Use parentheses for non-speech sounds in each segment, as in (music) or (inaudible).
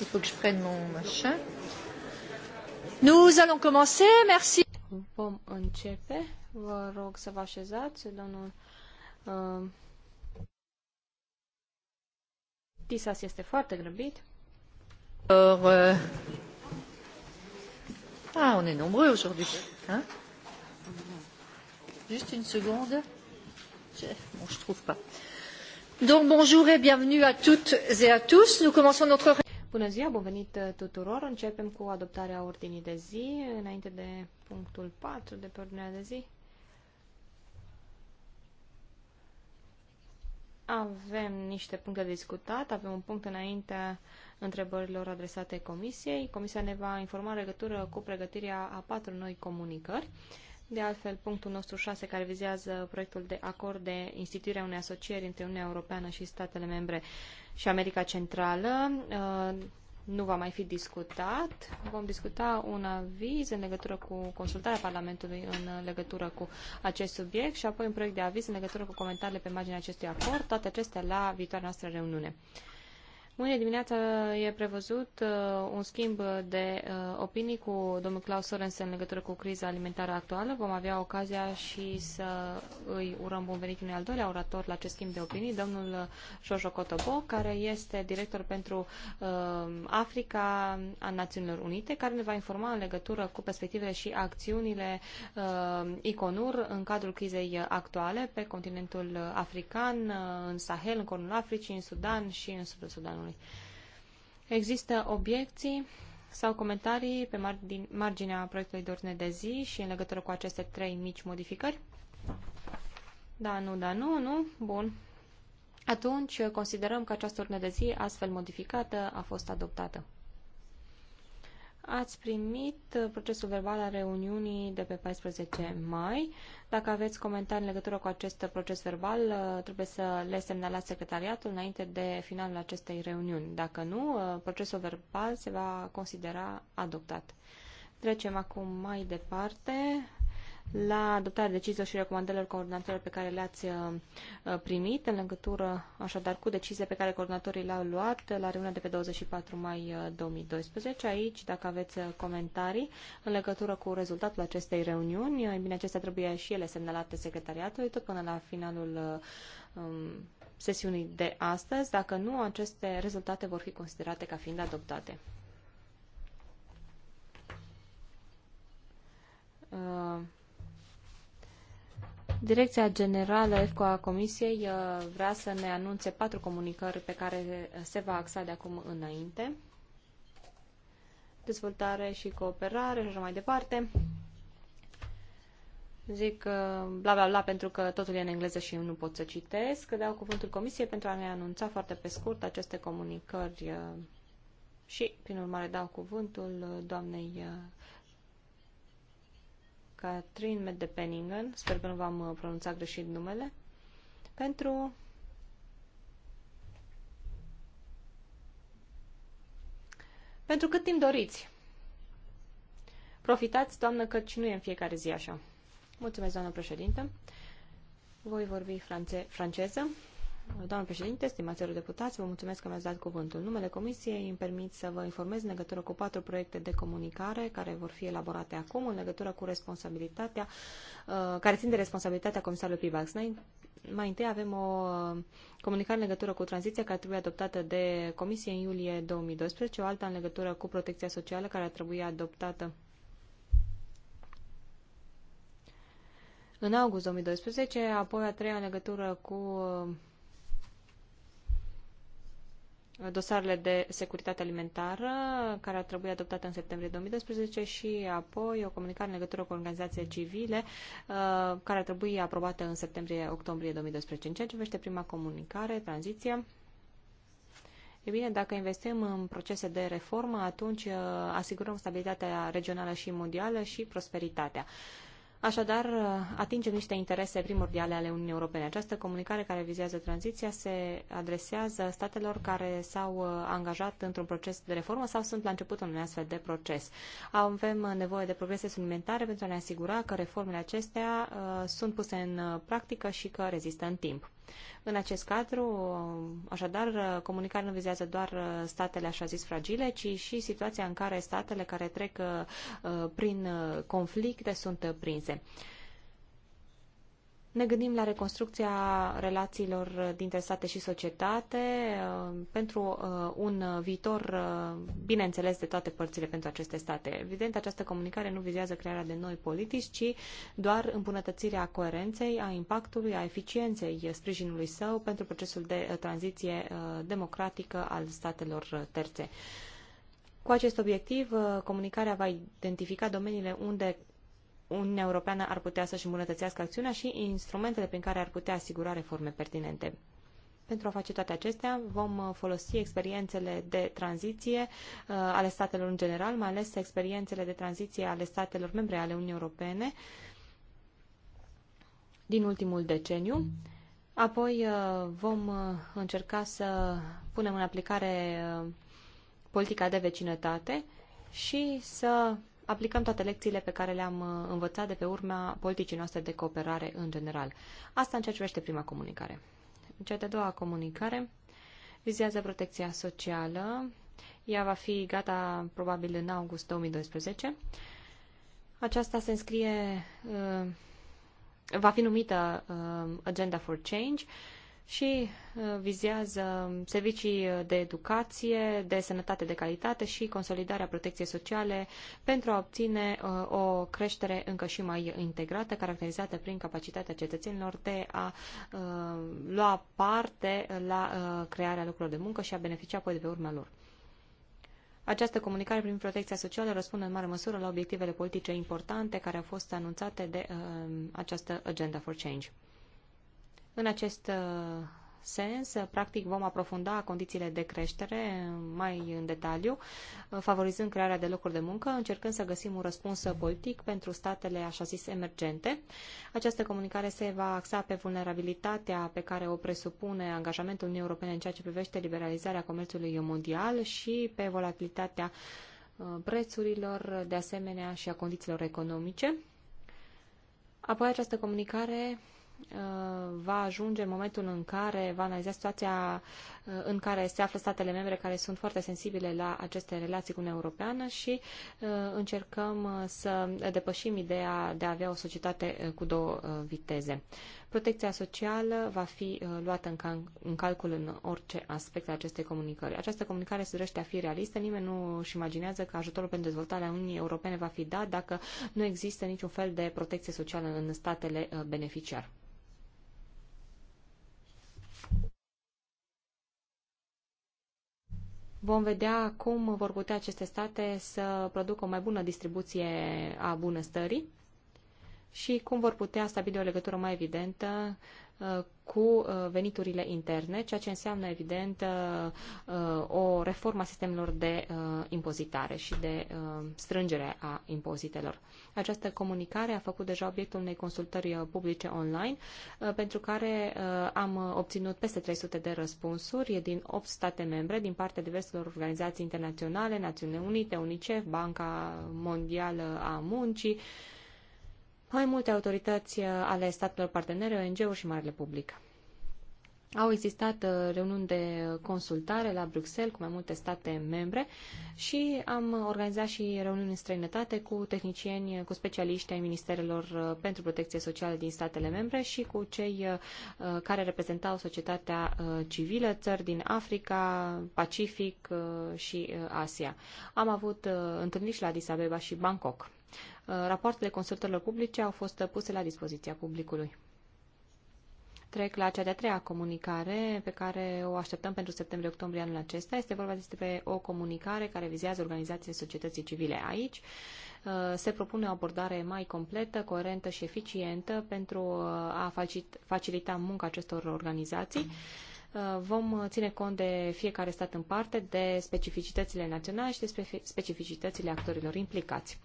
Il faut que je prenne mon machin. Nous allons commencer, merci. Vom începe. Vă rog să vă așezați, domnul uh, Tisas este foarte grăbit. Alors, euh... Ah, on est nombreux aujourd'hui. Hein Juste une seconde bonjour et bienvenue à toutes et à tous. Nous commençons notre... Bună ziua, bun venit uh, tuturor. Începem cu adoptarea ordinii de zi, înainte de punctul 4 de pe ordinea de zi. Avem niște puncte de discutat, avem un punct înaintea întrebărilor adresate comisiei. Comisia ne va informa în legătură cu pregătirea a patru noi comunicări. Uh, de altfel, punctul nostru 6, care vizează proiectul de acord de instituire a unei asocieri între Uniunea Europeană și statele membre și America Centrală, uh, nu va mai fi discutat. Vom discuta un aviz în legătură cu consultarea Parlamentului în legătură cu acest subiect și apoi un proiect de aviz în legătură cu comentariile pe marginea acestui acord, toate acestea la viitoarea noastră reuniune. Mâine dimineață e prevăzut uh, un schimb de uh, opinii cu domnul Klaus Sorensen în legătură cu criza alimentară actuală. Vom avea ocazia și să îi urăm bun venit unui al doilea orator la acest schimb de opinii, domnul Jojo Cotobo, care este director pentru uh, Africa a Națiunilor Unite, care ne va informa în legătură cu perspectivele și acțiunile uh, ICONUR în cadrul crizei actuale pe continentul uh, african, uh, în Sahel, în Cornul Africii, în Sudan și în Sudul Sudanului. Domnului. Există obiecții sau comentarii pe marginea proiectului de ordine de zi și în legătură cu aceste trei mici modificări? Da, nu, da, nu, nu? Bun. Atunci considerăm că această ordine de zi, astfel modificată, a fost adoptată. Ați primit uh, procesul verbal al reuniunii de pe 14 mai. Dacă aveți comentarii în legătură cu acest proces verbal, uh, trebuie să le semnalați secretariatul înainte de finalul acestei reuniuni. Dacă nu, uh, procesul verbal se va considera adoptat. Trecem acum mai departe la adoptarea deciziilor și recomandărilor coordonatorilor pe care le-ați uh, uh, primit, în legătură așadar cu deciziile pe care coordonatorii le-au luat la reuniunea de pe 24 mai 2012. Uh, Aici, dacă aveți comentarii în legătură cu rezultatul acestei reuniuni, bine, acestea trebuie și ele semnalate secretariatului tot până la finalul um, sesiunii de astăzi. Dacă nu, aceste rezultate vor fi considerate ca fiind adoptate. Uh, Direcția Generală EFCO a Comisiei uh, vrea să ne anunțe patru comunicări pe care se va axa de acum înainte. Dezvoltare și cooperare și așa mai departe. Zic uh, bla bla bla pentru că totul e în engleză și eu nu pot să citesc. Dau cuvântul Comisiei pentru a ne anunța foarte pe scurt aceste comunicări uh, și, prin urmare, dau cuvântul doamnei Catherine Medepeningen, sper că nu v-am uh, pronunțat greșit numele, pentru pentru cât timp doriți. Profitați, doamnă, căci nu e în fiecare zi așa. Mulțumesc, doamnă președintă. Voi vorbi france- franceză. Doamnă președinte, stimați deputați, vă mulțumesc că mi-ați dat cuvântul. Numele Comisiei îmi permit să vă informez în legătură cu patru proiecte de comunicare care vor fi elaborate acum în legătură cu responsabilitatea, uh, care țin de responsabilitatea comisarului Pivax. Mai întâi avem o comunicare în legătură cu tranziția care trebuie adoptată de Comisie în iulie 2012, o alta în legătură cu protecția socială care ar trebui adoptată în august 2012, apoi a treia în legătură cu uh, dosarele de securitate alimentară, care ar trebui adoptată în septembrie 2012 și apoi o comunicare în legătură cu organizații civile, uh, care ar trebui aprobată în septembrie-octombrie 2012. În ceea ce vește prima comunicare, tranziția, E bine, dacă investim în procese de reformă, atunci uh, asigurăm stabilitatea regională și mondială și prosperitatea. Așadar, atingem niște interese primordiale ale Uniunii Europene. Această comunicare care vizează tranziția se adresează statelor care s-au uh, angajat într-un proces de reformă sau sunt la începutul un astfel de proces. Avem nevoie de progrese suplimentare pentru a ne asigura că reformele acestea uh, sunt puse în uh, practică și că rezistă în timp. În acest cadru, așadar, comunicarea nu vizează doar uh, statele așa zis fragile, ci și situația în care statele care trec uh, uh, prin conflicte sunt prinse. Ne gândim la reconstrucția relațiilor dintre state și societate uh, pentru uh, un viitor, uh, bineînțeles, de toate părțile pentru aceste state. Evident, această comunicare nu vizează crearea de noi politici, ci doar îmbunătățirea coerenței, a impactului, a eficienței sprijinului său pentru procesul de tranziție democratică al statelor terțe. Cu acest obiectiv, comunicarea va identifica domeniile unde Uniunea Europeană ar putea să-și îmbunătățească acțiunea și instrumentele prin care ar putea asigura reforme pertinente. Pentru a face toate acestea, vom uh, folosi experiențele de tranziție uh, ale statelor în general, mai ales experiențele de tranziție ale statelor membre ale Uniunii Europene din ultimul deceniu. Apoi uh, vom uh, încerca să punem în aplicare uh, politica de vecinătate și să aplicăm toate lecțiile pe care le-am uh, învățat de pe urma politicii noastre de cooperare în general. Asta în ceea ce privește prima comunicare. În cea de-a doua comunicare vizează protecția socială. Ea va fi gata probabil în august 2012. Aceasta se înscrie, uh, va fi numită uh, Agenda for Change și uh, vizează servicii de educație, de sănătate de calitate și consolidarea protecției sociale pentru a obține uh, o creștere încă și mai integrată, caracterizată prin capacitatea cetățenilor de a uh, lua parte la crearea locurilor de muncă și a beneficia apoi de pe urma lor. Această comunicare prin protecția socială răspunde în mare măsură la obiectivele politice importante care au fost anunțate de uh, această Agenda for Change. În acest uh, sens, uh, practic vom aprofunda condițiile de creștere uh, mai în detaliu, favorizând crearea de locuri de muncă, încercând să găsim un răspuns politic pentru statele așa zis emergente. Această comunicare se va axa pe vulnerabilitatea pe care o presupune angajamentul Uniunii Europene în ceea ce privește liberalizarea comerțului mondial și pe volatilitatea prețurilor, de asemenea și a condițiilor economice. Apoi această comunicare Uh, va ajunge în momentul în care va analiza situația uh, în care se află statele membre care sunt foarte sensibile la aceste relații cu Uniunea Europeană și uh, încercăm să depășim ideea de a avea o societate cu două viteze. Protecția socială va fi luată în, cal- în calcul în orice aspect al acestei comunicări. Această comunicare se dorește a fi realistă, nimeni nu își imaginează că ajutorul pentru dezvoltarea Uniunii Europene va fi dat dacă nu există niciun fel de protecție socială în statele beneficiar. Vom vedea cum vor putea aceste state să producă o mai bună distribuție a bunăstării și cum vor putea stabili o legătură mai evidentă cu uh, veniturile interne, ceea ce înseamnă, evident, uh, uh, o reformă a sistemelor de impozitare și de strângere a impozitelor. Această comunicare a făcut deja obiectul unei consultări publice online, pentru care am obținut peste 300 de răspunsuri din 8 state membre, din partea diverselor organizații internaționale, Națiunile Unite, UNICEF, Banca Mondială a Muncii, mai multe autorități uh, ale statelor partenere, ONG-uri și marile public. Au existat uh, reuniuni de consultare la Bruxelles cu mai multe state membre și am organizat și reuniuni în străinătate cu tehnicieni, cu specialiști ai Ministerelor uh, pentru Protecție Socială din statele membre și cu cei care reprezentau societatea civilă, țări din Africa, Pacific și Asia. Am avut întâlniri și la Addis Abeba și Bangkok. Uh, rapoartele consultărilor publice au fost puse la dispoziția publicului. Trec la cea de-a treia comunicare pe care o așteptăm pentru septembrie-octombrie anul acesta. Este vorba despre o comunicare care vizează organizațiile societății civile aici. Uh, se propune o abordare mai completă, coerentă și eficientă pentru uh, a facilita munca acestor organizații. Mm Uh, vom ține cont de fiecare stat în parte, de specificitățile naționale și de specificitățile actorilor implicați.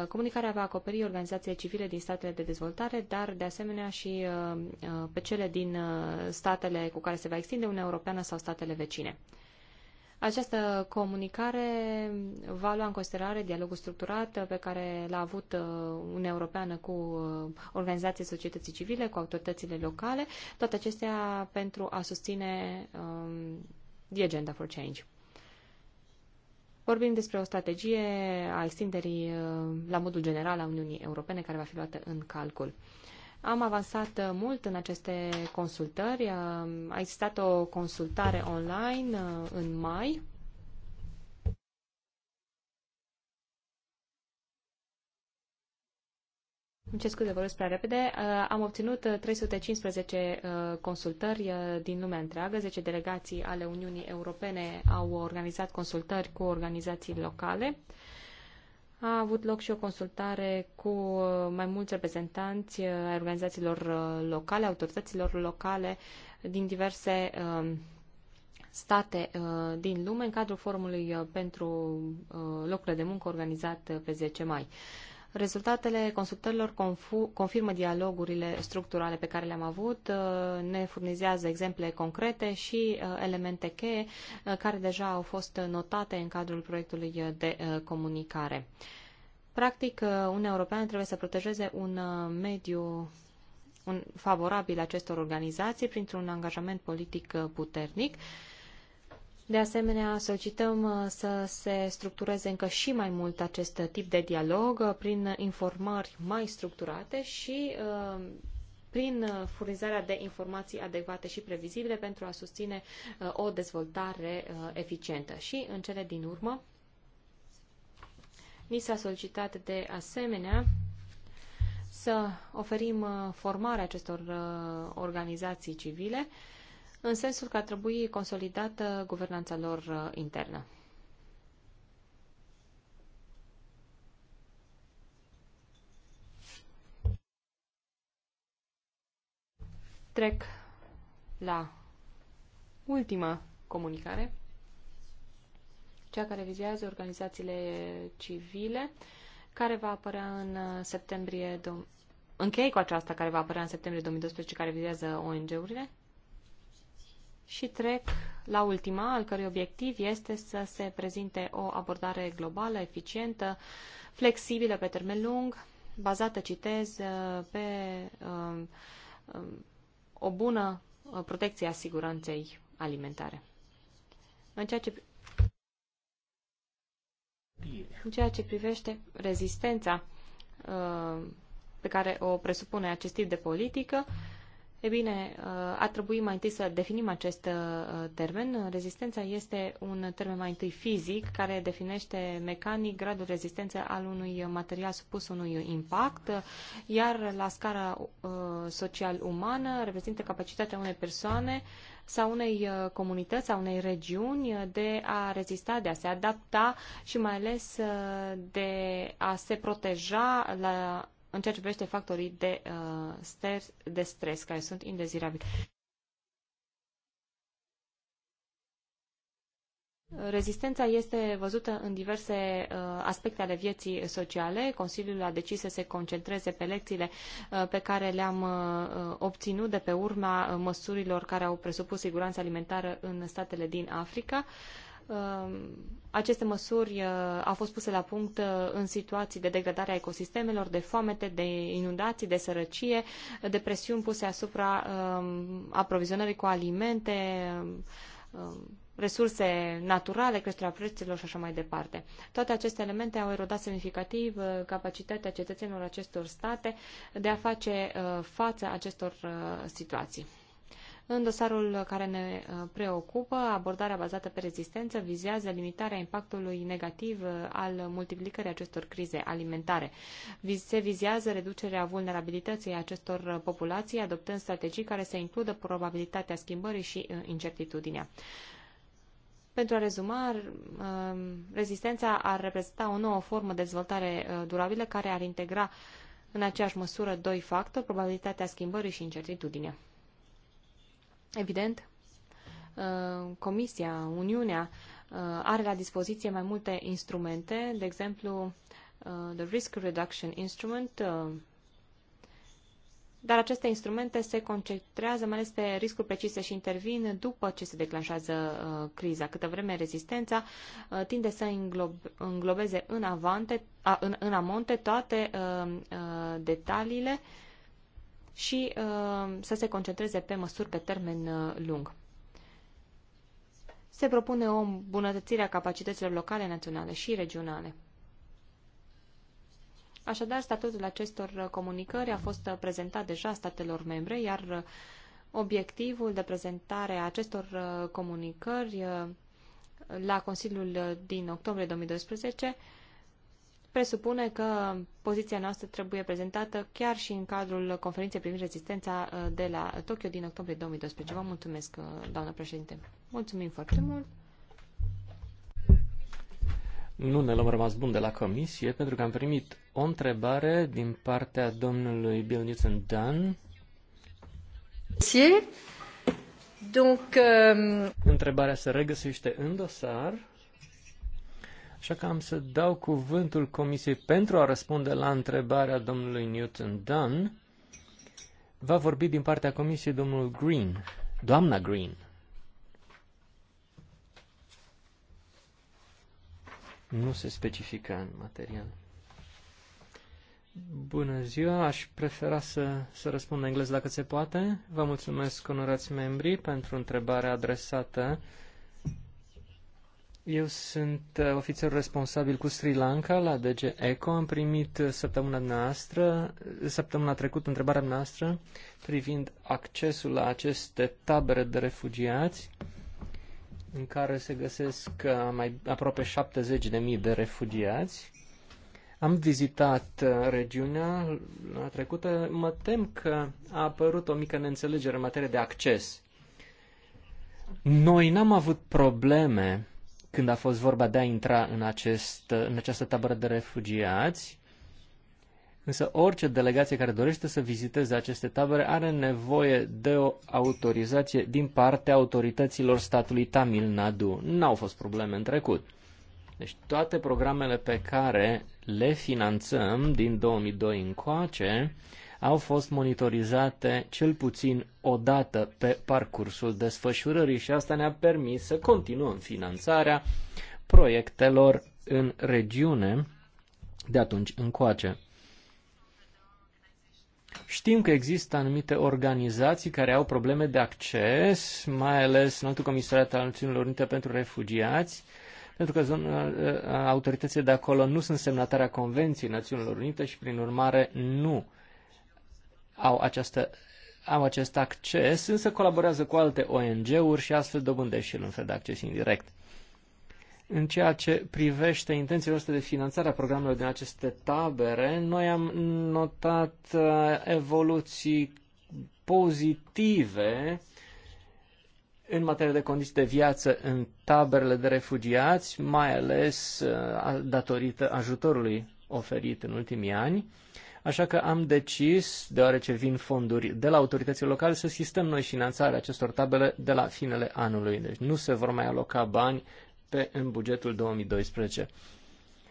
Uh, comunicarea va acoperi organizațiile civile din statele de dezvoltare, dar de asemenea și uh, pe cele din statele cu care se va extinde Uniunea Europeană sau statele vecine. Această comunicare va lua în considerare dialogul structurat pe care l-a avut uh, Uniunea Europeană cu uh, organizații societății civile, cu autoritățile locale, toate acestea pentru a susține um, The Agenda for Change. Vorbim despre o strategie a extinderii uh, la modul general a Uniunii Europene care va fi luată în calcul. Am avansat uh, mult în aceste consultări. A existat o consultare online uh, în mai. Îmi cer scuze, vorbesc prea repede. Uh, am obținut 315 consultări din lumea întreagă. 10 delegații ale Uniunii Europene au organizat consultări cu organizații locale a avut loc și o consultare cu uh, mai mulți reprezentanți uh, ai organizațiilor uh, locale, autorităților locale din diverse state din lume în cadrul forumului pentru locurile de muncă organizat pe 10 mai. Rezultatele consultărilor confirmă dialogurile structurale pe care le-am avut, uh, ne furnizează exemple concrete și uh, elemente cheie uh, care deja au fost notate în cadrul proiectului de comunicare. Practic, Uniunea Europeană trebuie să protejeze un mediu favorabil acestor organizații printr-un angajament politic puternic de asemenea, solicităm uh, să se structureze încă și mai mult acest tip de dialog uh, prin informări mai structurate și uh, prin furnizarea de informații adecvate și previzibile pentru a susține o dezvoltare eficientă. Și, în cele din urmă, ni s-a solicitat de asemenea să oferim formarea acestor organizații civile în sensul că ar trebui consolidată guvernanța lor uh, internă. Trec la ultima comunicare, cea care vizează organizațiile civile, care va apărea în uh, septembrie. Închei cu aceasta care va apărea în septembrie 2012, care vizează ONG-urile. Și trec la ultima, al cărui obiectiv este să se prezinte o abordare globală, eficientă, flexibilă pe termen lung, bazată, citez, uh, pe um, um, o bună uh, protecție a siguranței alimentare. În ceea ce, în ceea ce privește rezistența uh, pe care o presupune acest tip de politică, uh, E bine, uh, a trebuit mai întâi să definim acest uh, termen. Rezistența este un termen mai întâi fizic care definește mecanic gradul rezistenței al unui material supus unui impact, iar la scara uh, social-umană reprezintă capacitatea unei persoane sau unei comunități, sau unei regiuni de a rezista, de a se adapta și mai ales de a se proteja la în ceea ce privește factorii de, uh, stres, de stres care sunt indezirabili. Rezistența este văzută în diverse uh, aspecte ale vieții sociale. Consiliul a decis să se concentreze pe lecțiile uh, pe care le-am uh, obținut de pe urma măsurilor care au presupus siguranța alimentară în statele din Africa. Uh, Um, aceste măsuri uh, au fost puse la punct uh, în situații de degradare a ecosistemelor, de foamete, de inundații, de sărăcie, de presiuni puse asupra um, aprovizionării cu alimente, um, resurse naturale, creșterea prețurilor și așa mai departe. Toate aceste elemente au erodat semnificativ uh, capacitatea cetățenilor acestor state de a face față acestor situații. În dosarul care ne uh, preocupă, abordarea bazată pe rezistență vizează limitarea impactului negativ uh, al multiplicării acestor crize alimentare. Se vizează reducerea vulnerabilității acestor uh, populații, adoptând strategii care să includă probabilitatea schimbării și incertitudinea. Pentru a rezuma, rezistența ar reprezenta o nouă formă de dezvoltare durabilă care ar integra în aceeași măsură doi factori, probabilitatea schimbării și incertitudinea. Evident, uh, Comisia, Uniunea, uh, are la dispoziție mai multe instrumente, de exemplu, uh, the Risk Reduction Instrument, dar aceste instrumente se concentrează mai ales pe riscuri precise și intervin după ce se declanșează uh, criza. Câtă vreme rezistența uh, tinde să înglobe, înglobeze în, avante, a, în, în amonte toate uh, uh, detaliile uh, și uh, să se concentreze pe măsuri pe termen uh, lung. Se propune o îmbunătățire a capacităților locale, naționale și regionale. Așadar, statutul acestor uh, comunicări a fost prezentat deja statelor membre, iar obiectivul de prezentare a acestor comunicări la Consiliul din octombrie 2012 presupune că poziția noastră trebuie prezentată chiar și în cadrul conferinței privind rezistența uh, de la Tokyo din octombrie 2012. Vă mulțumesc, uh, doamnă președinte. Mulțumim foarte mult. Nu ne luăm rămas bun de la comisie, pentru că am primit o întrebare din partea domnului Bill Newton Dunn. Donc, um, Întrebarea se regăsește în dosar. Așa că am să dau cuvântul Comisiei pentru a răspunde la întrebarea domnului Newton Dunn. Va vorbi din partea Comisiei domnul Green, doamna Green. Nu se specifică în material. Bună ziua, aș prefera să, să răspund în engleză dacă se poate. Vă mulțumesc, onorați membri, pentru întrebarea adresată. Uh, eu sunt uh, ofițer responsabil cu Sri Lanka la DG ECO. Am primit uh, săptămâna noastră, uh, săptămâna trecută întrebarea noastră privind accesul la aceste tabere de refugiați în care se găsesc mai aproape 70.000 de refugiați. Am vizitat regiunea la trecută. Mă tem că a apărut o mică neînțelegere în materie de acces. Noi n-am avut probleme când a fost vorba de a intra în, acest, în această tabără de refugiați, însă orice delegație care dorește să viziteze aceste tabere are nevoie de o autorizație din partea autorităților statului Tamil Nadu. N-au fost probleme în trecut. Deci toate programele pe care le finanțăm din 2002 încoace au fost monitorizate cel puțin o dată pe parcursul desfășurării și asta ne-a permis să continuăm finanțarea proiectelor în regiune de atunci încoace. Știm că există anumite organizații care au probleme de acces, mai ales în altul comisariat al Națiunilor Unite pentru Refugiați, pentru că autoritățile de acolo nu sunt semnatarea Convenției Națiunilor Unite și, prin urmare, nu au, această, au acest acces, însă colaborează cu alte ONG-uri și astfel dobândește și el un fel de acces indirect. În ceea ce privește intențiile noastre de finanțare a programelor din aceste tabere, noi am notat uh, evoluții pozitive în materie de condiții de viață în taberele de refugiați, mai ales uh, datorită ajutorului oferit în ultimii ani. Așa că am decis, deoarece vin fonduri de la autoritățile locale, să sistem noi finanțarea acestor tabele de la finele anului. Deci nu se vor mai aloca bani pe, în bugetul 2012.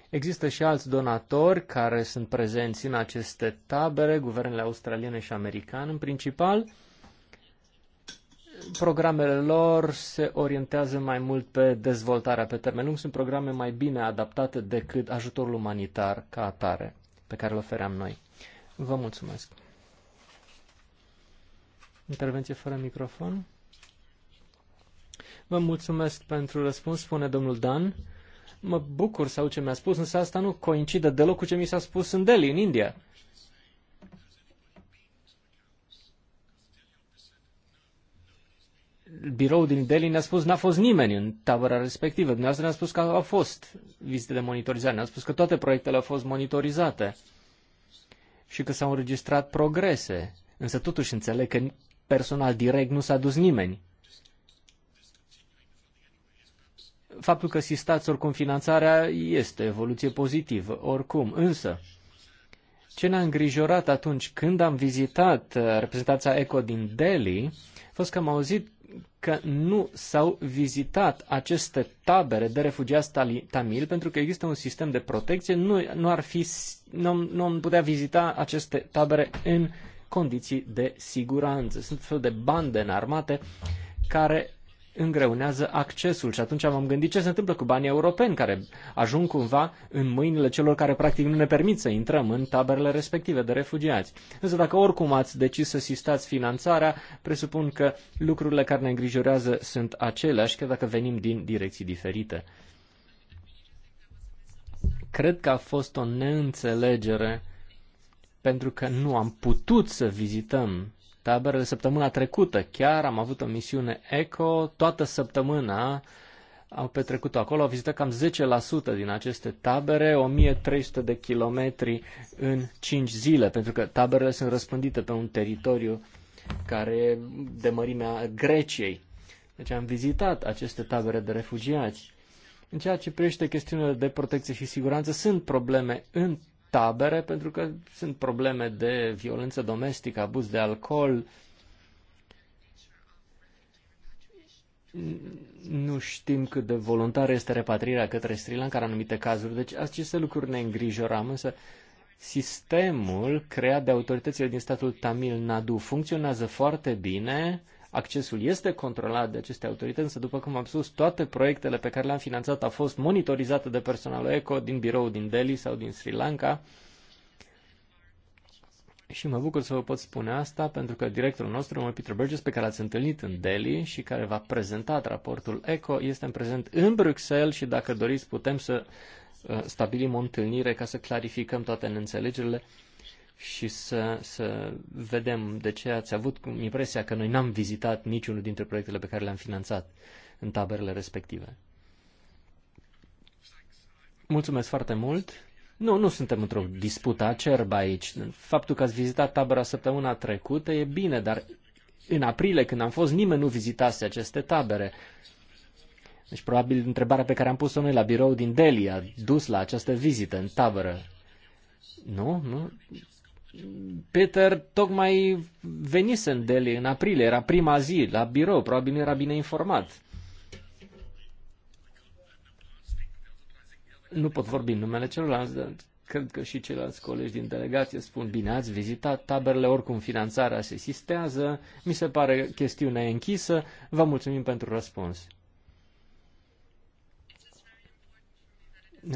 Există și alți donatori care sunt prezenți în aceste tabere, guvernele australiene și american în principal. Programele lor se orientează mai mult pe dezvoltarea pe termen lung, sunt programe mai bine adaptate decât ajutorul umanitar ca atare pe care îl ofeream noi. Vă mulțumesc. Intervenție fără microfon. Vă mulțumesc pentru răspuns, spune domnul Dan. Mă bucur sau ce mi-a spus, însă asta nu coincide deloc cu ce mi s-a spus în Delhi, în India. birou din Delhi ne-a spus n-a fost nimeni în tabăra respectivă. Dumneavoastră ne-a spus că au fost vizite de monitorizare, ne-a spus că toate proiectele au fost monitorizate și că s-au înregistrat progrese. Însă totuși înțeleg că personal direct nu s-a dus nimeni. Faptul că sistați oricum finanțarea este evoluție pozitivă, oricum, însă ce ne-a îngrijorat atunci când am vizitat uh, reprezentanța ECO din Delhi, a fost că am auzit că nu s-au vizitat aceste tabere de refugiați tamil pentru că există un sistem de protecție, nu, nu, ar fi, nu, nu am putea vizita aceste tabere în condiții de siguranță. Sunt fel de bande înarmate care îngreunează accesul. Și atunci m-am gândit ce se întâmplă cu banii europeni care ajung cumva în mâinile celor care practic nu ne permit să intrăm în taberele respective de refugiați. Însă dacă oricum ați decis să sistați finanțarea, presupun că lucrurile care ne îngrijorează sunt aceleași, chiar dacă venim din direcții diferite. Cred că a fost o neînțelegere pentru că nu am putut să vizităm taberele. Săptămâna trecută chiar am avut o misiune ECO, toată săptămâna au petrecut acolo, au vizitat cam 10% din aceste tabere, 1300 de kilometri în 5 zile, pentru că taberele sunt răspândite pe un teritoriu care e de mărimea Greciei. Deci am vizitat aceste tabere de refugiați. În ceea ce privește chestiunile de protecție și siguranță, sunt probleme în tabere pentru că sunt probleme de violență domestică, abuz de alcool. Nu știm cât de voluntară este repatrierea către Sri Lanka în anumite cazuri. Deci aceste lucruri ne îngrijoram, însă sistemul creat de autoritățile din statul Tamil Nadu funcționează foarte bine, Accesul este controlat de aceste autorități, însă, după cum am spus, toate proiectele pe care le-am finanțat au fost monitorizate de personalul ECO din birou din Delhi sau din Sri Lanka. Și mă bucur să vă pot spune asta pentru că directorul nostru, domnul Peter Burgess, pe care l-ați întâlnit în Delhi și care v-a prezentat raportul ECO, este în prezent în Bruxelles și dacă doriți putem să uh, stabilim o întâlnire ca să clarificăm toate neînțelegerile și să, să vedem de ce ați avut impresia că noi n-am vizitat niciunul dintre proiectele pe care le-am finanțat în taberele respective. Mulțumesc foarte mult! Nu, nu suntem într-o dispută acerbă aici. Faptul că ați vizitat tabăra săptămâna trecută e bine, dar în aprilie, când am fost, nimeni nu vizitase aceste tabere. Deci, probabil, întrebarea pe care am pus-o noi la birou din Delhi a dus la această vizită în tabără. Nu? Nu? Peter tocmai venise în Delhi în aprilie, era prima zi la birou, probabil nu era bine informat. Nu pot vorbi în numele celorlalți, dar cred că și ceilalți colegi din delegație spun, bine, ați vizitat taberele, oricum finanțarea se sistează, mi se pare chestiunea închisă, vă mulțumim pentru răspuns.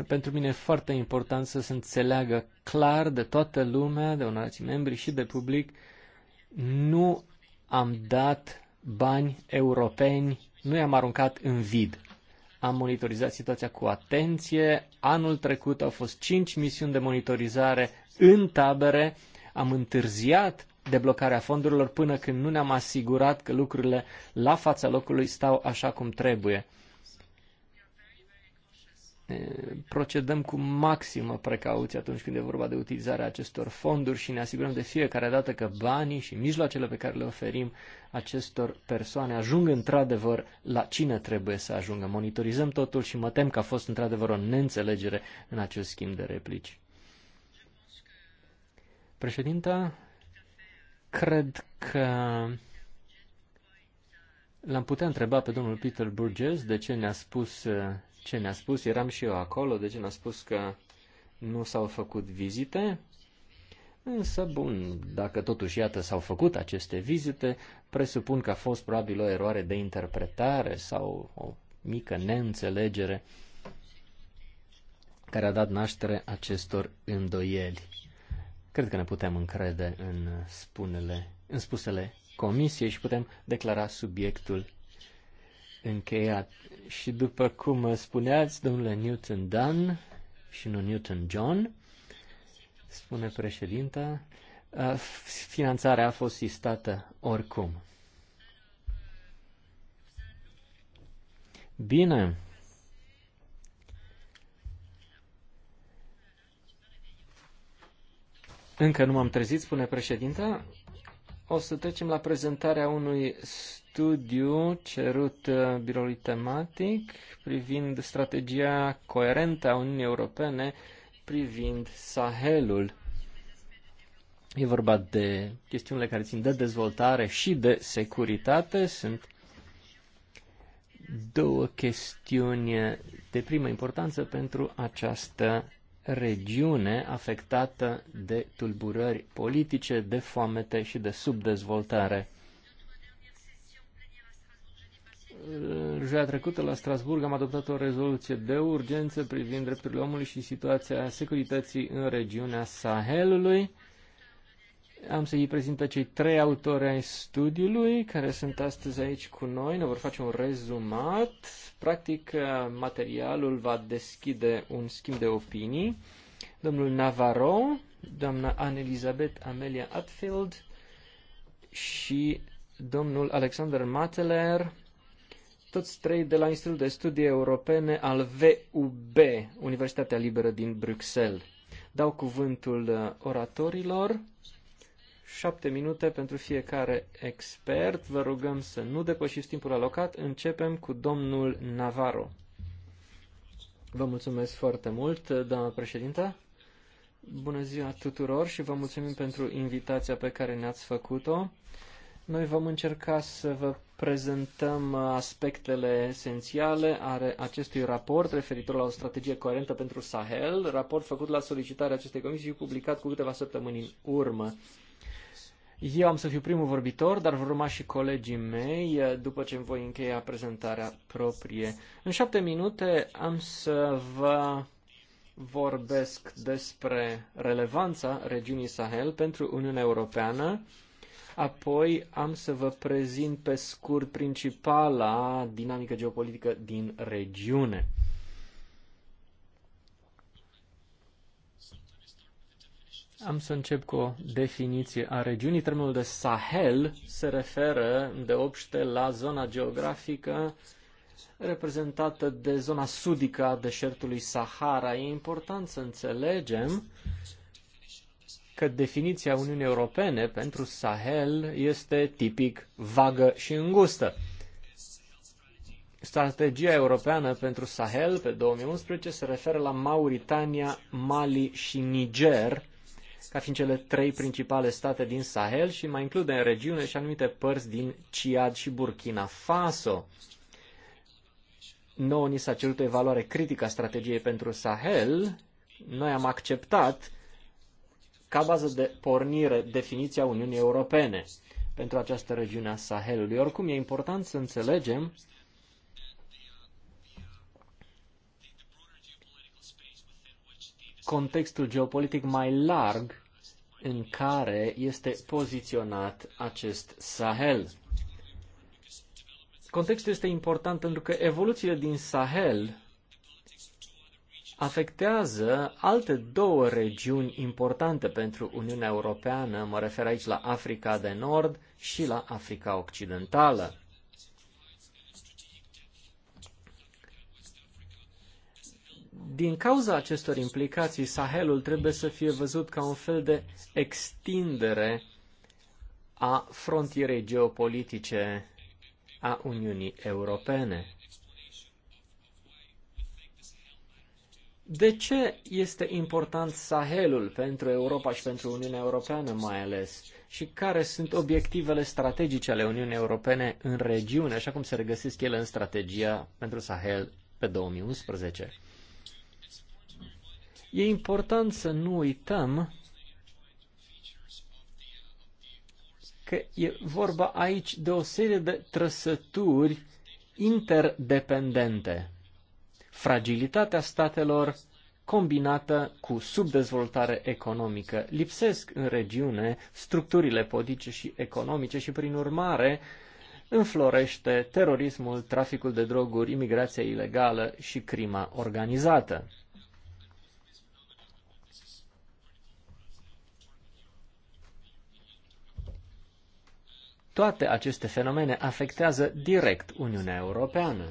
pentru mine e foarte important să se înțeleagă clar de toată lumea, de onorații membri și de public, nu am dat bani europeni, nu i-am aruncat în vid. Am monitorizat situația cu atenție. Anul trecut au fost 5 misiuni de monitorizare în tabere. Am întârziat deblocarea fondurilor până când nu ne-am asigurat că lucrurile la fața locului stau așa cum trebuie procedăm cu maximă precauție atunci când e vorba de utilizarea acestor fonduri și ne asigurăm de fiecare dată că banii și mijloacele pe care le oferim acestor persoane ajung într-adevăr la cine trebuie să ajungă. Monitorizăm totul și mă tem că a fost într-adevăr o neînțelegere în acest schimb de replici. Președinta, cred că l-am putea întreba pe domnul Peter Burgess de ce ne-a spus uh, ce ne-a spus, eram și eu acolo, deci ne-a spus că nu s-au făcut vizite, însă, bun, dacă totuși, iată, s-au făcut aceste vizite, presupun că a fost probabil o eroare de interpretare sau o mică neînțelegere care a dat naștere acestor îndoieli. Cred că ne putem încrede în, spunele, în spusele comisiei și putem declara subiectul încheiat. Și după cum spuneați, domnule Newton Dan și nu Newton John, spune președinta, finanțarea a fost sistată oricum. Bine. Încă nu m-am trezit, spune președinta. O să trecem la prezentarea unui studiu cerut uh, biroului tematic privind strategia coerentă a Uniunii Europene privind Sahelul. E vorba de chestiunile care țin de dezvoltare și de securitate. Sunt două chestiuni de primă importanță pentru această regiune afectată de tulburări politice, de foamete și de subdezvoltare. joia trecută la Strasburg am adoptat o rezoluție de urgență privind drepturile omului și situația securității în regiunea Sahelului. Am să-i prezint cei trei autori ai studiului care sunt astăzi aici cu noi. Ne vor face un rezumat. Practic, materialul va deschide un schimb de opinii. Domnul Navarro, doamna Anne-Elizabeth Amelia Atfield și domnul Alexander Mateler, toți trei de la Institutul de Studii Europene al VUB, Universitatea Liberă din Bruxelles. Dau cuvântul uh, oratorilor. Șapte minute pentru fiecare expert. Vă rugăm să nu depășiți timpul alocat. Începem cu domnul Navarro. Vă mulțumesc foarte mult, uh, doamna președintă. Bună ziua tuturor și vă mulțumim pentru invitația pe care ne-ați făcut-o. Noi vom încerca să vă prezentăm aspectele esențiale ale acestui raport referitor la o strategie coerentă pentru Sahel, raport făcut la solicitarea acestei comisii și publicat cu câteva săptămâni în urmă. Eu am să fiu primul vorbitor, dar vor urma și colegii mei după ce îmi voi încheia prezentarea proprie. În șapte minute am să vă vorbesc despre relevanța regiunii Sahel pentru Uniunea Europeană, Apoi am să vă prezint pe scurt principala dinamică geopolitică din regiune. Am să încep cu o definiție a regiunii. Termenul de Sahel se referă de obște la zona geografică reprezentată de zona sudică a deșertului Sahara. E important să înțelegem că definiția Uniunii Europene pentru Sahel este tipic vagă și îngustă. Strategia europeană pentru Sahel pe 2011 se referă la Mauritania, Mali și Niger, ca fiind cele trei principale state din Sahel și mai include în regiune și anumite părți din Ciad și Burkina Faso. Nouă ni s-a cerut o evaluare critică a strategiei pentru Sahel. Noi am acceptat ca bază de pornire definiția Uniunii Europene pentru această regiune a Sahelului. Oricum, e important să înțelegem contextul geopolitic mai larg în care este poziționat acest Sahel. Contextul este important pentru că evoluțiile din Sahel afectează alte două regiuni importante pentru Uniunea Europeană, mă refer aici la Africa de Nord și la Africa Occidentală. Din cauza acestor implicații, Sahelul trebuie să fie văzut ca un fel de extindere a frontierei geopolitice a Uniunii Europene. De ce este important Sahelul pentru Europa și pentru Uniunea Europeană mai ales? Și care sunt obiectivele strategice ale Uniunii Europene în regiune, așa cum se regăsesc ele în strategia pentru Sahel pe 2011? E important să nu uităm că e vorba aici de o serie de trăsături interdependente fragilitatea statelor combinată cu subdezvoltare economică. Lipsesc în regiune structurile politice și economice și, prin urmare, înflorește terorismul, traficul de droguri, imigrația ilegală și crima organizată. Toate aceste fenomene afectează direct Uniunea Europeană.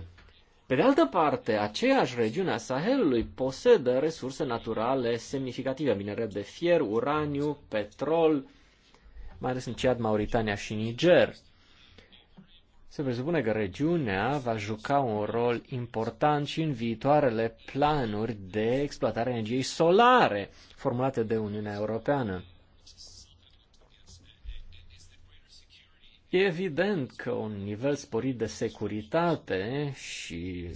Pe de altă parte, aceeași regiune a Sahelului posedă resurse naturale semnificative, minere de fier, uraniu, petrol, mai ales în Ciad, Mauritania și Niger. Se presupune că regiunea va juca un rol important și în viitoarele planuri de exploatare a energiei solare formulate de Uniunea Europeană. E evident că un nivel sporit de securitate și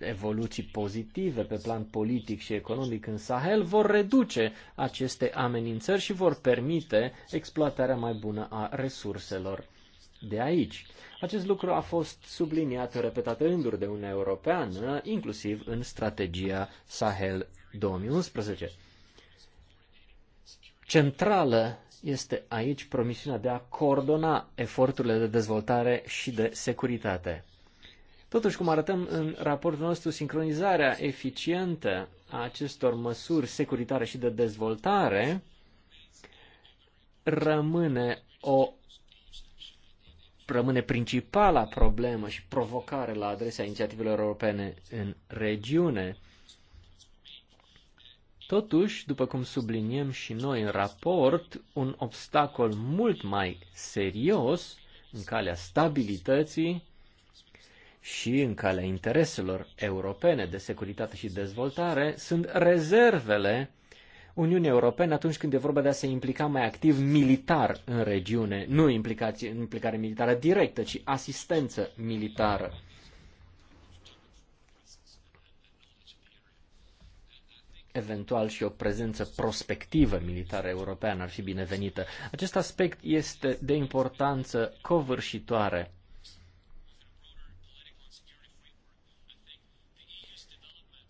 evoluții pozitive pe plan politic și economic în Sahel vor reduce aceste amenințări și vor permite exploatarea mai bună a resurselor de aici. Acest lucru a fost subliniat în repetate rânduri de Uniunea Europeană, inclusiv în strategia Sahel 2011. Centrală este aici promisiunea de a coordona eforturile de dezvoltare și de securitate. Totuși, cum arătăm în raportul nostru, sincronizarea eficientă a acestor măsuri securitare și de dezvoltare rămâne o rămâne principala problemă și provocare la adresa inițiativelor europene în regiune. Totuși, după cum subliniem și noi în raport, un obstacol mult mai serios în calea stabilității și în calea intereselor europene de securitate și dezvoltare sunt rezervele Uniunii Europene atunci când e vorba de a se implica mai activ militar în regiune, nu implicație, implicare militară directă, ci asistență militară. eventual și o prezență prospectivă militară europeană ar fi binevenită. Acest aspect este de importanță covârșitoare.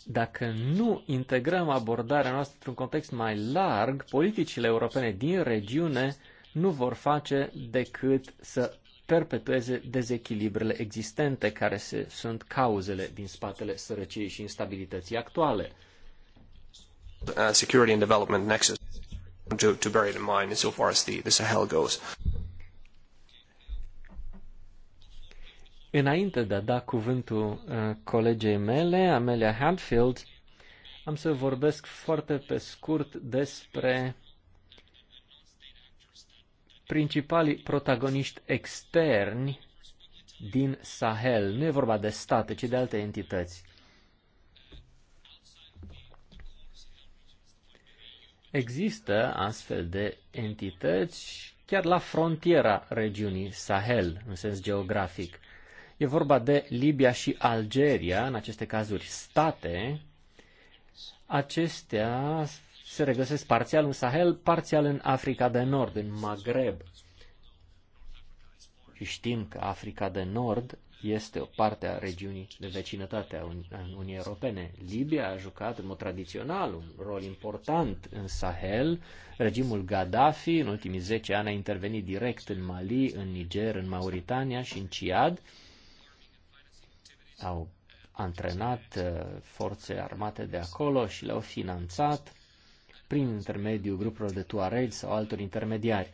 Dacă nu integrăm abordarea noastră într-un context mai larg, politicile europene din regiune nu vor face decât să perpetueze dezechilibrele existente care se, sunt cauzele din spatele sărăciei și instabilității actuale uh, security and development nexus to, to bear it in mind insofar as the, the Sahel goes. Înainte de a da cuvântul uh, colegei mele, Amelia Hadfield, am să vorbesc foarte pe scurt despre principalii protagoniști externi din Sahel. Nu e vorba de state, ci de alte entități. Există astfel de entități chiar la frontiera regiunii Sahel, în sens geografic. E vorba de Libia și Algeria, în aceste cazuri state. Acestea se regăsesc parțial în Sahel, parțial în Africa de Nord, în Maghreb. Și știm că Africa de Nord este o parte a regiunii de vecinătate a Uniunii Europene. Libia a jucat în mod tradițional un rol important în Sahel. Regimul Gaddafi în ultimii 10 ani a intervenit direct în Mali, în Niger, în Mauritania și în Ciad. Au antrenat uh, forțe armate de acolo și le-au finanțat prin intermediul grupurilor de Tuareg sau altor intermediari.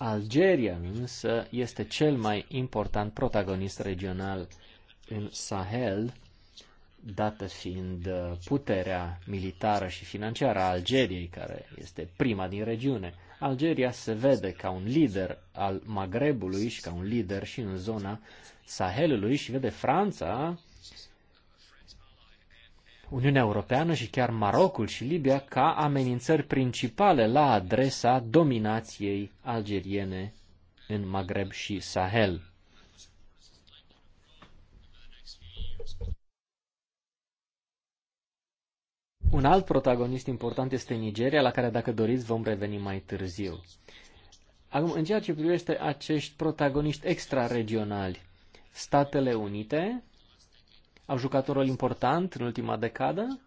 Algeria însă este cel mai important protagonist regional în Sahel, dată fiind uh, puterea militară și financiară a Algeriei, care este prima din regiune. Algeria se vede ca un lider al Magrebului și ca un lider și în zona Sahelului și vede Franța Uniunea Europeană și chiar Marocul și Libia ca amenințări principale la adresa dominației algeriene în Maghreb și Sahel. Un alt protagonist important este Nigeria, la care, dacă doriți, vom reveni mai târziu. Acum, în ceea ce privește acești protagoniști extraregionali, Statele Unite au jucat un rol important în ultima decadă,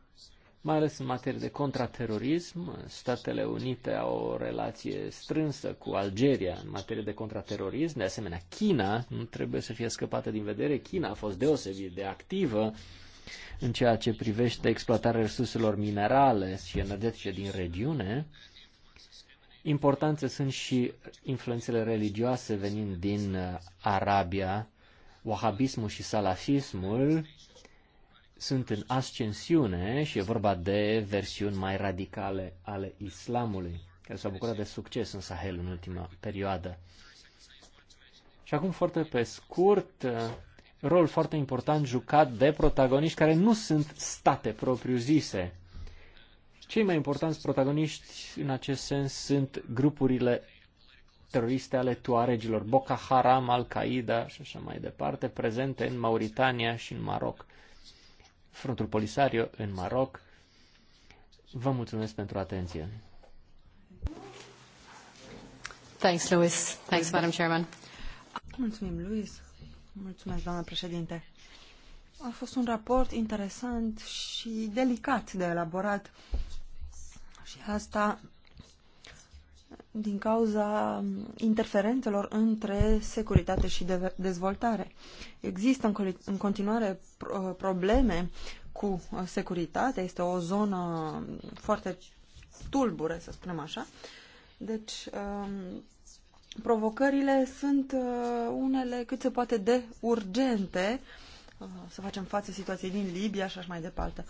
mai ales în materie de contraterorism. Statele Unite au o relație strânsă cu Algeria în materie de contraterorism. De asemenea, China nu trebuie să fie scăpată din vedere. China a fost deosebit de activă în ceea ce privește exploatarea resurselor minerale și energetice din regiune. Importante sunt și influențele religioase venind din Arabia, wahabismul și salafismul, sunt în ascensiune și e vorba de versiuni mai radicale ale islamului, care s-au bucurat de succes în Sahel în ultima perioadă. Și acum, foarte pe scurt, uh, rol foarte important jucat de protagoniști care nu sunt state propriu-zise. Cei mai importanți protagoniști în acest sens sunt grupurile teroriste ale tuaregilor, Boko Haram, Al-Qaeda și așa mai departe, prezente în Mauritania și în Maroc. Frontul Polisario în Maroc. Vă mulțumesc pentru atenție. Thanks, Louis. Thanks, Madam Chairman. Mulțumim, Louis. Mulțumesc, doamnă președinte. A fost un raport interesant și delicat de elaborat. Și asta din cauza interferențelor între securitate și de dezvoltare. Există în, în continuare probleme cu uh, securitatea, este o zonă foarte tulbure, să spunem așa. Deci, um, provocările sunt uh, unele cât se poate de urgente uh, să facem față situației din Libia și așa mai departe.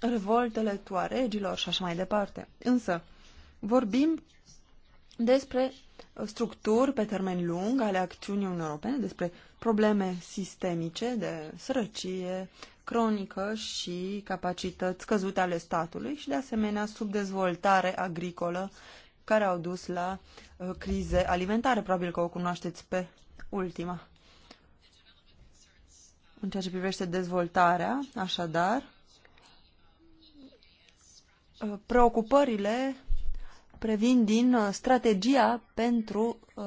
Revoltele tuaregilor și așa mai departe. Însă, uh, vorbim despre structuri pe termen lung ale acțiunii Uniunii Europene, despre probleme sistemice de sărăcie cronică și capacități scăzute ale statului și, de asemenea, subdezvoltare agricolă care au dus la uh, crize alimentare. Probabil că o cunoașteți pe ultima. În ceea ce privește dezvoltarea, așadar, uh, preocupările previn din uh, strategia pentru uh,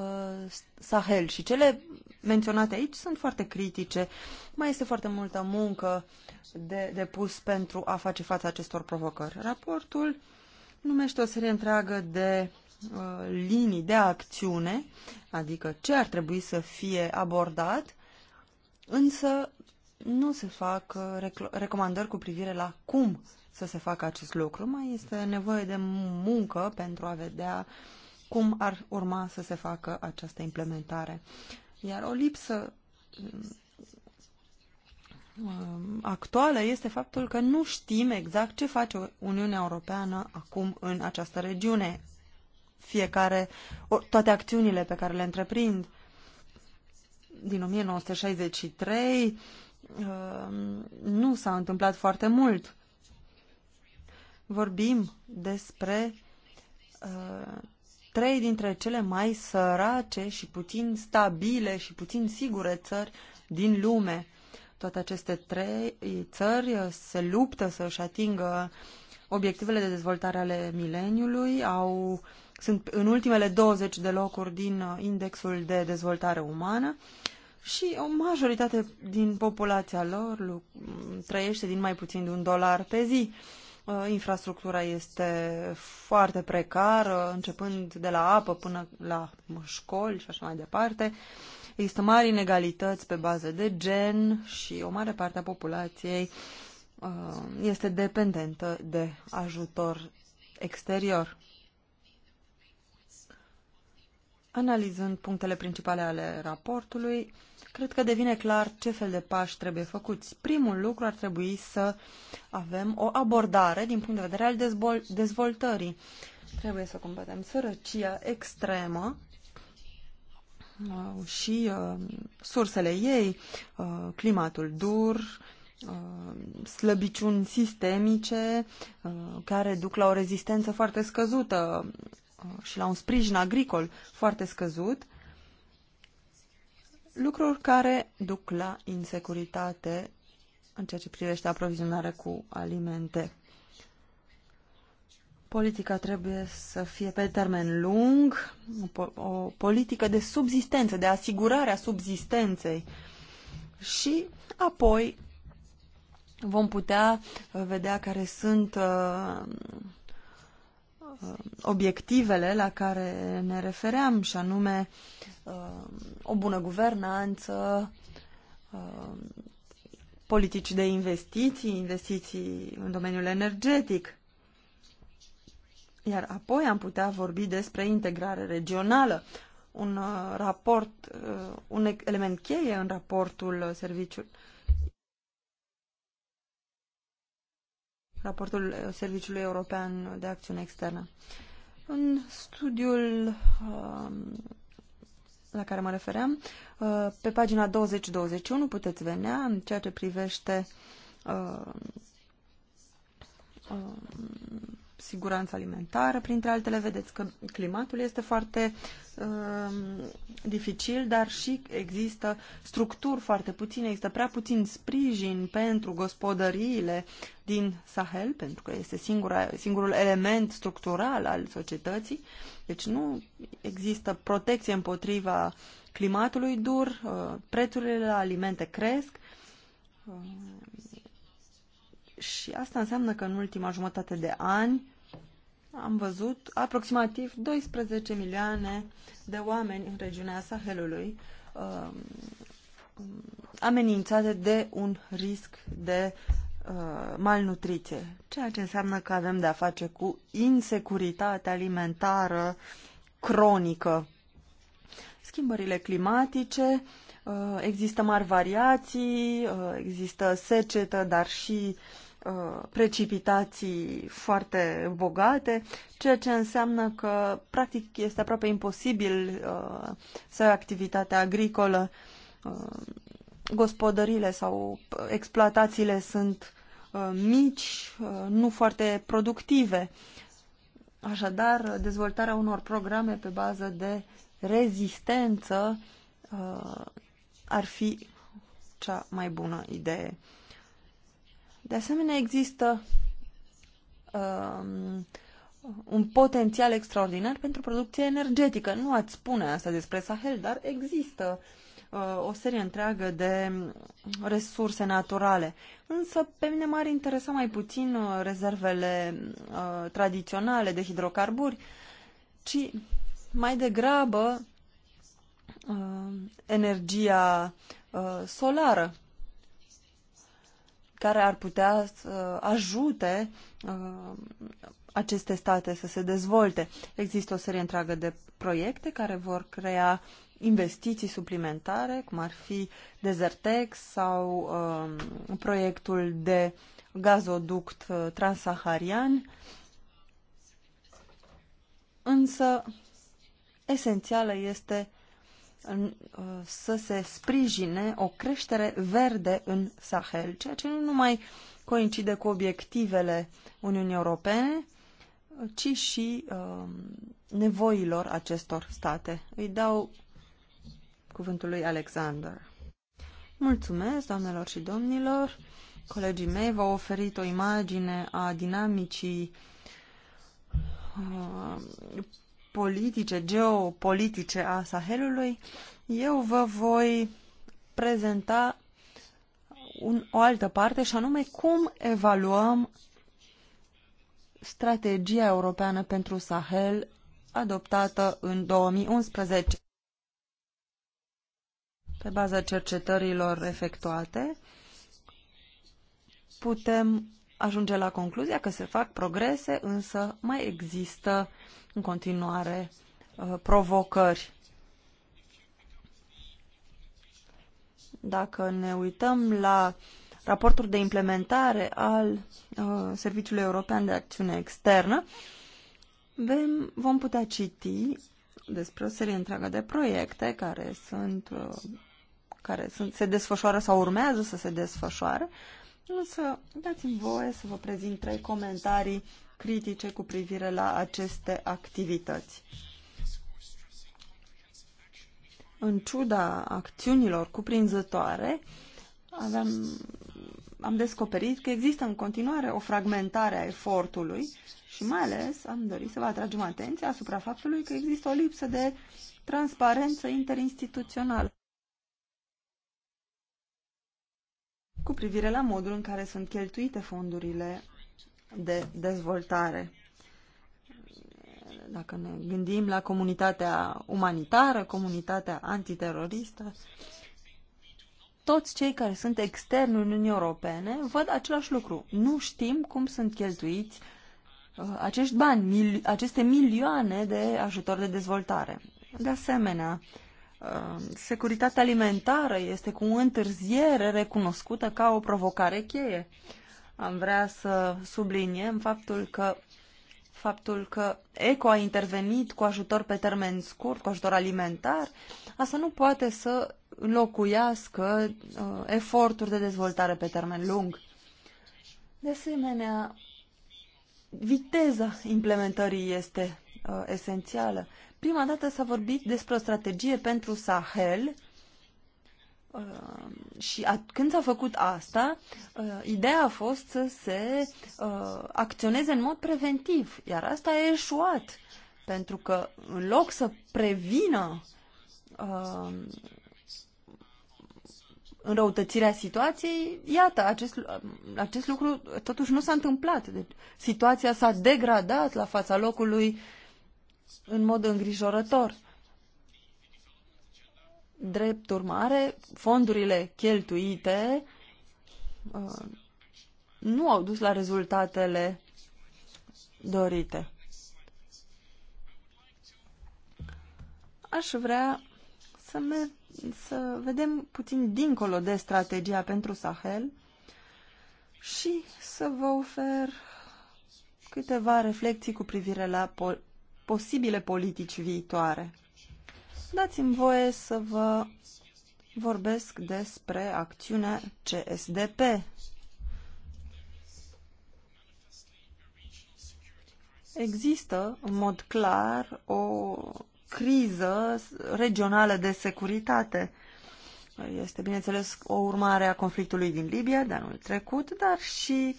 Sahel și cele menționate aici sunt foarte critice. Mai este foarte multă muncă de, de pus pentru a face față acestor provocări. Raportul numește o serie întreagă de uh, linii de acțiune, adică ce ar trebui să fie abordat, însă nu se fac recomandări cu privire la cum să se facă acest lucru, mai este nevoie de muncă pentru a vedea cum ar urma să se facă această implementare. Iar o lipsă um, actuală este faptul că nu știm exact ce face Uniunea Europeană acum în această regiune. Fiecare, toate acțiunile pe care le întreprind din 1963 um, nu s-a întâmplat foarte mult vorbim despre uh, trei dintre cele mai sărace și puțin stabile și puțin sigure țări din lume. Toate aceste trei eh, țări eh, se luptă să-și atingă obiectivele de dezvoltare ale mileniului, au, sunt în ultimele 20 de locuri din eh, indexul de dezvoltare umană și o majoritate din populația lor trăiește din mai puțin de un dolar pe zi. Uh, Uh, infrastructura este foarte precară, începând de la apă până la școli și așa mai departe. Există mari inegalități pe bază de gen și o mare parte a populației uh, este dependentă de ajutor exterior. Analizând punctele principale ale raportului, cred că devine clar ce fel de pași trebuie făcuți. Primul lucru ar trebui să avem o abordare din punct de vedere al dezvol- dezvoltării. Trebuie să combatem sărăcia extremă uh, și uh, sursele ei, uh, climatul dur, uh, slăbiciuni sistemice uh, care duc la o rezistență foarte scăzută și la un sprijin agricol foarte scăzut lucruri care duc la insecuritate în ceea ce privește aprovizionarea cu alimente. Politica trebuie să fie pe termen lung, o politică de subsistență, de asigurare a subsistenței, și apoi vom putea vedea care sunt uh, Uh, obiectivele la care ne refeream, și anume uh, o bună guvernanță, uh, politici de investiții, investiții în domeniul energetic. Iar apoi am putea vorbi despre integrare regională, un raport, un element cheie în raportul serviciului raportul Serviciului European de Acțiune Externă. În studiul um, la care mă refeream, uh, pe pagina 20-21 puteți venea în ceea ce privește uh, um, siguranța alimentară, printre altele, vedeți că climatul este foarte um, dificil, dar și există structuri foarte puține, există prea puțin sprijin pentru gospodăriile din Sahel, pentru că este singura, singurul element structural al societății, deci nu există protecție împotriva climatului dur, uh, prețurile la alimente cresc, uh, și asta înseamnă că în ultima jumătate de ani am văzut aproximativ 12 milioane de oameni în regiunea Sahelului uh, amenințate de un risc de uh, malnutriție, ceea ce înseamnă că avem de a face cu insecuritate alimentară cronică. Schimbările climatice, uh, există mari variații, uh, există secetă, dar și uh, Uh, precipitații foarte bogate, ceea ce înseamnă că practic este aproape imposibil uh, să ai activitatea agricolă. Uh, gospodările sau exploatațiile sunt mici, nu foarte productive. Așadar, dezvoltarea unor programe pe bază de rezistență ar fi cea mai bună idee. De asemenea, există uh, un potențial extraordinar pentru producție energetică. Nu ați spune asta despre Sahel, dar există uh, o serie întreagă de resurse naturale. Însă pe mine m-ar interesa mai puțin uh, rezervele uh, tradiționale de hidrocarburi, ci mai degrabă uh, energia uh, solară care ar putea să ajute uh, aceste state să se dezvolte. Există o serie întreagă de proiecte care vor crea investiții suplimentare, cum ar fi Desertex sau um, proiectul de gazoduct uh, transaharian. Însă, esențială este Uh, să se sprijine o creștere verde în Sahel, ceea ce nu numai coincide cu obiectivele Uniunii Europene, ci și uh, nevoilor acestor state. Îi dau cuvântul lui Alexander. Mulțumesc, doamnelor și domnilor. Colegii mei v-au oferit o imagine a dinamicii uh, politice, geopolitice a Sahelului, eu vă voi prezenta un, o altă parte și anume cum evaluăm strategia europeană pentru Sahel adoptată în 2011 pe baza cercetărilor efectuate putem ajunge la concluzia că se fac progrese, însă mai există în continuare uh, provocări. Dacă ne uităm la raportul de implementare al uh, Serviciului European de Acțiune Externă, vom putea citi despre o serie întreagă de proiecte care sunt uh, care sunt, se desfășoară sau urmează să se desfășoare, însă dați-mi voie să vă prezint trei comentarii critice cu privire la aceste activități. În ciuda acțiunilor cuprinzătoare, aveam, am descoperit că există în continuare o fragmentare a efortului și mai ales am dorit să vă atragem atenția asupra faptului că există o lipsă de transparență interinstituțională cu privire la modul în care sunt cheltuite fondurile de dezvoltare. Dacă ne gândim la comunitatea umanitară, comunitatea antiteroristă, toți cei care sunt externi Uniunii Europene văd același lucru. Nu știm cum sunt cheltuiți uh, acești bani, mil, aceste milioane de ajutor de dezvoltare. De asemenea, uh, securitatea alimentară este cu întârziere recunoscută ca o provocare cheie. Am vrea să subliniem faptul că faptul că ECO a intervenit cu ajutor pe termen scurt, cu ajutor alimentar, asta nu poate să înlocuiască uh, eforturi de dezvoltare pe termen lung. De asemenea, viteza implementării este uh, esențială. Prima dată s-a vorbit despre o strategie pentru Sahel Uh, și când s-a făcut asta, uh, ideea a fost să se uh, acționeze în mod preventiv, iar asta a eșuat, pentru că în loc să prevină uh, înrăutățirea situației, iată, acest, acest lucru totuși nu s-a întâmplat. Deci, situația s-a degradat la fața locului în mod îngrijorător. Drept urmare, fondurile cheltuite uh, nu au dus la rezultatele dorite. Aș vrea să, să vedem puțin dincolo de strategia pentru Sahel și să vă ofer câteva reflexii cu privire la po posibile politici viitoare. Dați-mi voie să vă vorbesc despre acțiunea CSDP. Există, în mod clar, o criză regională de securitate. Este, bineînțeles, o urmare a conflictului din Libia de anul trecut, dar și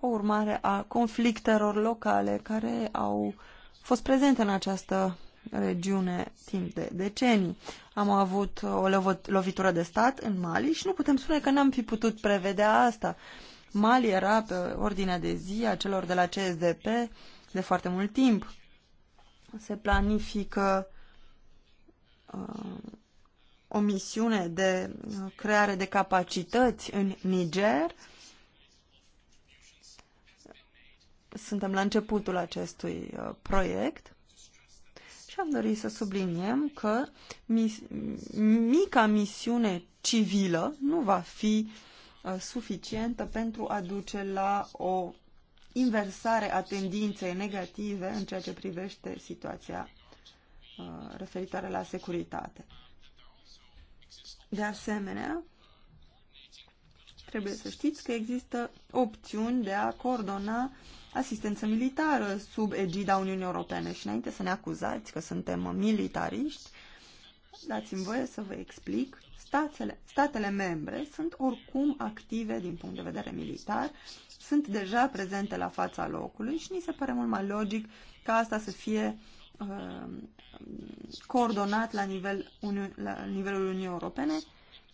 o urmare a conflictelor locale care au fost prezente în această regiune timp de decenii. Am avut uh, o lovitură de stat în Mali și nu putem spune că n-am fi putut prevedea asta. Mali era pe ordinea de zi a celor de la CSDP de foarte mult timp. Se planifică uh, o misiune de uh, creare de capacități în Niger. Suntem la începutul acestui uh, proiect și am dorit să subliniem că mis mica misiune civilă nu va fi uh, suficientă pentru a duce la o inversare a tendinței negative în ceea ce privește situația uh, referitoare la securitate. De asemenea, trebuie să știți că există opțiuni de a coordona uh, asistență militară sub egida Uniunii Europene. Și înainte să ne acuzați că suntem militariști, dați-mi voie să vă explic. Statele, statele membre sunt oricum active din punct de vedere militar, sunt deja prezente la fața locului și ni se pare mult mai logic ca asta să fie uh, coordonat la, nivel, uni, la nivelul Uniunii Europene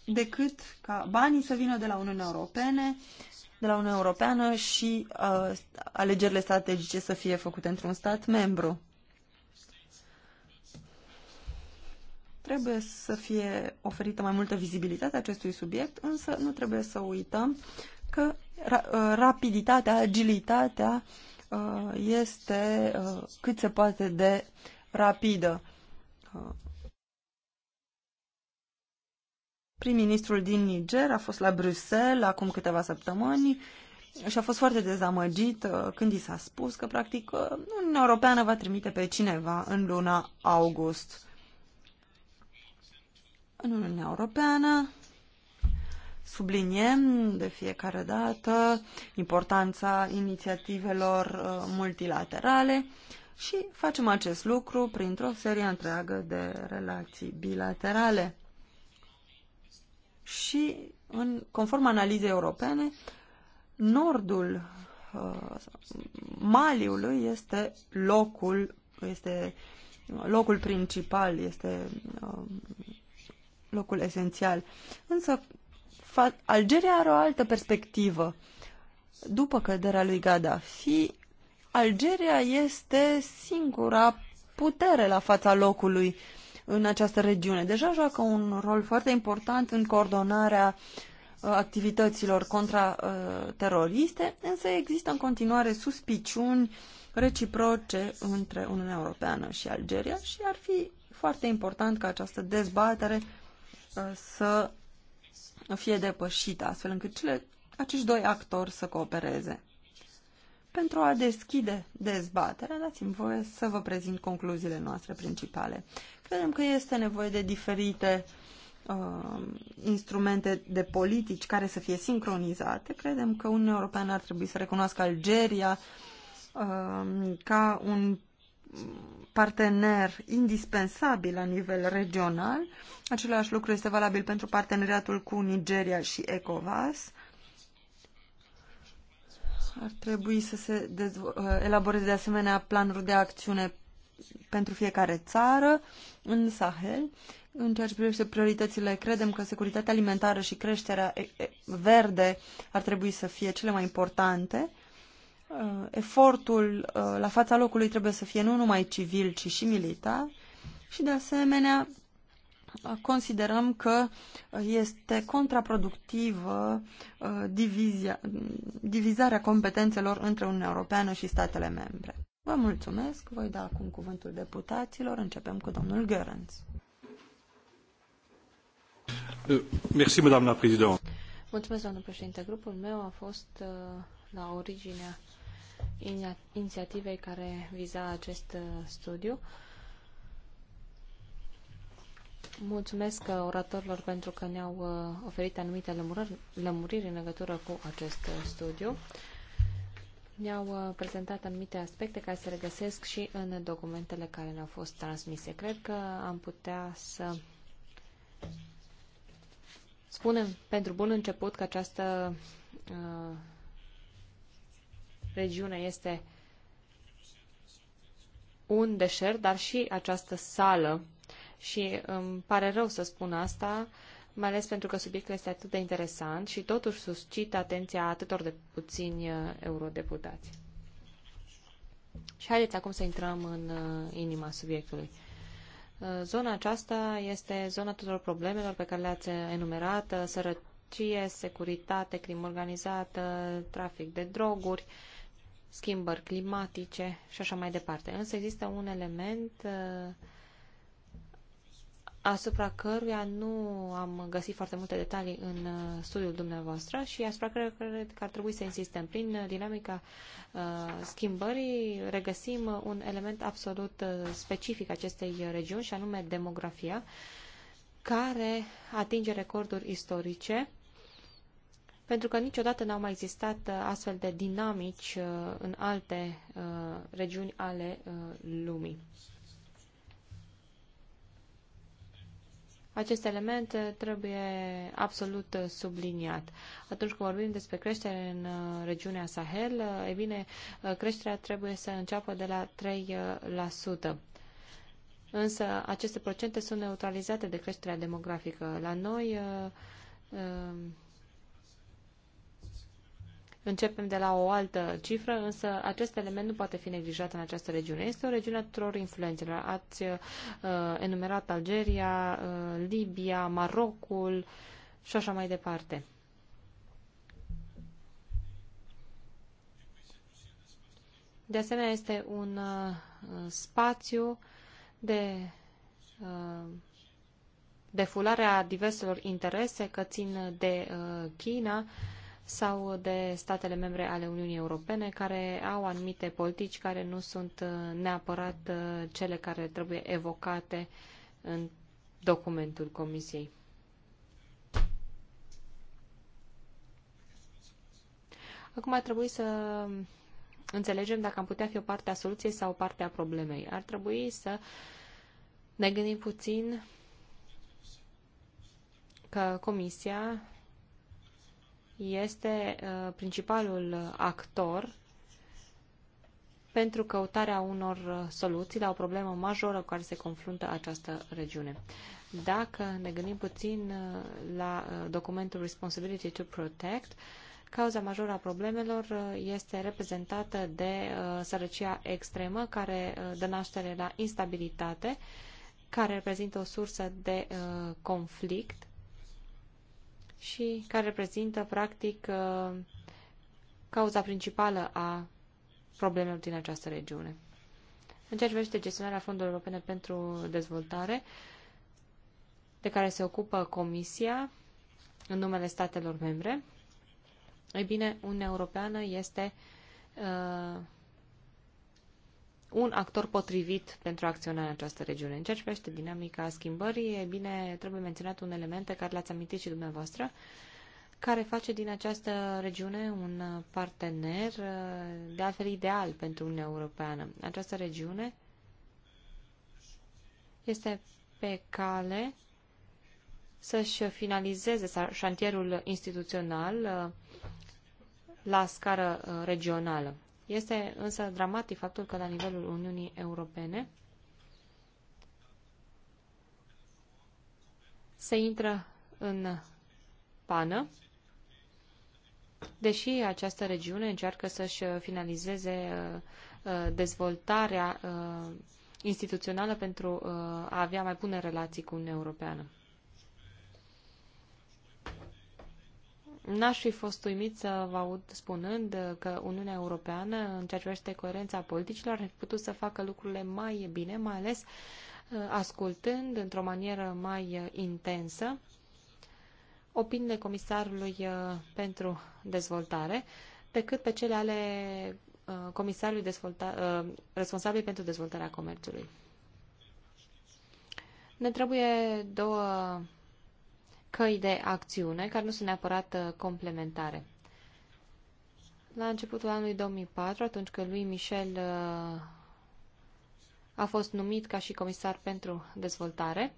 decât ca banii să vină de la Uniunea Europene, de la Uniunea Europeană și uh, alegerile strategice să fie făcute într-un stat membru. Trebuie să fie oferită mai multă vizibilitate acestui subiect, însă nu trebuie să uităm că ra- uh, rapiditatea, agilitatea uh, este uh, cât se poate de rapidă. Uh, Prim-ministrul din Niger a fost la Bruxelles acum câteva săptămâni și a fost foarte dezamăgit uh, când i s-a spus că, practic, uh, Uniunea Europeană va trimite pe cineva în luna august. În Uniunea Europeană subliniem de fiecare dată importanța inițiativelor uh, multilaterale și facem acest lucru printr-o serie întreagă de relații bilaterale și, în, conform analizei europene, nordul uh, Maliului este locul, este locul principal, este uh, locul esențial. Însă, Algeria are o altă perspectivă. După căderea lui Gaddafi, Algeria este singura putere la fața locului uh, în această regiune. Deja joacă un rol foarte important în coordonarea uh, activităților contrateroriste, uh, însă există în continuare suspiciuni reciproce între Uniunea Europeană și Algeria și ar fi foarte important ca această dezbatere uh, să fie depășită, astfel încât cele, acești doi actori să coopereze. Pentru a deschide dezbaterea, dați-mi voie să vă prezint concluziile noastre principale. Credem că este nevoie de diferite uh, instrumente de politici care să fie sincronizate. Credem că Uniunea Europeană ar trebui să recunoască Algeria uh, ca un partener indispensabil la nivel regional. Același lucru este valabil pentru parteneriatul cu Nigeria și ECOVAS. Ar trebui să se uh, elaboreze de asemenea planuri de acțiune pentru fiecare țară în Sahel. În ceea ce privește prioritățile, credem că securitatea alimentară și creșterea verde ar trebui să fie cele mai importante. Uh, efortul uh, la fața locului trebuie să fie nu numai civil, ci și militar. Și, de asemenea, uh, considerăm că este contraproductivă divizia, divizarea competențelor între Uniunea Europeană și statele membre. Vă mulțumesc. Voi da acum cuvântul deputaților. Începem cu domnul Görens. Euh, doamna președinte. Mulțumesc, doamnă președinte. Grupul meu a fost uh, la originea inițiativei care viza acest uh, studiu. Mulțumesc uh, oratorilor pentru că ne-au oferit anumite lămuriri, lămuriri în legătură cu acest studiu ne-au uh, prezentat anumite aspecte care se regăsesc și în documentele care ne-au fost transmise. Cred că am putea să spunem pentru bun început că această uh, regiune este un deșert, dar și această sală. Și îmi pare rău să spun asta, uh, mai ales pentru că subiectul este atât de interesant și totuși suscită atenția atâtor de puțini uh, eurodeputați. Și haideți acum să intrăm în uh, inima subiectului. Uh, zona aceasta este zona tuturor problemelor pe care le-ați enumerat, sărăcie, securitate, crimă organizată, trafic de droguri, schimbări climatice și așa mai departe. Însă există un element uh, asupra căruia nu am găsit foarte multe detalii în uh, studiul dumneavoastră și asupra căruia cred că ar trebui să insistăm. Prin uh, dinamica uh, schimbării regăsim un element absolut specific acestei regiuni și anume demografia, care atinge recorduri istorice pentru că niciodată n-au mai existat astfel de dinamici în alte regiuni ale lumii. Acest element uh, trebuie absolut uh, subliniat. Atunci când vorbim despre creștere în uh, regiunea Sahel, e bine, creșterea trebuie să înceapă de la 3%. Însă aceste procente sunt neutralizate de creșterea demografică. La noi Începem de la o altă cifră, însă acest element nu poate fi neglijat în această regiune. Este o regiune a tuturor influențelor. Ați uh, enumerat Algeria, uh, Libia, Marocul și așa mai departe. De asemenea, este un uh, spațiu de uh, defulare a diverselor interese că țin de uh, China, uh, sau de statele membre ale Uniunii Europene care au anumite politici care nu sunt uh, neapărat uh, cele care trebuie evocate în documentul Comisiei. Acum ar trebui să înțelegem dacă am putea fi o parte a soluției sau o parte a problemei. Ar trebui să ne gândim puțin că Comisia este uh, principalul actor pentru căutarea unor uh, soluții la o problemă majoră cu care se confruntă această regiune. Dacă ne gândim puțin uh, la documentul Responsibility to Protect, cauza majoră a problemelor este reprezentată de sărăcia extremă care dă naștere la instabilitate, care reprezintă o sursă de conflict și care reprezintă, practic, uh, cauza principală a problemelor din această regiune. În ceea ce privește gestionarea fondurilor europene pentru dezvoltare, de care se ocupă Comisia în numele statelor membre, ei bine, Uniunea Europeană este uh, un actor potrivit pentru a acționa în această regiune. În ceea ce privește dinamica schimbării, e bine, trebuie menționat un element pe care l-ați amintit și dumneavoastră, care face din această regiune un partener de altfel ideal pentru Uniunea Europeană. Această regiune este pe cale să-și finalizeze șantierul instituțional uh, la scară uh, regională. Este însă dramatic faptul că la nivelul Uniunii Europene se intră în pană, deși această regiune încearcă să-și finalizeze uh, uh, dezvoltarea uh, instituțională pentru a avea mai bune relații cu Uniunea Europeană. N-aș fi fost uimit să vă aud spunând că Uniunea Europeană, în ceea ce privește coerența politicilor, ar fi putut să facă lucrurile mai bine, mai ales uh, ascultând într-o manieră mai uh, intensă opiniile comisarului uh, pentru dezvoltare, decât pe cele ale comisarului dezvolta, responsabil pentru dezvoltarea comerțului. Ne trebuie două căi de acțiune care nu sunt neapărat uh, complementare. La începutul anului 2004, atunci când lui Michel uh, a fost numit ca și comisar pentru dezvoltare,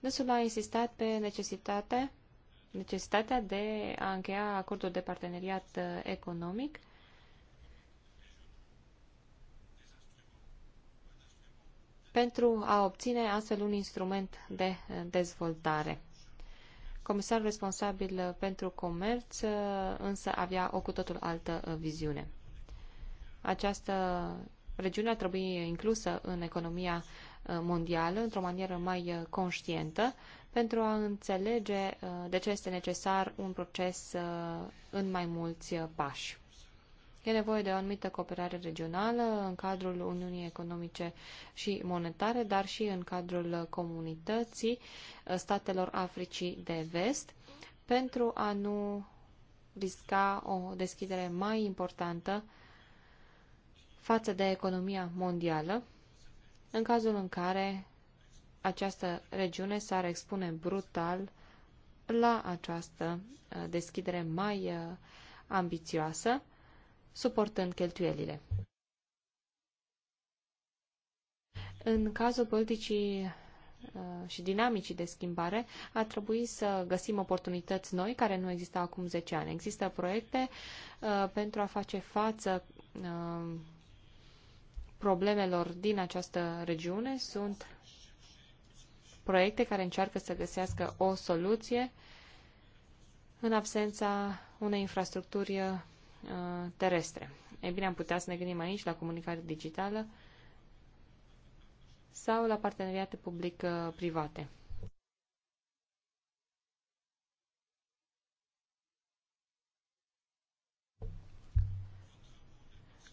dânsul a insistat pe necesitatea, necesitatea de a încheia acordul de parteneriat uh, economic pentru a obține astfel un instrument de dezvoltare. Comisarul responsabil pentru comerț însă avea o cu totul altă viziune. Această regiune ar trebui inclusă în economia uh, mondială într-o manieră mai uh, conștientă pentru a înțelege uh, de ce este necesar un proces în mai mulți pași. E nevoie de o anumită cooperare regională în cadrul Uniunii Economice și Monetare, dar și în cadrul comunității uh, statelor Africii de Vest, pentru a nu risca o deschidere mai importantă față de economia mondială, în cazul în care această regiune s-ar expune brutal la această uh, deschidere mai uh, ambițioasă, suportând cheltuielile. În cazul politicii uh, și dinamicii de schimbare, a trebuit să găsim oportunități noi care nu existau acum 10 ani. Există proiecte uh, pentru a face față uh, problemelor din această regiune. Sunt proiecte care încearcă să găsească o soluție în absența unei infrastructuri Uh, terestre. Ei bine, am putea să ne gândim aici la comunicare digitală sau la parteneriate public-private.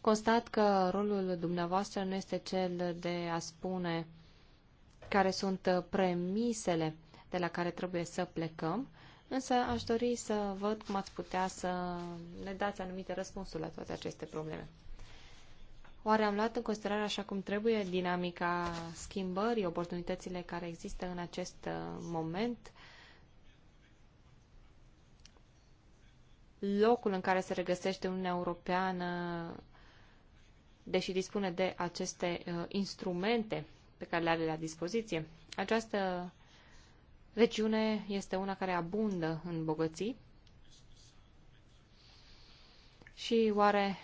Constat că rolul dumneavoastră nu este cel de a spune care sunt premisele de la care trebuie să plecăm, Însă aș dori să văd cum ați putea să ne dați anumite răspunsuri la toate aceste probleme. Oare am luat în considerare așa cum trebuie dinamica schimbării, oportunitățile care există în acest uh, moment, locul în care se regăsește Uniunea Europeană, deși dispune de aceste uh, instrumente pe care le are la dispoziție? Această regiune este una care abundă în bogății și oare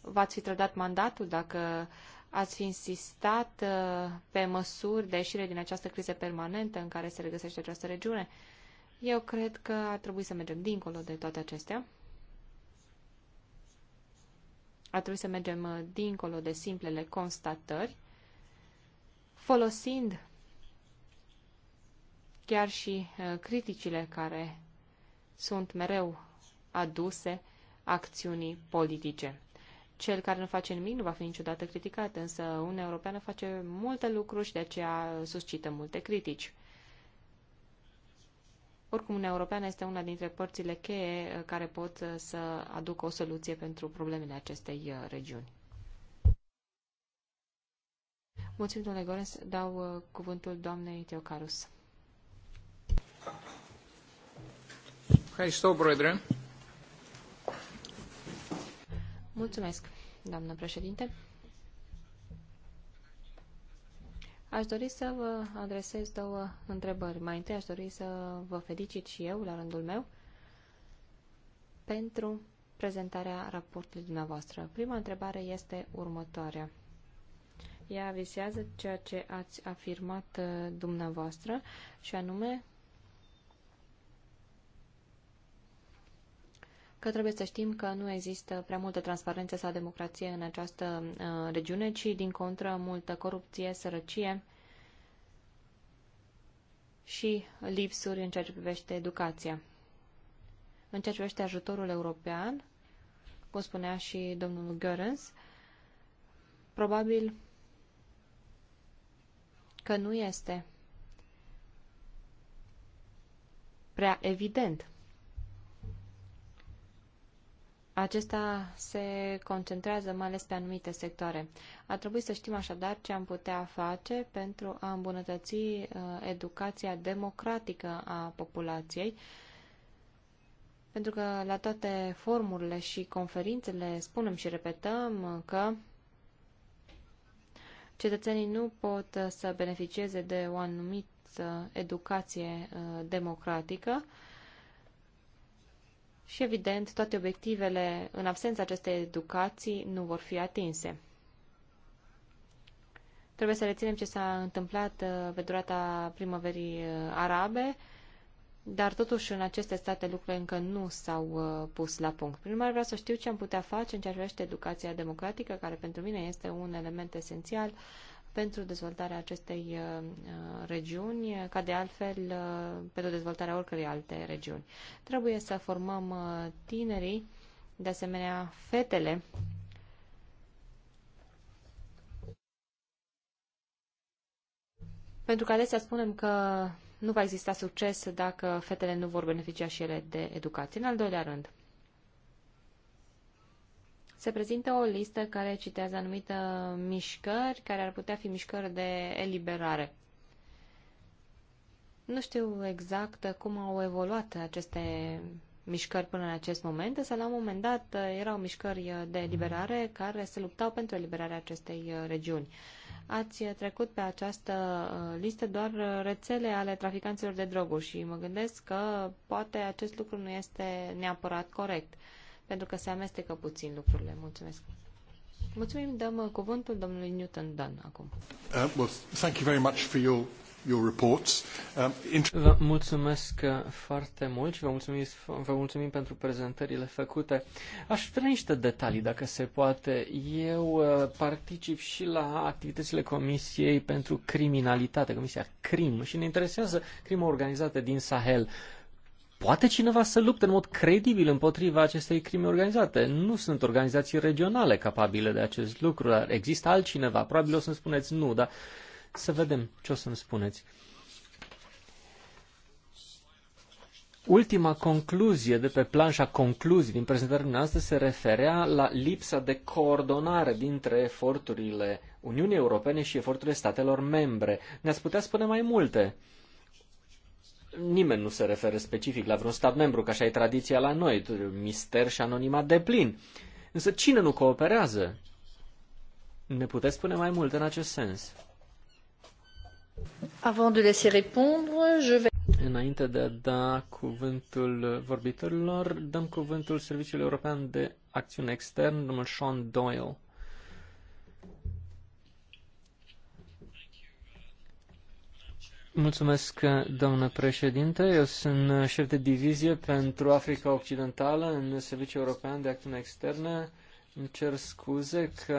v-ați fi trădat mandatul dacă ați fi insistat uh, pe măsuri de ieșire din această criză permanentă în care se regăsește această regiune? Eu cred că ar trebui să mergem dincolo de toate acestea. Ar trebui să mergem uh, dincolo de simplele constatări, folosind chiar și uh, criticile care sunt mereu aduse acțiunii politice. Cel care nu face nimic nu va fi niciodată criticat, însă Uniunea Europeană face multe lucruri și de aceea suscită multe critici. Oricum, Uniunea Europeană este una dintre părțile cheie uh, care pot uh, să aducă o soluție pentru problemele acestei regiuni. Mulțumim, domnule Gores. Dau cuvântul doamnei Teocarus. Ευχαριστώ, Πρόεδρε. Mulțumesc, doamnă președinte. Aș dori să vă adresez două întrebări. Mai întâi aș dori să vă felicit și eu, la rândul meu, pentru prezentarea raportului dumneavoastră. Prima întrebare este următoarea. Ea visează ceea ce ați afirmat uh, dumneavoastră și anume că trebuie să știm că nu există prea multă transparență sau democrație în această uh, regiune, ci din contră multă corupție, sărăcie și lipsuri în ceea ce privește educația. În ceea ce privește ajutorul european, cum spunea și domnul Görens, probabil că nu este prea evident acesta se concentrează mai ales pe anumite sectoare. Ar trebui să știm așadar ce am putea face pentru a îmbunătăți uh, educația democratică a populației, pentru că la toate formurile și conferințele spunem și repetăm că cetățenii nu pot să beneficieze de o anumită educație uh, democratică, și, evident, toate obiectivele în absența acestei educații nu vor fi atinse. Trebuie să reținem ce s-a întâmplat uh, pe durata primăverii uh, arabe, dar totuși în aceste state lucrurile încă nu s-au uh, pus la punct. Prin urmare vreau să știu ce am putea face în ceea ce privește educația democratică, care pentru mine este un element esențial uh, pentru dezvoltarea acestei uh, uh, regiuni, ca de altfel uh, pentru dezvoltarea oricărei alte regiuni. Trebuie să formăm tinerii, de asemenea fetele, pentru că adesea spunem că nu va exista succes dacă fetele nu vor beneficia și ele de educație. În al doilea rând, se prezintă o listă care citează anumite mișcări, care ar putea fi mișcări de eliberare. Nu știu exact cum au evoluat aceste mișcări până în acest moment, însă la un moment dat erau mișcări de eliberare care se luptau pentru eliberarea acestei regiuni. Ați trecut pe această listă doar rețele ale traficanților de droguri și mă gândesc că poate acest lucru nu este neapărat corect pentru că se amestecă puțin lucrurile. Mulțumesc. Mulțumim, dăm uh, cuvântul domnului Newton Dunn acum. Uh, well, thank you very much for your your reports. Um, vă mulțumesc uh, foarte mult și vă mulțumim, vă mulțumim pentru prezentările făcute. Aș vrea niște detalii, dacă se poate. Eu uh, particip și la activitățile Comisiei pentru Criminalitate, Comisia CRIM, și ne interesează crimă organizată din Sahel. Uh, Poate cineva să lupte în mod credibil împotriva acestei crime organizate. Nu sunt organizații regionale capabile de acest lucru, dar există altcineva. Probabil o să-mi spuneți nu, dar să vedem ce o să-mi spuneți. Ultima concluzie de pe planșa concluzii din prezentarea noastră se referea la lipsa de coordonare dintre eforturile Uniunii Europene și eforturile statelor membre. Ne-ați putea spune mai multe. Uh, nimeni nu se referă specific la vreun stat membru, că așa e tradiția la noi, mister și anonimat de plin. Însă cine nu cooperează? Ne puteți spune mai mult în acest sens? Avant de laisser répondre, je vais... Înainte de a da cuvântul vorbitorilor, dăm cuvântul Serviciului European de Acțiune Extern, domnul Sean Doyle. Mulțumesc, domnule președinte. Eu sunt șef de divizie pentru Africa Occidentală în Serviciul European de Acțiune Externă. Îmi cer scuze că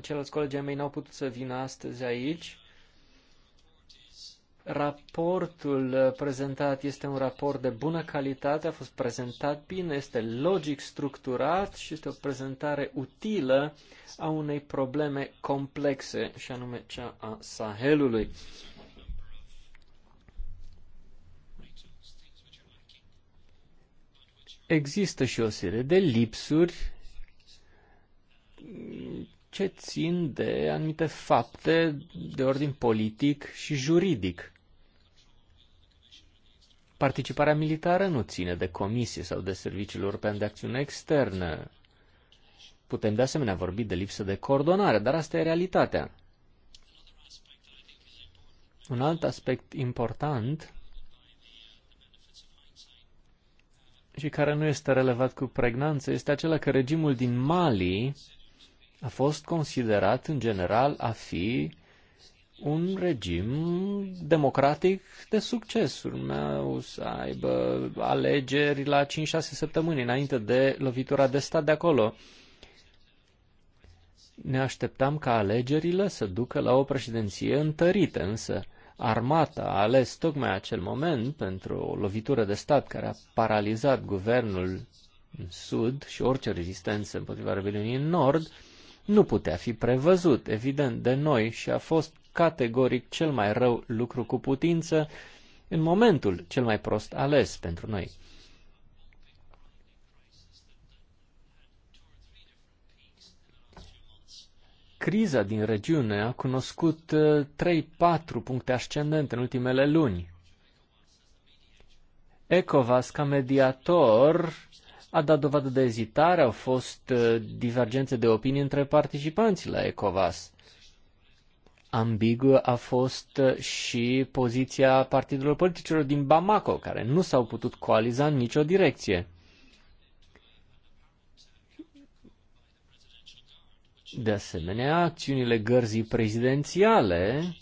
ceilalți colegi ai mei n-au putut să vină astăzi aici. Raportul prezentat este un raport de bună calitate, a fost prezentat bine, este logic structurat și este o prezentare utilă a unei probleme complexe, și anume cea a Sahelului. există și o serie de lipsuri ce țin de anumite fapte de ordin politic și juridic. Participarea militară nu ține de comisie sau de Serviciul European de Acțiune Externă. Putem de asemenea vorbi de lipsă de coordonare, dar asta e realitatea. Un alt aspect important și care nu este relevat cu pregnanță este acela că regimul din Mali a fost considerat în general a fi un regim democratic de succes. Urmeau să aibă alegeri la 5-6 săptămâni înainte de lovitura de stat de acolo. Ne așteptam ca alegerile să ducă la o președinție întărită, însă Armata a ales tocmai acel moment pentru o lovitură de stat care a paralizat guvernul în sud și orice rezistență împotriva rebeliunii în nord, nu putea fi prevăzut, evident, de noi și a fost categoric cel mai rău lucru cu putință în momentul cel mai prost ales pentru noi. criza din regiune a cunoscut 3-4 uh, puncte ascendente în ultimele luni. ECOVAS, ca mediator, a dat dovadă de ezitare, au fost uh, divergențe de opinie între participanții la ECOVAS. Ambiguă a fost uh, și poziția partidelor politicilor din Bamako, care nu s-au putut coaliza în nicio direcție. De asemenea, acțiunile gărzii prezidențiale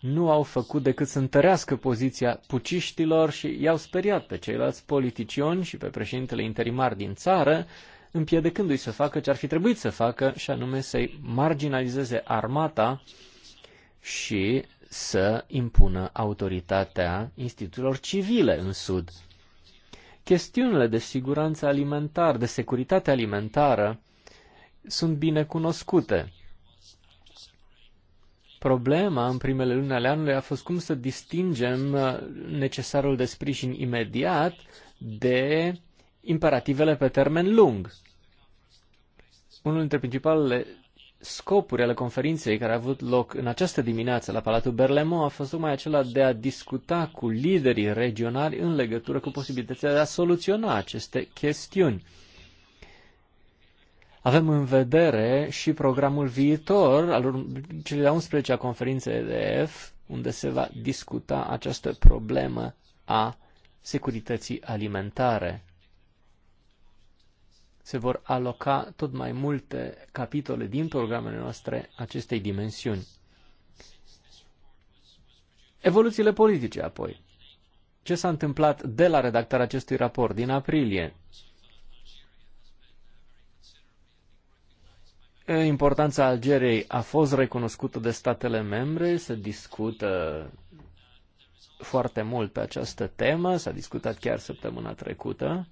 nu au făcut decât să întărească poziția puciștilor și i-au speriat pe ceilalți politicioni și pe președintele interimar din țară, împiedicându-i să facă ce ar fi trebuit să facă, și anume să-i marginalizeze armata și să impună autoritatea instituțiilor civile în Sud. Chestiunile de siguranță alimentară, de securitate alimentară, sunt bine cunoscute. Problema în primele luni ale anului a fost cum să distingem uh, necesarul de sprijin imediat de imperativele pe termen lung. Unul dintre principalele scopuri ale conferinței care a avut loc în această dimineață la Palatul Berlemo a fost tocmai acela de a discuta cu liderii regionali în legătură cu posibilitatea de a soluționa aceste chestiuni. Avem în vedere și programul viitor al celei de 11-a conferințe EDF, unde se va discuta această problemă a securității alimentare. Se vor aloca tot mai multe capitole din programele noastre acestei dimensiuni. Evoluțiile politice apoi. Ce s-a întâmplat de la redactarea acestui raport din aprilie? Importanța Algeriei a fost recunoscută de statele membre, se discută foarte mult pe această temă, s-a discutat chiar săptămâna trecută.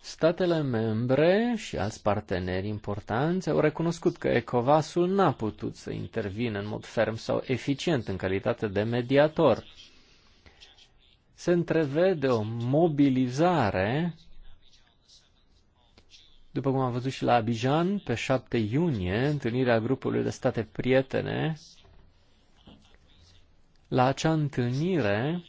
Statele membre și alți parteneri importanți au recunoscut că ECOVAS-ul n-a putut să intervină în mod ferm sau eficient în calitate de mediator. Se întrevede o mobilizare după cum am văzut și la Abidjan, pe 7 iunie, întâlnirea grupului de state prietene, la acea întâlnire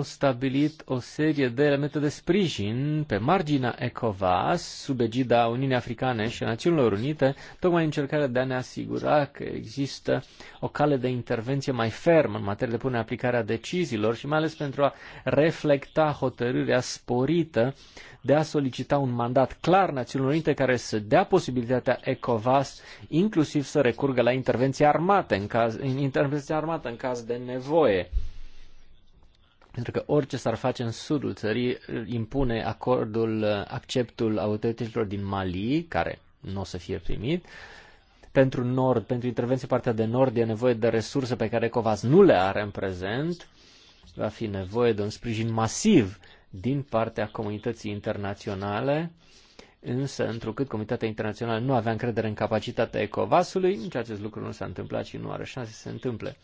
s-au stabilit o serie de elemente de sprijin pe marginea ECOVAS, sub egida Uniunii Africane și a Națiunilor Unite, tocmai în încercarea de a ne asigura că există o cale de intervenție mai fermă în materie de pune aplicarea deciziilor și mai ales pentru a reflecta hotărârea sporită de a solicita un mandat clar Națiunilor Unite care să dea posibilitatea ECOVAS inclusiv să recurgă la intervenție armată în caz, intervenție armată în caz de nevoie pentru că orice s-ar face în sudul țării impune acordul, acceptul autorităților din Mali, care nu o să fie primit. Pentru nord, pentru intervenție partea de nord, e nevoie de resurse pe care Covas nu le are în prezent. Va fi nevoie de un sprijin masiv din partea comunității internaționale, însă întrucât comunitatea internațională nu avea încredere în capacitatea Ecovasului, nici acest lucru nu s-a întâmplat și nu are șanse să se întâmple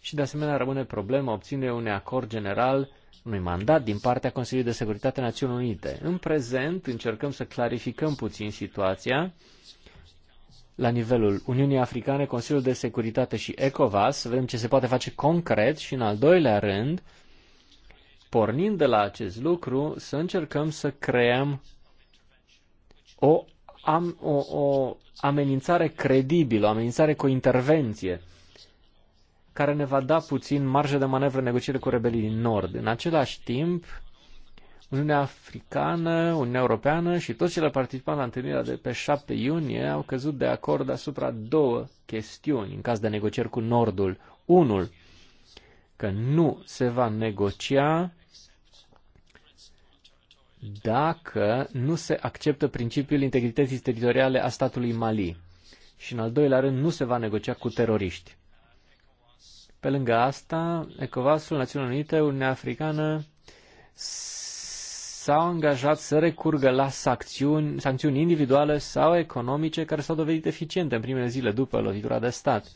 și de asemenea rămâne problema obține unui acord general, unui mandat din partea Consiliului de Securitate Națiunilor Unite. În prezent încercăm să clarificăm puțin situația la nivelul Uniunii Africane, Consiliul de Securitate și ECOVAS, să vedem ce se poate face concret și în al doilea rând, pornind de la acest lucru, să încercăm să creăm o, am, o, o amenințare credibilă, o amenințare cu intervenție care ne va da puțin marjă de manevră în negociere cu rebelii din Nord. În același timp, Uniunea Africană, Uniunea Europeană și toți cele participanți la întâlnirea de pe 7 iunie au căzut de acord asupra două chestiuni în caz de negocieri cu Nordul. Unul, că nu se va negocia dacă nu se acceptă principiul integrității teritoriale a statului Mali. Și în al doilea rând, nu se va negocia cu teroriști. Pe lângă asta, ECOWAS-ul, Națiunile Unite, Uniunea Africană s-au angajat să recurgă la sancțiuni, sancțiuni individuale sau economice care s-au dovedit eficiente în primele zile după lovitura de stat.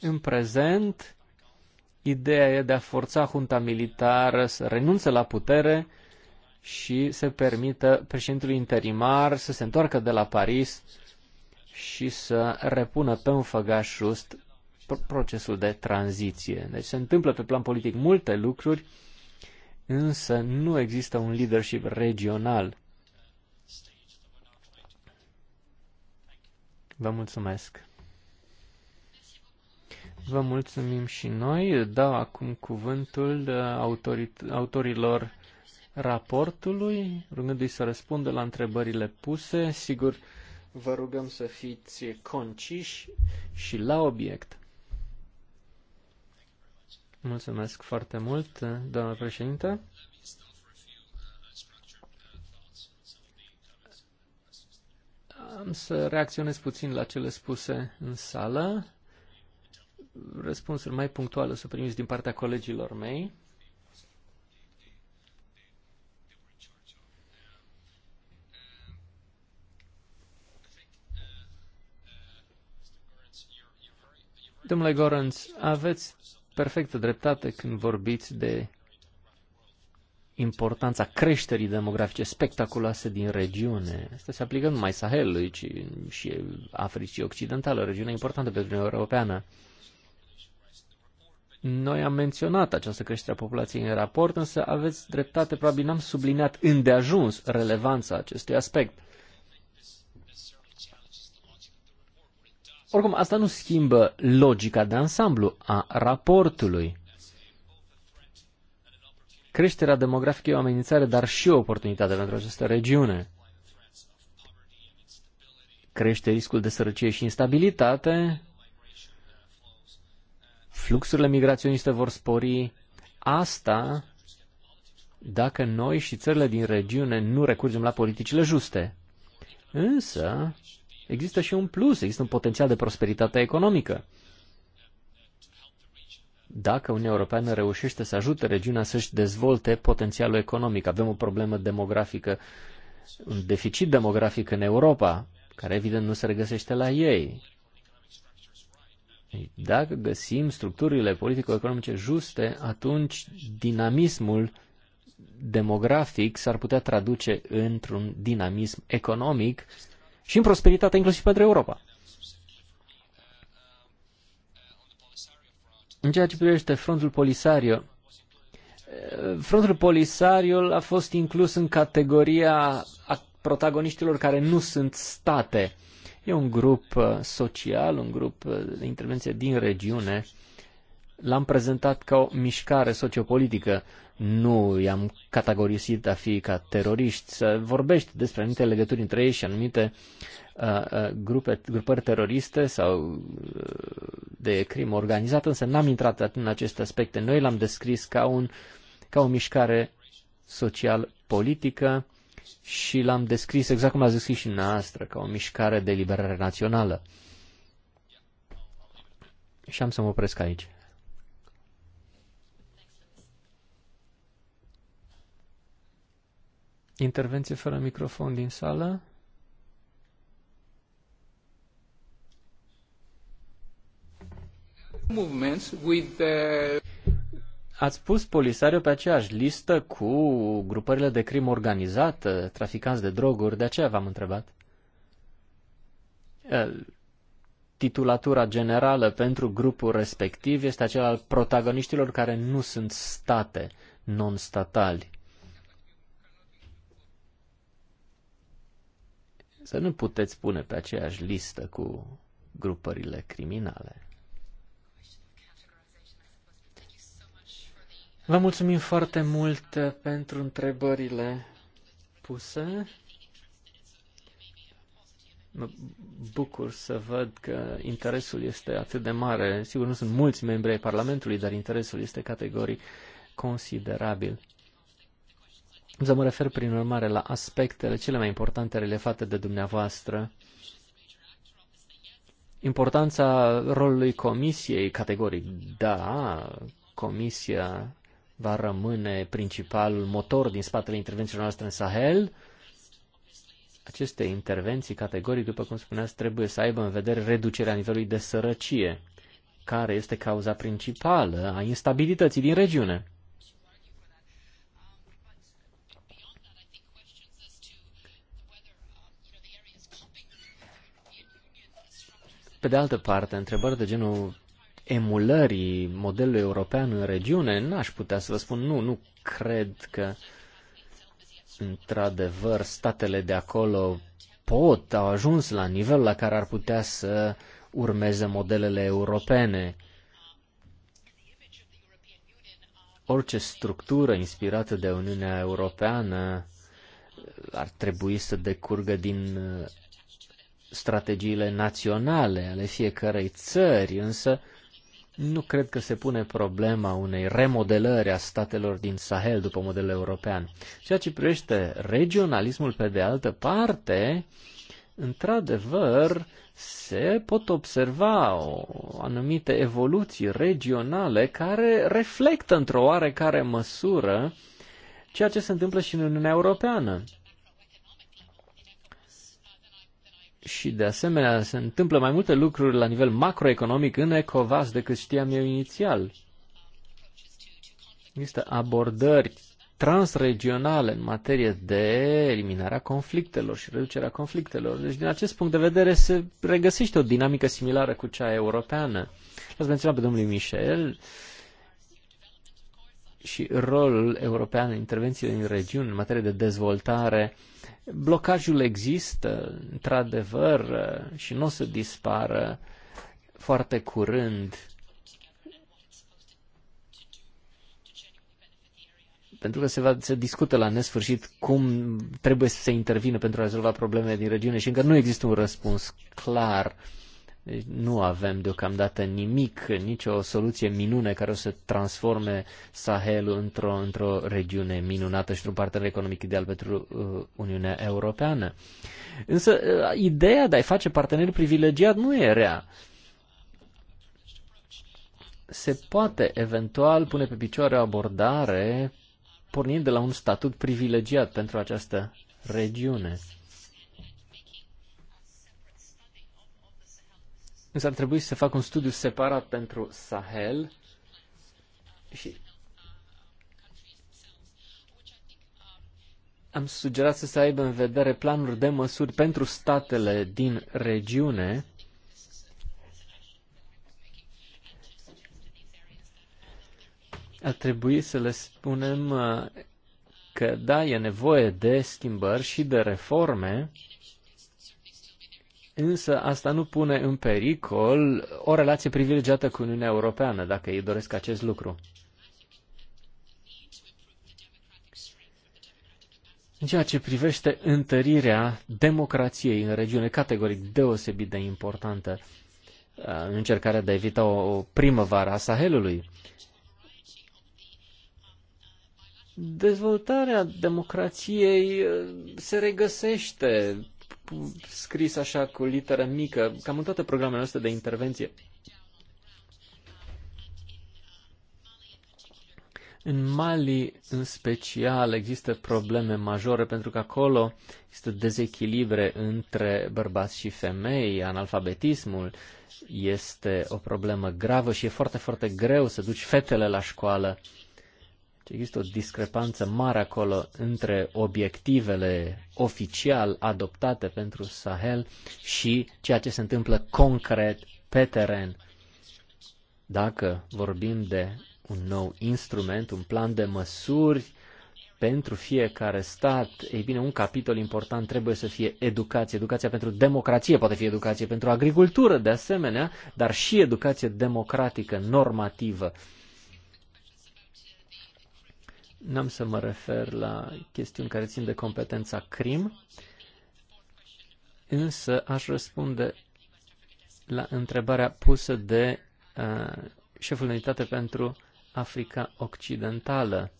În prezent, ideea e de a forța junta militară să renunțe la putere și să permită președintelui interimar să se întoarcă de la Paris și să repună pe un făgaș just procesul de tranziție. Deci se întâmplă pe plan politic multe lucruri, însă nu există un leadership regional. Vă mulțumesc. Vă mulțumim și noi. Dau acum cuvântul uh, autorilor raportului, rugându-i să răspundă la întrebările puse. Sigur, vă rugăm să fiți conciși și la obiect. Mulțumesc foarte mult, doamnă președinte. Am să reacționez puțin la cele spuse în sală. Răspunsuri mai punctuale sunt primiți din partea colegilor mei. Domnule Gorenț, aveți perfectă dreptate când vorbiți de importanța creșterii demografice spectaculoase din regiune. Asta se aplică nu numai Sahelului, ci și Africii Occidentale, o regiune importantă pentru Uniunea Europeană. Noi am menționat această creștere a populației în raport, însă aveți dreptate, probabil n-am subliniat îndeajuns relevanța acestui aspect. Oricum, asta nu schimbă logica de ansamblu a raportului. Creșterea demografică e o amenințare, dar și o oportunitate pentru această regiune. Crește riscul de sărăcie și instabilitate, fluxurile migraționiste vor spori. Asta dacă noi și țările din regiune nu recurgem la politicile juste. Însă, există și un plus, există un potențial de prosperitate economică. Dacă Uniunea Europeană reușește să ajute regiunea să-și dezvolte potențialul economic, avem o problemă demografică, un deficit demografic în Europa, care evident nu se regăsește la ei. Dacă găsim structurile politico-economice juste, atunci dinamismul demografic s-ar putea traduce într-un dinamism economic și în prosperitatea inclusiv pentru Europa. În ceea ce privește frontul Polisario, frontul Polisario a fost inclus în categoria a protagoniștilor care nu sunt state. E un grup uh, social, un grup uh, de intervenție din regiune l-am prezentat ca o mișcare sociopolitică. Nu i-am categorisit a fi ca teroriști. Să vorbești despre anumite legături între ei și anumite uh, uh, grupe, grupări teroriste sau uh, de crimă organizată, însă n-am intrat atât în aceste aspecte. Noi l-am descris ca, un, ca o mișcare social-politică și l-am descris exact cum a zis și noastră, ca o mișcare de liberare națională. Și am să mă opresc aici. Intervenție fără microfon din sală. Movements with the... Ați pus Polisario pe aceeași listă cu grupările de crimă organizată, traficanți de droguri, de aceea v-am întrebat. Ă, titulatura generală pentru grupul respectiv este acela al protagoniștilor care nu sunt state non-statali. să nu puteți pune pe aceeași listă cu grupările criminale. Vă mulțumim foarte mult pentru întrebările puse. Mă bucur să văd că interesul este atât de mare. Sigur, nu sunt mulți membri ai Parlamentului, dar interesul este categoric considerabil. Să mă refer prin urmare la aspectele cele mai importante relevate de dumneavoastră. Importanța rolului comisiei, categoric, da, comisia va rămâne principal motor din spatele intervențiilor noastre în Sahel. Aceste intervenții, categoric, după cum spuneați, trebuie să aibă în vedere reducerea nivelului de sărăcie, care este cauza principală a instabilității din regiune. Pe de altă parte, întrebări de genul emulării modelului european în regiune, n-aș putea să vă spun nu, nu cred că într-adevăr statele de acolo pot, au ajuns la nivel la care ar putea să urmeze modelele europene. Orice structură inspirată de Uniunea Europeană ar trebui să decurgă din strategiile naționale ale fiecărei țări, însă nu cred că se pune problema unei remodelări a statelor din Sahel după modelul european. Ceea ce privește regionalismul pe de altă parte, într-adevăr, se pot observa o, anumite evoluții regionale care reflectă într-o oarecare măsură ceea ce se întâmplă și în Uniunea Europeană. Și de asemenea se întâmplă mai multe lucruri la nivel macroeconomic în ECOVAS decât știam eu inițial. Există abordări transregionale în materie de eliminarea conflictelor și reducerea conflictelor. Deci, din acest punct de vedere, se regăsește o dinamică similară cu cea europeană. L-ați menționat pe domnul Michel și rolul european în intervențiile în regiuni în materie de dezvoltare uh, Blocajul există, într-adevăr, și nu o să dispară foarte curând. Pentru că se, va, se discută la nesfârșit cum trebuie să se intervină pentru a rezolva problemele din regiune și încă nu există un răspuns clar. Uh, deci nu avem deocamdată nimic, nicio soluție minune care o să transforme Sahelul într-o, într, -o, regiune minunată și într-un partener economic ideal pentru uh, Uniunea Europeană. Însă uh, ideea de a-i face partener privilegiat nu e rea. Se poate eventual pune pe picioare o abordare pornind de la un statut privilegiat pentru această regiune. Însă ar trebui să fac un studiu separat pentru Sahel și am sugerat să se aibă în vedere planuri de măsuri pentru statele din regiune ar trebui să le spunem uh, că da, e nevoie de schimbări și de reforme, Însă asta nu pune în pericol o relație privilegiată cu Uniunea Europeană, dacă ei doresc acest lucru. În ceea ce privește întărirea democrației în regiune, categoric deosebit de importantă, în uh, încercarea de a evita o primăvară a Sahelului, dezvoltarea democrației uh, se regăsește scris așa cu literă mică, cam în toate programele noastre de intervenție. În Mali, în special, există probleme majore pentru că acolo există dezechilibre între bărbați și femei, analfabetismul este o problemă gravă și e foarte, foarte greu să duci fetele la școală. Uh, Există o discrepanță mare acolo între obiectivele oficial adoptate pentru Sahel și ceea ce se întâmplă concret pe teren. Dacă vorbim de un nou instrument, un plan de măsuri pentru fiecare stat, ei bine, un capitol important trebuie să fie educație. Educația pentru democrație poate fi educație pentru agricultură, de asemenea, dar și educație democratică, normativă. N-am să mă refer la chestiuni care țin de competența CRIM, însă aș răspunde la întrebarea pusă de uh, șeful de unitate pentru Africa Occidentală.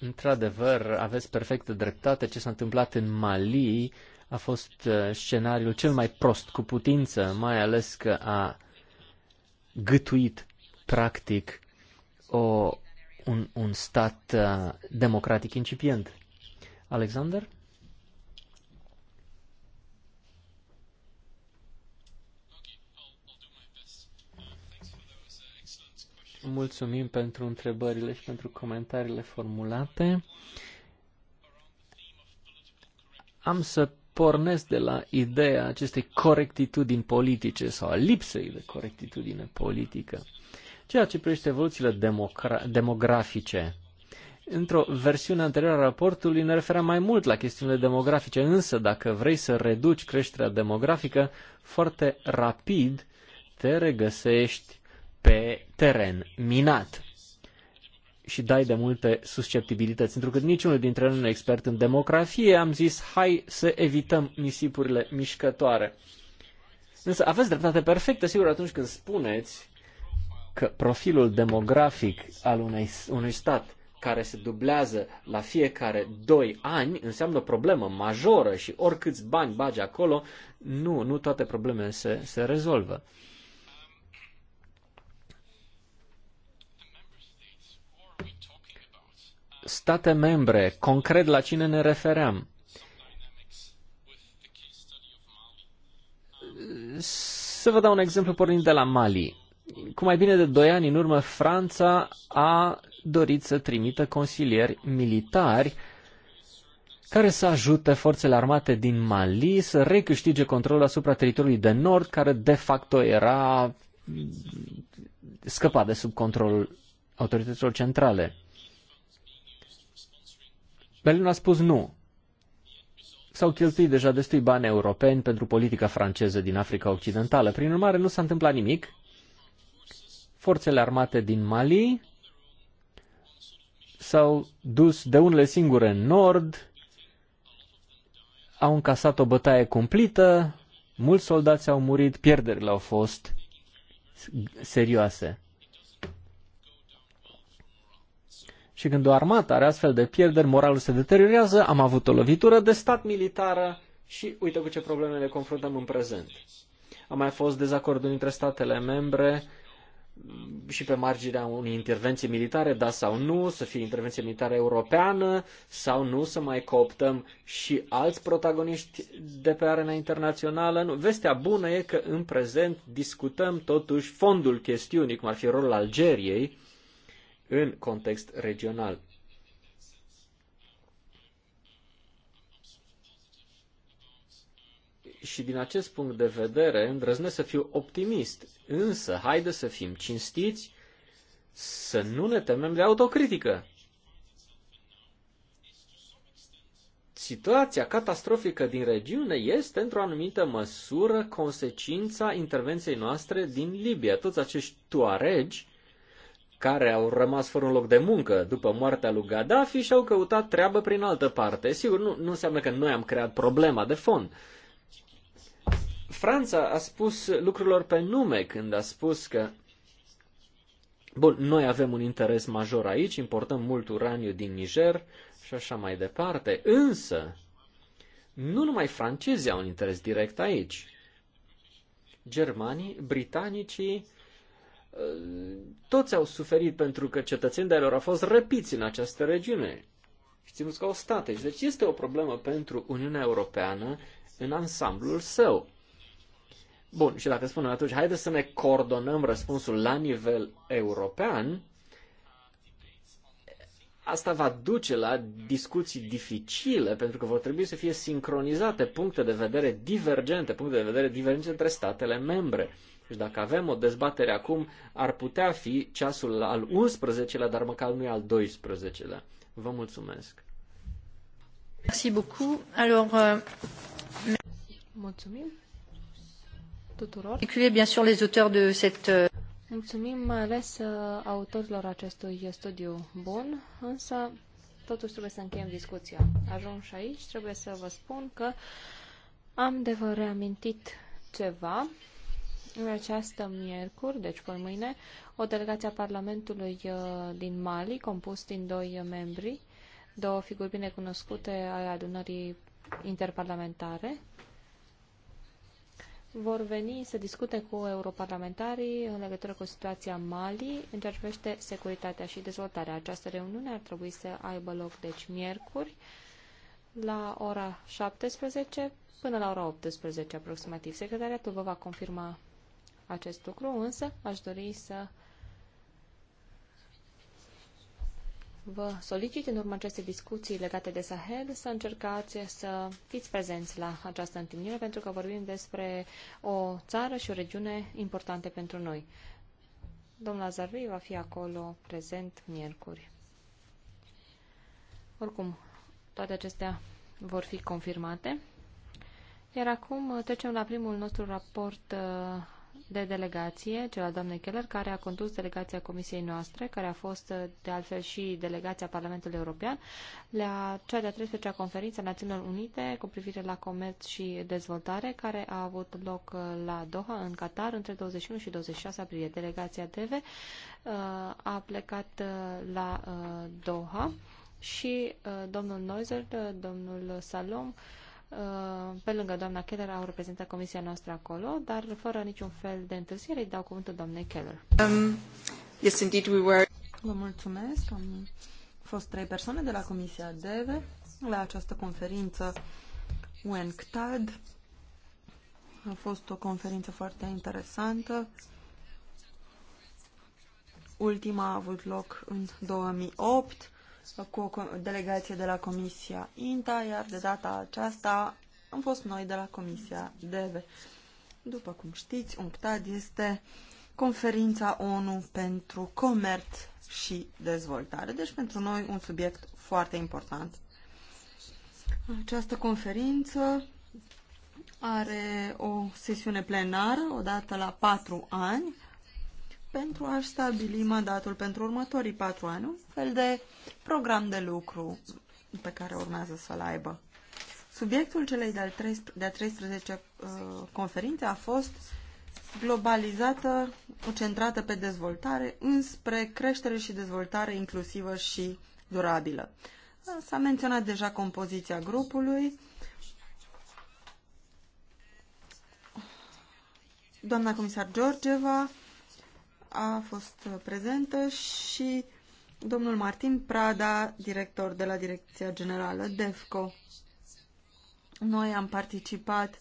Într-adevăr, aveți perfectă dreptate. Ce s-a întâmplat în Mali a fost uh, scenariul cel mai prost cu putință, mai ales că a gătuit practic o, un, un stat uh, democratic incipient. Alexander? Mulțumim pentru întrebările și pentru comentariile formulate. Am să pornesc de la ideea acestei corectitudini politice sau a lipsei de corectitudine politică ceea ce privește evoluțiile demografice. Într-o versiune anterioară a raportului ne refera mai mult la chestiunile demografice, însă dacă vrei să reduci creșterea demografică, foarte rapid te regăsești pe teren minat și dai de multe susceptibilități. Pentru că niciunul dintre noi nu e expert în demografie, am zis, hai să evităm nisipurile mișcătoare. Însă aveți dreptate perfectă, sigur, atunci când spuneți că profilul demografic al unei, unui stat care se dublează la fiecare doi ani înseamnă o problemă majoră și oricâți bani bagi acolo, nu, nu toate problemele se, se rezolvă. State membre, concret la cine ne refeream? Să vă dau un exemplu pornind de la Mali cu mai bine de 2 ani în urmă, Franța a dorit să trimită consilieri militari care să ajute forțele armate din Mali să recâștige controlul asupra teritoriului de nord, care de facto era scăpat de sub controlul autorităților centrale. Berlin a spus nu. S-au cheltuit deja destui bani europeni pentru politica franceză din Africa Occidentală. Prin urmare, nu s-a întâmplat nimic forțele armate din Mali s-au dus de unele singure în nord, au încasat o bătaie cumplită, mulți soldați au murit, pierderile au fost serioase. Și când o armată are astfel de pierderi, moralul se deteriorează, am avut o lovitură de stat militară și uite cu ce probleme ne confruntăm în prezent. A mai fost dezacorduri între statele membre și pe marginea unei intervenții militare, da sau nu, să fie intervenție militară europeană sau nu, să mai cooptăm și alți protagoniști de pe arena internațională. Nu. Vestea bună e că în prezent discutăm totuși fondul chestiunii, cum ar fi rolul Algeriei, în context regional. și din acest punct de vedere îndrăznesc să fiu optimist, însă haide să fim cinstiți, să nu ne temem de autocritică. Situația catastrofică din regiune este, într-o anumită măsură, consecința intervenției noastre din Libia. Toți acești tuaregi care au rămas fără un loc de muncă după moartea lui Gaddafi și au căutat treabă prin altă parte. Sigur, nu, nu înseamnă că noi am creat problema de fond, Franța a spus lucrurilor pe nume când a spus că Bun, noi avem un interes major aici, importăm mult uraniu din Niger și așa mai departe, însă nu numai francezii au un interes direct aici. Germanii, britanicii, toți au suferit pentru că cetățenii de lor au fost răpiți în această regiune și ținuți ca o state. Deci este o problemă pentru Uniunea Europeană în ansamblul său. Bun, și dacă spunem atunci, haideți să ne coordonăm răspunsul la nivel european, asta va duce la discuții dificile, pentru că vor trebui să fie sincronizate puncte de vedere divergente, puncte de vedere divergente între statele membre. Deci dacă avem o dezbatere acum, ar putea fi ceasul al 11-lea, dar măcar nu e al 12-lea. Vă mulțumesc. Merci beaucoup. Alors, euh... Mulțumim tuturor. Incluie, eh bien sûr, les auteurs de cette... Euh, Mulțumim mai ales uh, autorilor acestui studiu bun, însă totuși trebuie să încheiem discuția. Ajung și aici, trebuie să vă spun că am de vă reamintit ceva. În această miercuri, deci până mâine, o delegație a Parlamentului uh, din Mali, compus din doi membri, două figuri binecunoscute ale adunării interparlamentare, vor veni să discute cu europarlamentarii în legătură cu situația Mali în ceea ce privește securitatea și dezvoltarea. Această reuniune ar trebui să aibă loc, deci, miercuri, la ora 17 până la ora 18 aproximativ. Secretariatul vă va confirma acest lucru, însă aș dori să vă solicit în urma acestei discuții legate de Sahel să încercați să fiți prezenți la această întâlnire pentru că vorbim despre o țară și o regiune importante pentru noi. Domnul Azarui va fi acolo prezent miercuri. Oricum, toate acestea vor fi confirmate. Iar acum trecem la primul nostru raport uh, de delegație, cel al doamnei Keller, care a condus delegația comisiei noastre, care a fost uh, de altfel și delegația Parlamentului European, la cea de-a 13-a conferință a Națiunilor Unite cu privire la comerț și dezvoltare, care a avut loc uh, la Doha, în Qatar, între 21 și 26 aprilie. Delegația TV uh, a plecat la Doha și domnul Neuser, domnul Salom, Uh, pe lângă doamna Keller, au reprezentat comisia noastră acolo, dar fără niciun fel de întârziere îi dau cuvântul doamnei Keller. Um, yes, indeed we were... Vă mulțumesc. Am fost trei persoane de la Comisia DEVE la această conferință UNCTAD. A fost o conferință foarte interesantă. Ultima a avut loc în 2008 cu o delegație de la Comisia INTA, iar de data aceasta am fost noi de la Comisia DEVE. După cum știți, UNCTAD este conferința ONU pentru comerț și dezvoltare, deci pentru noi un subiect foarte important. Această conferință are o sesiune plenară, o dată la patru ani, pentru a-și stabili mandatul pentru următorii patru ani, un fel de program de lucru pe care urmează să-l aibă. Subiectul celei de-a 13, de 13 uh, conferințe a fost globalizată, centrată pe dezvoltare, înspre creștere și dezvoltare inclusivă și durabilă. S-a menționat deja compoziția grupului. Doamna comisar Georgeva a fost prezentă și domnul Martin Prada, director de la Direcția Generală DEFCO. Noi am participat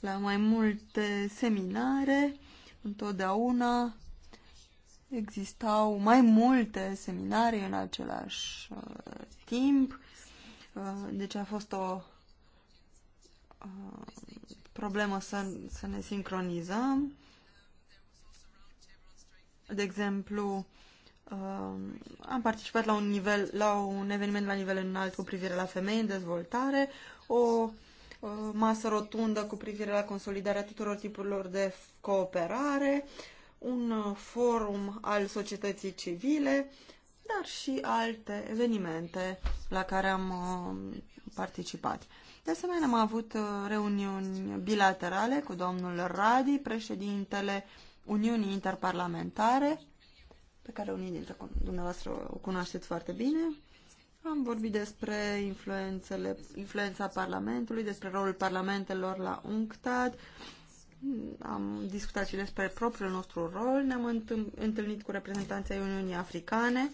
la mai multe seminare, întotdeauna existau mai multe seminare în același uh, timp, uh, deci a fost o uh, problemă să, să ne sincronizăm. De exemplu, um, am participat la un, nivel, la un eveniment la nivel înalt cu privire la femei în dezvoltare, o uh, masă rotundă cu privire la consolidarea tuturor tipurilor de cooperare, un uh, forum al societății civile, dar și alte evenimente la care am uh, participat. De asemenea, am avut reuniuni bilaterale cu domnul Radi, președintele Uniunii Interparlamentare, pe care unii dintre dumneavoastră o cunoașteți foarte bine. Am vorbit despre influențele, influența Parlamentului, despre rolul parlamentelor la UNCTAD, am discutat și despre propriul nostru rol, ne-am întâlnit cu reprezentanții Uniunii Africane,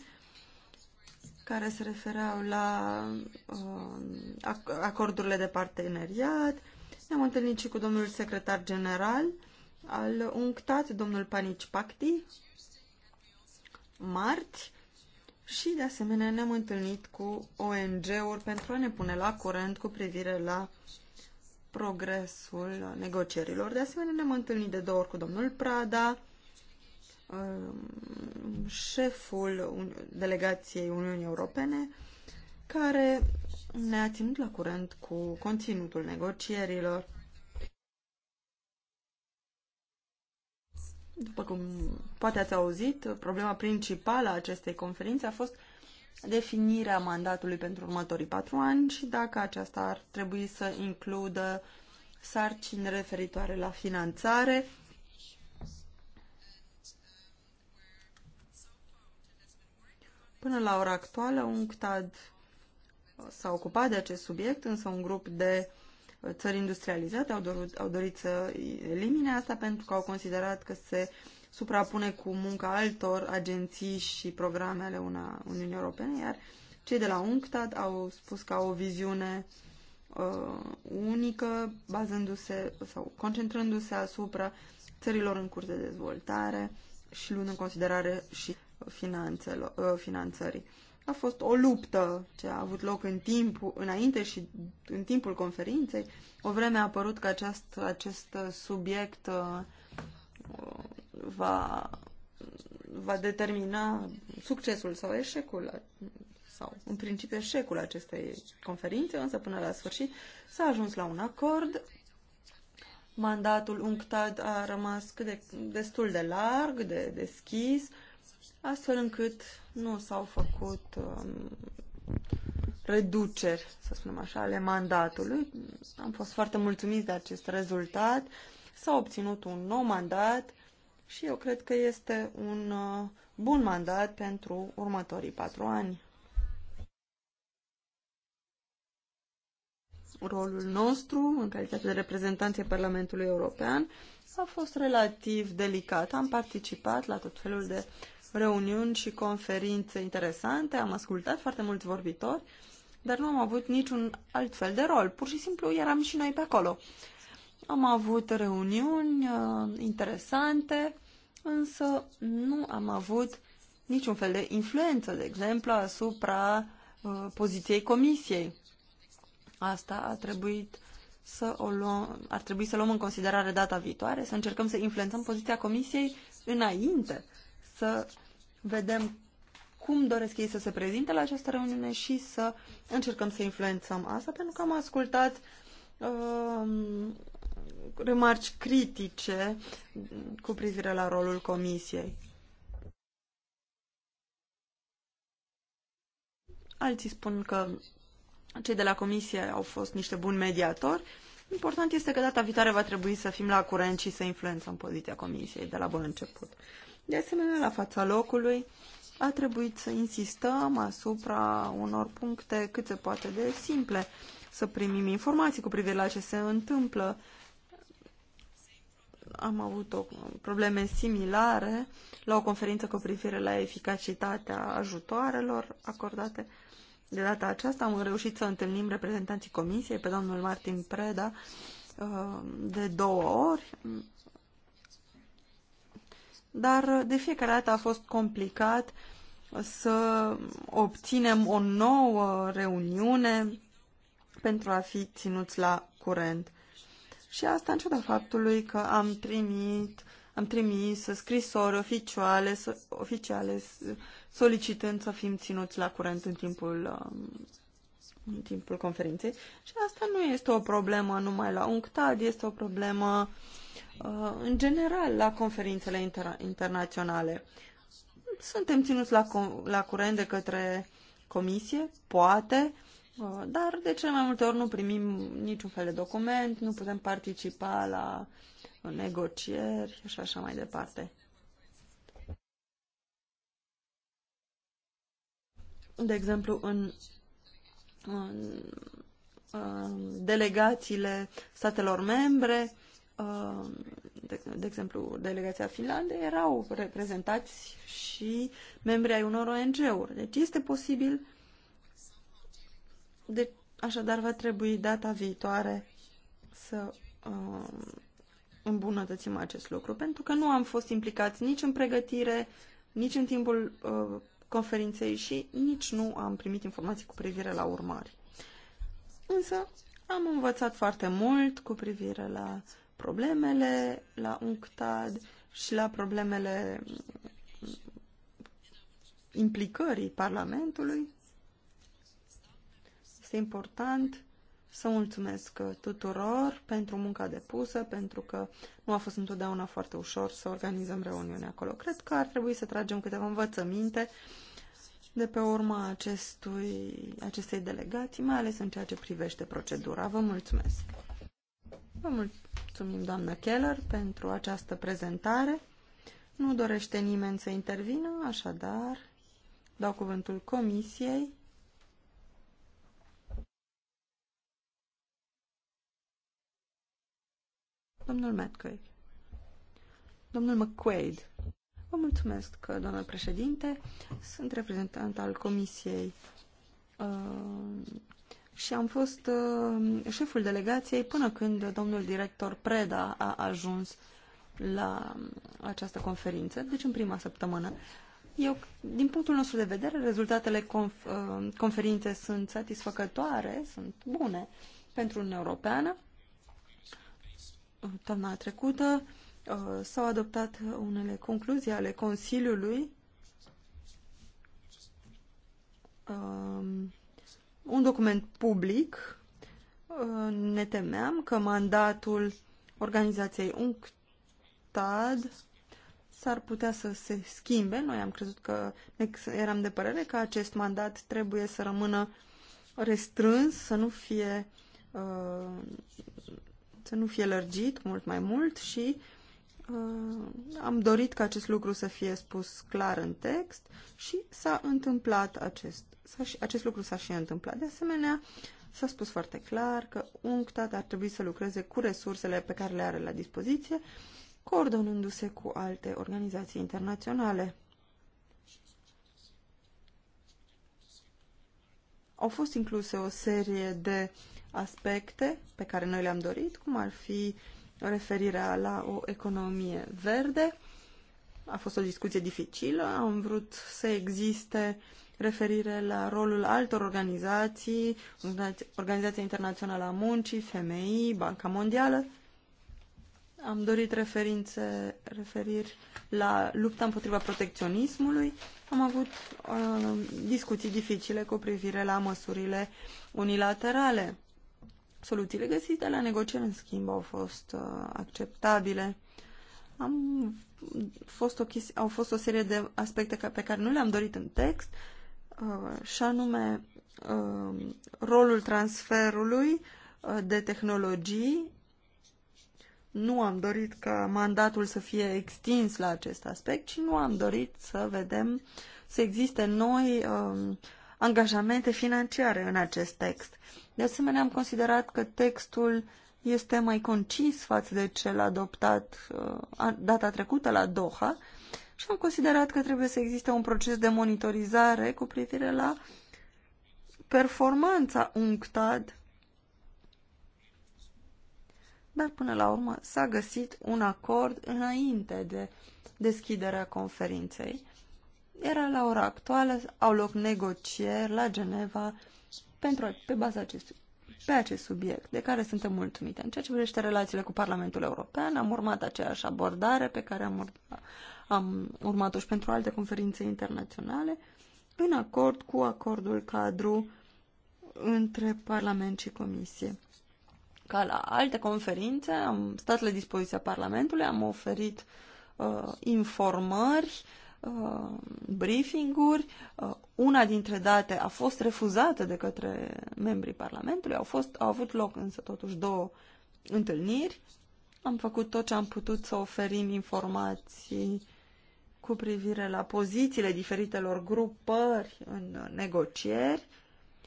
care se refereau la uh, acordurile de parteneriat, ne-am întâlnit și cu domnul secretar general, al unctat domnul Panici Pacti, marți, și de asemenea ne-am întâlnit cu ONG-uri pentru a ne pune la curent cu privire la progresul negocierilor. De asemenea ne-am întâlnit de două ori cu domnul Prada, um, șeful delegației Uniunii Europene, care ne-a ținut la curent cu conținutul negocierilor. După cum poate ați auzit, problema principală a acestei conferințe a fost definirea mandatului pentru următorii patru ani și dacă aceasta ar trebui să includă sarcini referitoare la finanțare, Până la ora actuală, UNCTAD s-a ocupat de acest subiect, însă un grup de țări industrializate au, dorit, au dorit să elimine asta pentru că au considerat că se suprapune cu munca altor agenții și programe ale una, Uniunii Europene, iar cei de la UNCTAD au spus că au o viziune uh, unică, bazându-se sau concentrându-se asupra țărilor în curs de dezvoltare și luând în considerare și finanțelor, uh, finanțării. A fost o luptă ce a avut loc în timp, înainte și în timpul conferinței. O vreme a apărut că acest, acest subiect uh, uh, va, va determina succesul sau eșecul sau în principiu eșecul acestei conferințe, însă până la sfârșit s-a ajuns la un acord. Mandatul UNCTAD a rămas cât de, destul de larg, de deschis, astfel încât nu s-au făcut um, reduceri, să spunem așa, ale mandatului. Am fost foarte mulțumiți de acest rezultat. S-a obținut un nou mandat și eu cred că este un uh, bun mandat pentru următorii patru ani. Rolul nostru, în calitate de reprezentanție Parlamentului European, a fost relativ delicat. Am participat la tot felul de uh, reuniuni și conferințe interesante, am ascultat foarte mulți vorbitori, dar nu am avut niciun alt fel de rol. Pur și simplu eram și noi pe acolo. Am avut reuniuni uh, interesante, însă nu am avut niciun fel de influență, de exemplu, asupra uh, poziției comisiei. Asta a trebuit să o luăm, ar trebui să luăm în considerare data viitoare, să încercăm să influențăm poziția comisiei înainte să vedem cum doresc ei să se prezinte la această reuniune și să încercăm să influențăm asta, pentru că am ascultat uh, remarci critice cu privire la rolul comisiei. Alții spun că cei de la comisie au fost niște buni mediatori. Important este că data viitoare va trebui să fim la curent și să influențăm poziția comisiei de la bun început. De asemenea, la fața locului a trebuit să insistăm asupra unor puncte cât se poate de simple, să primim informații cu privire la ce se întâmplă. Am avut o, probleme similare la o conferință cu privire la eficacitatea ajutoarelor acordate. De data aceasta am reușit să întâlnim reprezentanții comisiei pe domnul Martin Preda uh, de două ori dar uh, de fiecare dată a fost complicat uh, să obținem o nouă reuniune pentru a fi ținuți la curent. Și asta în ciuda faptului că am trimit, am trimis scrisori oficiale, oficiale solicitând să fim ținuți la curent în timpul, um, în timpul conferinței. Și asta nu este o problemă numai la UNCTAD, este o problemă uh, Uh, în general la conferințele inter- internaționale. Suntem ținuți la, co- la curent de către comisie, poate, uh, dar de cele mai multe ori nu primim niciun fel de document, nu putem participa la negocieri și așa mai departe. De exemplu, în, în, în delegațiile statelor membre, Uh, de, de exemplu, delegația Finlandei, erau reprezentați și membri ai unor ONG-uri. Deci este posibil, de, așadar va trebui data viitoare să uh, îmbunătățim acest lucru, pentru că nu am fost implicați nici în pregătire, nici în timpul uh, conferinței și nici nu am primit informații cu privire la urmări. Însă am învățat foarte mult cu privire la problemele la UNCTAD și la problemele implicării Parlamentului. Este important să mulțumesc tuturor pentru munca depusă, pentru că nu a fost întotdeauna foarte ușor să organizăm reuniunea acolo. Cred că ar trebui să tragem câteva învățăminte de pe urma acestui, acestei delegații, mai ales în ceea ce privește procedura. Vă mulțumesc! Vă mulțumim, doamnă Keller, pentru această prezentare. Nu dorește nimeni să intervină, așadar dau cuvântul comisiei. Domnul McQuaid. Domnul McQuaid. Vă mulțumesc, doamnă președinte. Sunt reprezentant al Comisiei uh, și am fost uh, șeful delegației până când domnul director Preda a ajuns la um, această conferință, deci în prima săptămână. Eu, din punctul nostru de vedere, rezultatele conf- uh, conferinței sunt satisfăcătoare, sunt bune pentru Uniunea Europeană. Toamna trecută uh, s-au adoptat unele concluzii ale Consiliului. Um, un document public. Uh, ne temeam că mandatul organizației UNCTAD s-ar putea să se schimbe. Noi am crezut că eram de părere că acest mandat trebuie să rămână restrâns, să nu fie uh, să nu fie lărgit mult mai mult și Uh, am dorit ca acest lucru să fie spus clar în text și s-a întâmplat acest, acest lucru s-a și întâmplat. De asemenea, s-a spus foarte clar că UNCTAD ar trebui să lucreze cu resursele pe care le are la dispoziție, coordonându-se cu alte organizații internaționale. Au fost incluse o serie de aspecte pe care noi le-am dorit, cum ar fi uh, referirea la o economie verde. A fost o discuție dificilă, am vrut să existe referire la rolul altor organizații, Organizația Internațională a Muncii, FMI, Banca Mondială. Am dorit referințe, referiri la lupta împotriva protecționismului. Am avut uh, discuții dificile cu privire la măsurile unilaterale. Soluțiile găsite la negocieri, în schimb, au fost uh, acceptabile. Am fost o chesti- au fost o serie de aspecte ca- pe care nu le-am dorit în text, uh, și anume uh, rolul transferului uh, de tehnologii. Nu am dorit ca mandatul să fie extins la acest aspect și nu am dorit să vedem să existe noi uh, angajamente financiare în acest text. De asemenea, am considerat că textul este mai concis față de cel adoptat uh, data trecută la Doha și am considerat că trebuie să existe un proces de monitorizare cu privire la performanța UNCTAD. Dar până la urmă s-a găsit un acord înainte de deschiderea conferinței era la ora actuală, au loc negocieri la Geneva pentru, pe baza acestui pe acest subiect, de care suntem mulțumite. În ceea ce privește relațiile cu Parlamentul European, am urmat aceeași abordare pe care am, urma, am urmat-o și pentru alte conferințe internaționale, în acord cu acordul cadru între Parlament și Comisie. Ca la alte conferințe, am stat la dispoziția Parlamentului, am oferit uh, informări uh, briefing uh, briefinguri. Uh, una dintre date a fost refuzată de către membrii Parlamentului. Au, fost, au avut loc însă totuși două întâlniri. Am făcut tot ce am putut să oferim informații cu privire la pozițiile diferitelor grupări în negocieri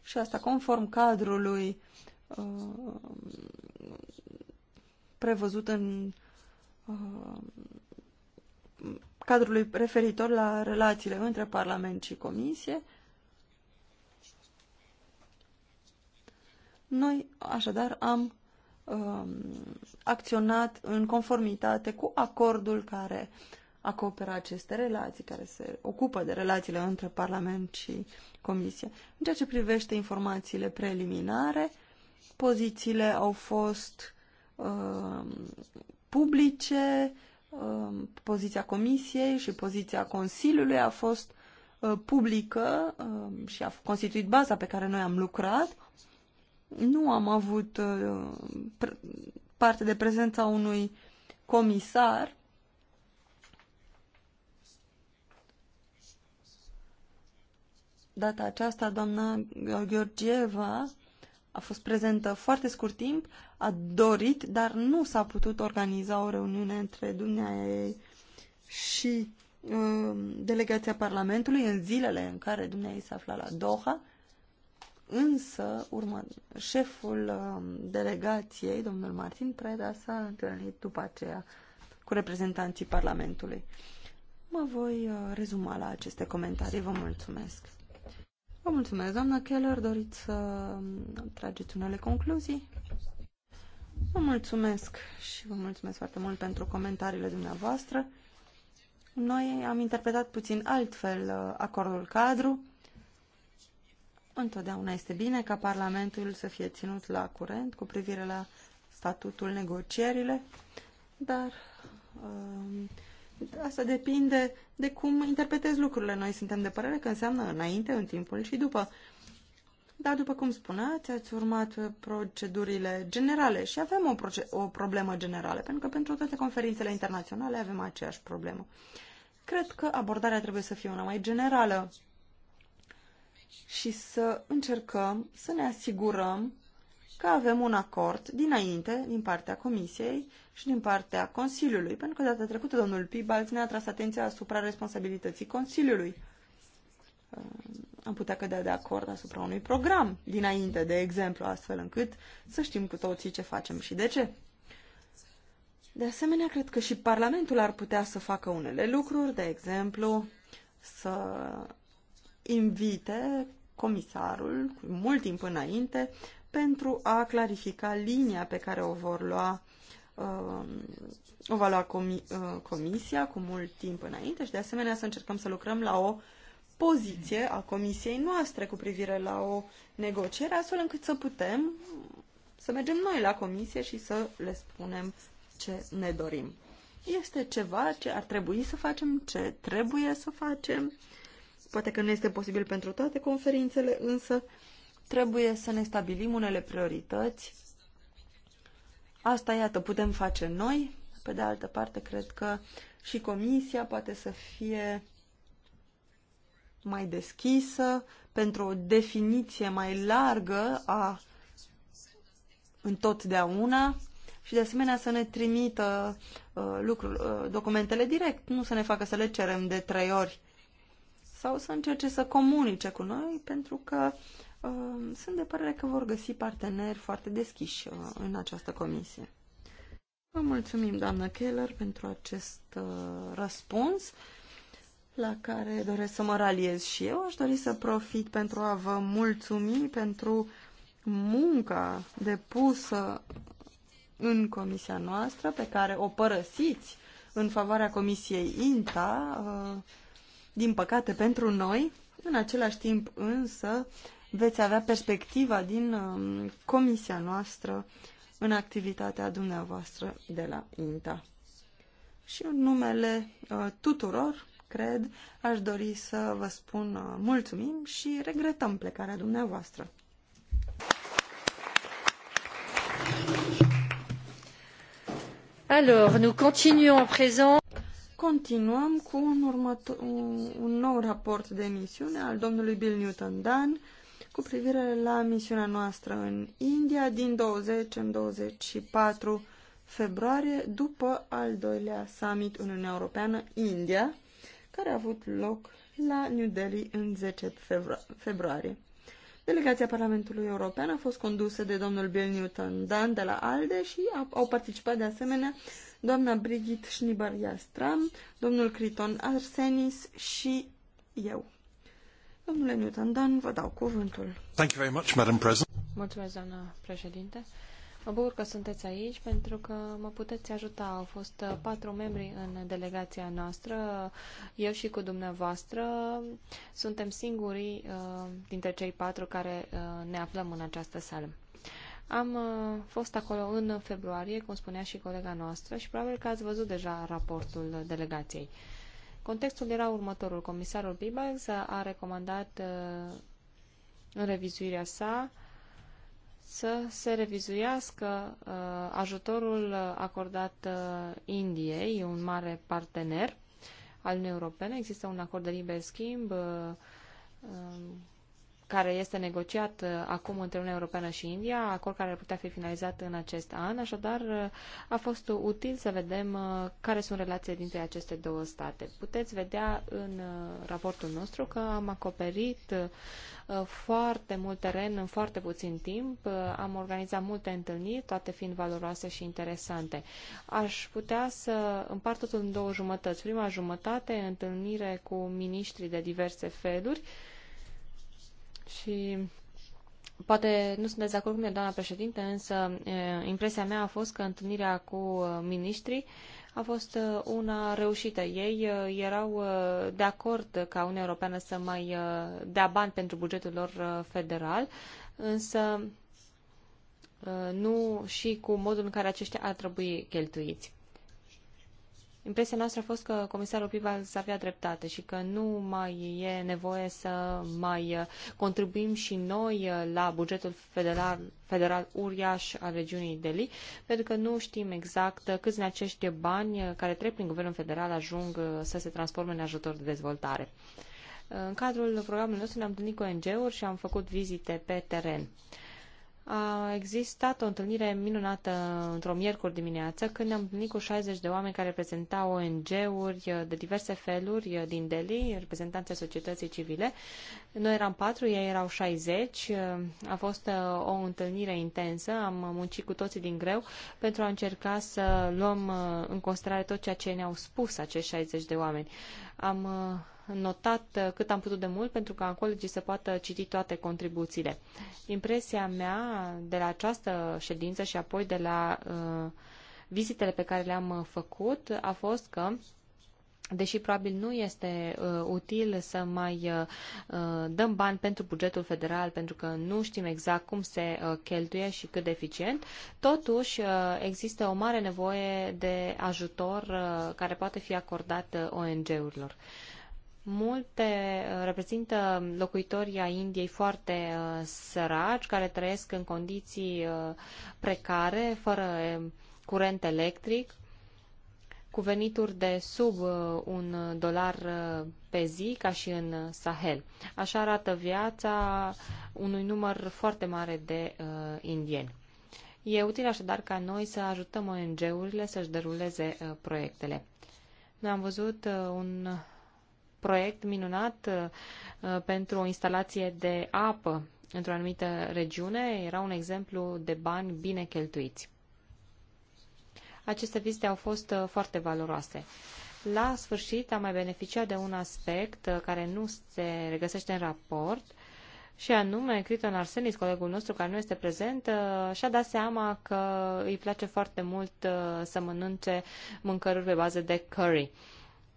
și asta conform cadrului uh, prevăzut în uh, cadrului referitor la relațiile între Parlament și Comisie. Noi, așadar, am um, acționat în conformitate cu acordul care acoperă aceste relații, care se ocupă de relațiile între Parlament și Comisie. În ceea ce privește informațiile preliminare, pozițiile au fost uh, publice, uh, Um, poziția Comisiei și poziția Consiliului a fost uh, publică um, și a constituit baza pe care noi am lucrat. Nu am avut uh, parte de prezența unui comisar. Data aceasta, doamna Georgieva a fost prezentă foarte scurt timp, a dorit, dar nu s-a putut organiza o reuniune între dumneai și um, delegația Parlamentului în zilele în care dumneai se afla la Doha, însă urmă, șeful um, delegației, domnul Martin Preda, s-a întâlnit după aceea cu reprezentanții Parlamentului. Mă voi uh, rezuma la aceste comentarii. Vă mulțumesc! Vă mulțumesc, doamna Keller. Doriți să um, trageți unele concluzii? Vă mulțumesc și vă mulțumesc foarte mult pentru comentariile dumneavoastră. Noi am interpretat puțin altfel uh, acordul cadru. Întotdeauna este bine ca Parlamentul să fie ținut la curent cu privire la statutul negocierile, dar um, asta depinde de cum interpretezi lucrurile. Noi suntem de părere că înseamnă înainte, în timpul și după. Dar, după cum spuneați, ați urmat uh, procedurile generale și avem o, proce- o problemă generală, pentru că pentru toate conferințele internaționale avem aceeași problemă. Cred că abordarea trebuie să fie una mai generală și să încercăm să ne asigurăm că avem un acord dinainte, din partea Comisiei și din partea Consiliului, pentru că data trecută domnul Pibalz ne-a tras atenția asupra responsabilității Consiliului am putea cădea de acord asupra unui program dinainte, de exemplu, astfel încât să știm cu toții ce facem și de ce. De asemenea, cred că și Parlamentul ar putea să facă unele lucruri, de exemplu, să invite comisarul cu mult timp înainte pentru a clarifica linia pe care o vor lua um, o va lua comi, uh, comisia cu mult timp înainte și de asemenea să încercăm să lucrăm la o poziție a comisiei noastre cu privire la o negociere, astfel încât să putem să mergem noi la comisie și să le spunem ce ne dorim. Este ceva ce ar trebui să facem, ce trebuie să facem. Poate că nu este posibil pentru toate conferințele, însă trebuie să ne stabilim unele priorități. Asta, iată, putem face noi. Pe de altă parte, cred că și comisia poate să fie mai deschisă, pentru o definiție mai largă a întotdeauna și de asemenea să ne trimită uh, lucrul, uh, documentele direct, nu să ne facă să le cerem de trei ori sau să încerce să comunice cu noi pentru că uh, sunt de părere că vor găsi parteneri foarte deschiși uh, în această comisie. Vă mulțumim, doamnă Keller, pentru acest uh, răspuns la care doresc să mă raliez și eu. Aș dori să profit pentru a vă mulțumi pentru munca depusă în comisia noastră, pe care o părăsiți în favoarea comisiei INTA, uh, din păcate pentru noi. În același timp însă veți avea perspectiva din um, comisia noastră în activitatea dumneavoastră de la INTA. Și în numele uh, tuturor cred, aș dori să vă spun uh, mulțumim și regretăm plecarea dumneavoastră. Alors, nous continuons présent. Continuăm cu un, următo- un, un nou raport de misiune al domnului Bill Newton Dan cu privire la misiunea noastră în India din 20 în 24 februarie după al doilea summit Uniunea Europeană-India care a avut loc la New Delhi în 10 februarie. Delegația Parlamentului European a fost condusă de domnul Bill Newton Dan de la ALDE și au participat de asemenea doamna Brigitte Schnibar-Jastram, domnul Criton Arsenis și eu. Domnule Newton Dan, vă dau cuvântul. Thank you very much, Madam President. Mulțumesc, doamna președinte. Mă bucur că sunteți aici pentru că mă puteți ajuta. Au fost uh, patru membri în delegația noastră, eu și cu dumneavoastră. Suntem singurii uh, dintre cei patru care uh, ne aflăm în această sală. Am fost acolo în februarie, cum spunea și colega noastră, și probabil că ați văzut deja raportul delegației. Contextul era următorul. Comisarul Bibax a recomandat în revizuirea sa să se revizuiască uh, ajutorul acordat uh, Indiei, un mare partener al Uniunii Europene. Există un acord de liber schimb uh, um, care este negociat uh, acum între Uniunea Europeană și India, acord care ar putea fi finalizat în acest an. Așadar, uh, a fost util să vedem uh, care sunt relațiile dintre aceste două state. Puteți vedea în raportul nostru că am acoperit foarte mult teren în foarte puțin timp, am organizat multe întâlniri, toate fiind valoroase și interesante. Aș putea să împart totul în două jumătăți. Prima jumătate, întâlnire cu miniștri de diverse feluri, și poate nu sunteți de acord cu mine, doamna președinte, însă impresia mea a fost că întâlnirea cu ministrii a fost una reușită. Ei erau de acord ca Uniunea Europeană să mai dea bani pentru bugetul lor federal, însă nu și cu modul în care aceștia ar trebui cheltuiți. Impresia noastră a fost că comisarul Pibals avea dreptate și că nu mai e nevoie să mai uh, contribuim și noi uh, la bugetul federal, federal uriaș al regiunii Delhi, pentru că nu știm exact uh, câți din acești bani care trec prin guvernul federal ajung să se transforme în ajutor de dezvoltare. În cadrul programului nostru ne-am întâlnit cu ONG-uri și am făcut vizite pe teren. Uh, a existat o întâlnire minunată într-o miercuri dimineață când ne-am întâlnit cu 60 de oameni care reprezentau ONG-uri de diverse feluri din Delhi, reprezentanții societății civile. Noi eram patru, ei erau 60. A fost uh, o întâlnire intensă, am muncit cu toții din greu pentru a încerca să luăm uh, în considerare tot ceea ce ne-au spus acești 60 de oameni. Am uh, notat uh, cât am putut de mult pentru ca colegii să poată citi toate contribuțiile. Impresia mea de la această ședință și apoi de la uh, vizitele pe care le-am uh, făcut a fost că Deși probabil nu este uh, util să mai uh, uh, dăm bani pentru bugetul federal, pentru că nu știm exact cum se uh, cheltuie și cât de eficient, totuși uh, există o mare nevoie de ajutor uh, care poate fi acordat uh, ONG-urilor. Uh, Multe uh, reprezintă locuitorii a Indiei foarte uh, săraci, care trăiesc în condiții uh, precare, fără curent electric, cu venituri de sub un dolar pe zi, ca și în Sahel. Așa arată viața unui număr foarte mare de indieni. E util așadar ca noi să ajutăm ONG-urile să-și deruleze proiectele. Noi am văzut un proiect minunat uh, uh, pentru o instalație de apă într-o anumită regiune. Era un exemplu de bani bine cheltuiți. Aceste vizite au fost uh, foarte valoroase. La sfârșit am mai beneficiat de un aspect care nu se regăsește în raport, și anume Criton Arsenis, colegul nostru care nu este prezent, și-a dat seama că îi place foarte mult să mănânce mâncăruri pe bază de curry.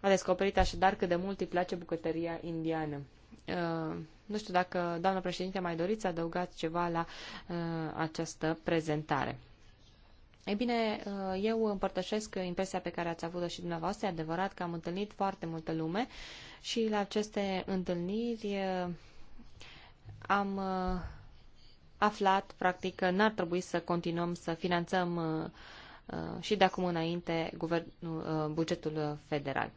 A descoperit așadar cât de mult îi place bucătăria indiană. Uh, nu știu dacă, doamnă președinte, mai doriți să adăugați ceva la uh, această prezentare. Ei bine, uh, eu împărtășesc impresia pe care ați avut-o și dumneavoastră. E adevărat că am întâlnit foarte multă lume și la aceste întâlniri uh, am uh, aflat, practic, că n-ar trebui să continuăm să finanțăm și de acum înainte guvern, bugetul federal.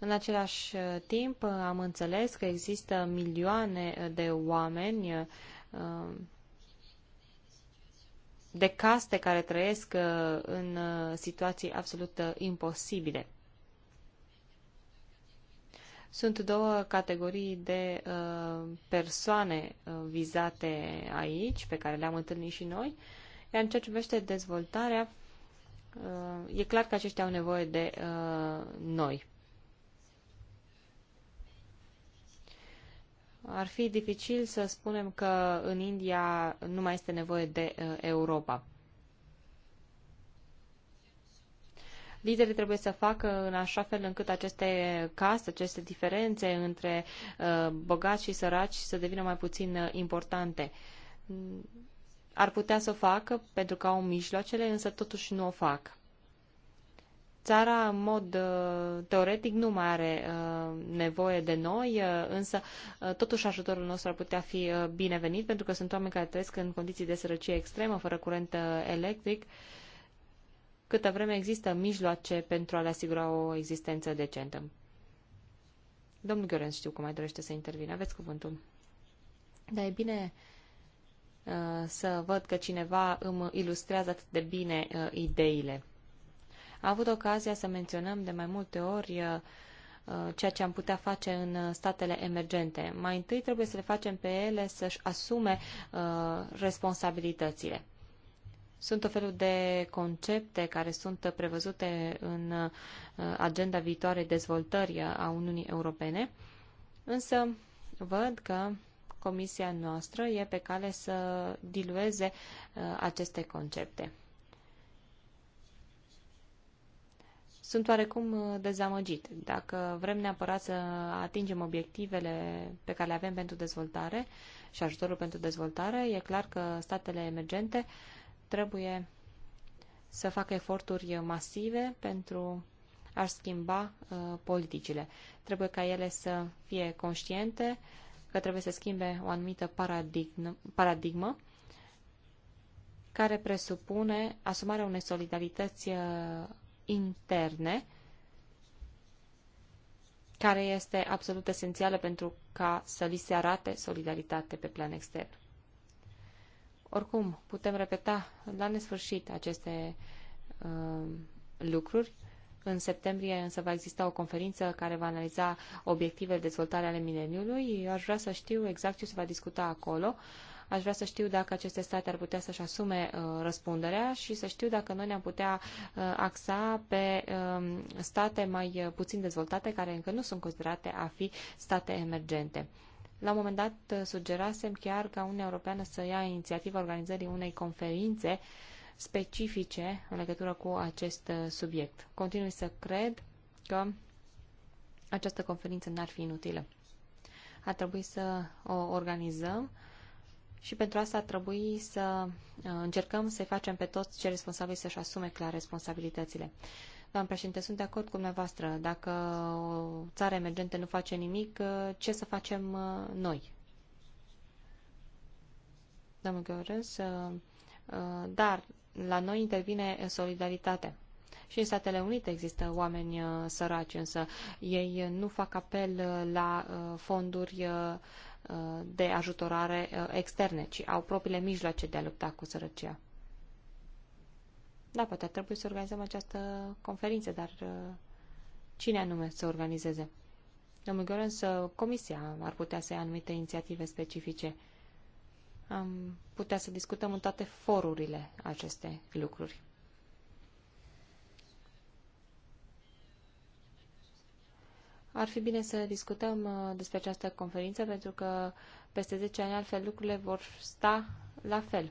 În același uh, timp, uh, am înțeles că există milioane uh, de oameni de caste care trăiesc în situații absolut imposibile. Sunt două categorii de persoane vizate aici, pe care le-am întâlnit și noi, iar în ceea ce privește dezvoltarea, e clar că aceștia au nevoie de noi. Ar fi dificil să spunem că în India nu mai este nevoie de uh, Europa. liderii trebuie să facă în așa fel încât aceste caste, aceste diferențe între uh, bogați și săraci să devină mai puțin uh, importante. Ar putea să o facă pentru că au mijloacele, însă totuși nu o fac. Țara, în mod uh, teoretic, nu mai are uh, nevoie de noi, uh, însă totuși ajutorul nostru ar putea fi binevenit, pentru că sunt oameni care trăiesc în condiții de sărăcie extremă, fără curent electric, câtă vreme există mijloace pentru a le asigura o existență decentă. Domnul Gheorens, știu cum mai dorește să intervine. Aveți cuvântul. Dar e bine să văd că cineva îmi ilustrează atât de bine ideile. A avut ocazia să menționăm de mai multe ori uh, uh, ceea ce am putea face în uh, statele emergente. Mai întâi trebuie să le facem pe ele să-și asume responsabilitățile. Sunt o felul de concepte care sunt prevăzute în agenda viitoare dezvoltări a Uniunii Europene, însă văd că comisia noastră e pe cale să dilueze aceste concepte. sunt oarecum uh, dezamăgit. Dacă vrem neapărat să atingem obiectivele pe care le avem pentru dezvoltare și ajutorul pentru dezvoltare, e clar că statele emergente trebuie să facă eforturi masive pentru a schimba uh, politicile. Trebuie ca ele să fie conștiente că trebuie să schimbe o anumită paradigmă, paradigmă care presupune asumarea unei solidarități uh, interne, care este absolut esențială pentru ca să li se arate solidaritate pe plan extern. Oricum, putem repeta la nesfârșit aceste uh, lucruri. În septembrie însă va exista o conferință care va analiza obiectivele de dezvoltare ale mileniului. Eu aș vrea să știu exact ce se va discuta acolo. Uh, Aș vrea să știu dacă aceste state ar putea să-și asume uh, răspunderea și să știu dacă noi ne-am putea uh, axa pe um, state mai uh, puțin dezvoltate care încă nu sunt considerate a fi state emergente. La un moment dat sugerasem chiar ca Uniunea Europeană să ia inițiativa organizării unei conferințe specifice în legătură cu acest subiect. Continui să cred că această conferință n-ar fi inutilă. Ar trebui să o organizăm și pentru asta trebuie să uh, încercăm să facem pe toți cei responsabili să-și asume clar responsabilitățile. Doamne președinte, sunt de acord cu dumneavoastră. Dacă o țară emergentă nu face nimic, uh, ce să facem uh, noi? Doamnă Gheorez, dar la noi intervine solidaritatea. Și în Statele Unite există oameni săraci, însă ei nu fac apel la fonduri de ajutorare uh, externe, ci au propriile mijloace de a lupta cu sărăcia. Da, poate ar trebui să organizăm această conferință, dar uh, cine anume să organizeze? Domnul însă Comisia ar putea să ia anumite inițiative specifice. Am putea să discutăm în toate forurile aceste lucruri. Ar fi bine să discutăm uh, despre această conferință, pentru că peste 10 ani altfel lucrurile vor sta la fel.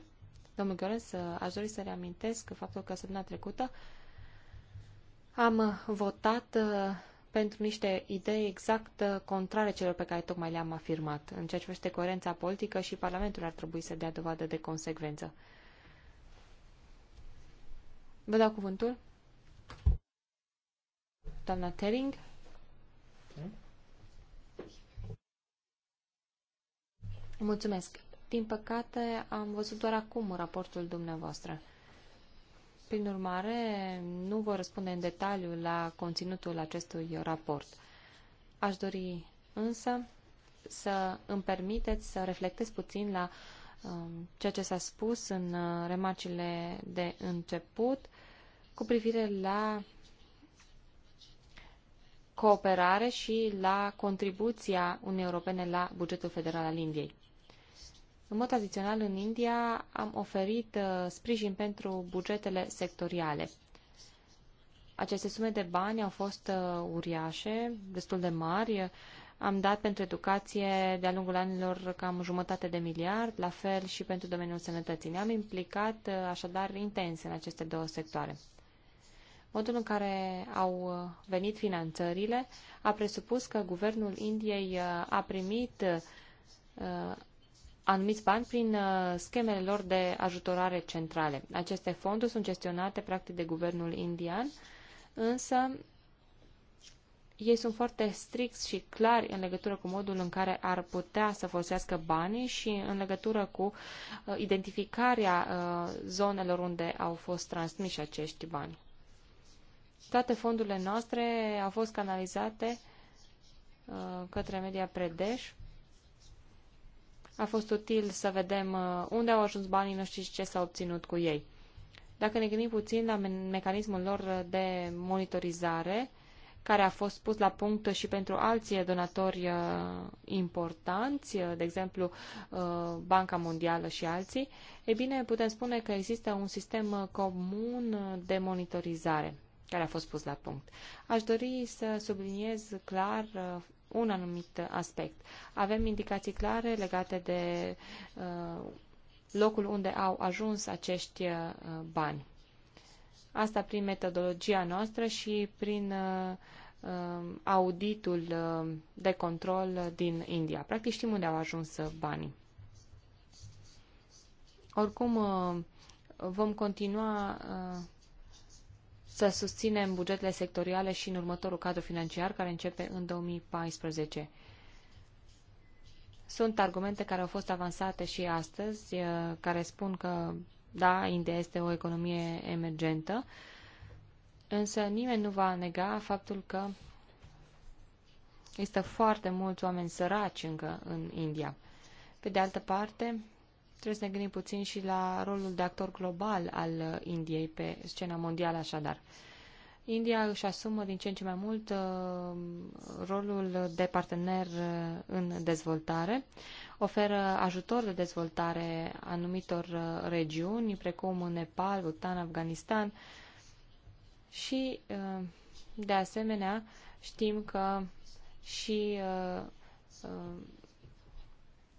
Domnul Gheorens, aș dori să reamintesc faptul că săptămâna trecută am votat uh, pentru niște idei exact uh, contrare celor pe care tocmai le-am afirmat. În ceea ce privește coerența politică și Parlamentul ar trebui să dea dovadă de consecvență. Vă dau cuvântul. Doamna Tering. Mulțumesc. Din păcate, am văzut doar acum raportul dumneavoastră. Prin urmare, nu vă răspunde în detaliu la conținutul acestui raport. Aș dori însă să îmi permiteți să reflectez puțin la um, ceea ce s-a spus în uh, remarcile de început cu privire la cooperare și la contribuția Uniunii Europene la bugetul federal al Indiei. În mod adițional, în India am oferit uh, sprijin pentru bugetele sectoriale. Aceste sume de bani au fost uh, uriașe, destul de mari. Am dat pentru educație de-a lungul anilor cam jumătate de miliard, la fel și pentru domeniul sănătății. Ne-am implicat uh, așadar intens în aceste două sectoare. Modul în care au uh, venit finanțările a presupus că guvernul Indiei uh, a primit uh, anumiți bani prin uh, schemele lor de ajutorare centrale. Aceste fonduri sunt gestionate practic de guvernul indian, însă ei sunt foarte stricți și clari în legătură cu modul în care ar putea să folosească banii și în legătură cu uh, identificarea uh, zonelor unde au fost transmiși acești bani. Toate fondurile noastre au fost canalizate către Media Predesh a fost util să vedem uh, unde au ajuns banii noștri și ce s-a obținut cu ei. Dacă ne gândim puțin la mecanismul lor de monitorizare, care a fost pus la punct și pentru alții donatori uh, importanți, uh, de exemplu Banca Mondială și alții, e bine, putem spune că există un sistem comun de monitorizare care a fost pus la punct. Aș dori să subliniez clar un anumit aspect. Avem indicații clare legate de uh, locul unde au ajuns acești uh, bani. Asta prin metodologia noastră și prin uh, auditul de control din India. Practic știm unde au ajuns banii. Oricum, vom continua să susținem bugetele sectoriale și în următorul cadru financiar, care începe în 2014. Sunt argumente care au fost avansate și astăzi, eh, care spun că, da, India este o economie emergentă, însă nimeni nu va nega faptul că există foarte mulți oameni săraci încă în India. Pe de altă parte, Trebuie să ne gândim puțin și la rolul de actor global al uh, Indiei pe scena mondială, așadar. India își asumă din ce în ce mai mult uh, rolul de partener uh, în dezvoltare, oferă ajutor de dezvoltare anumitor regiuni, precum Nepal, Bhutan, Afganistan și, de asemenea, știm că și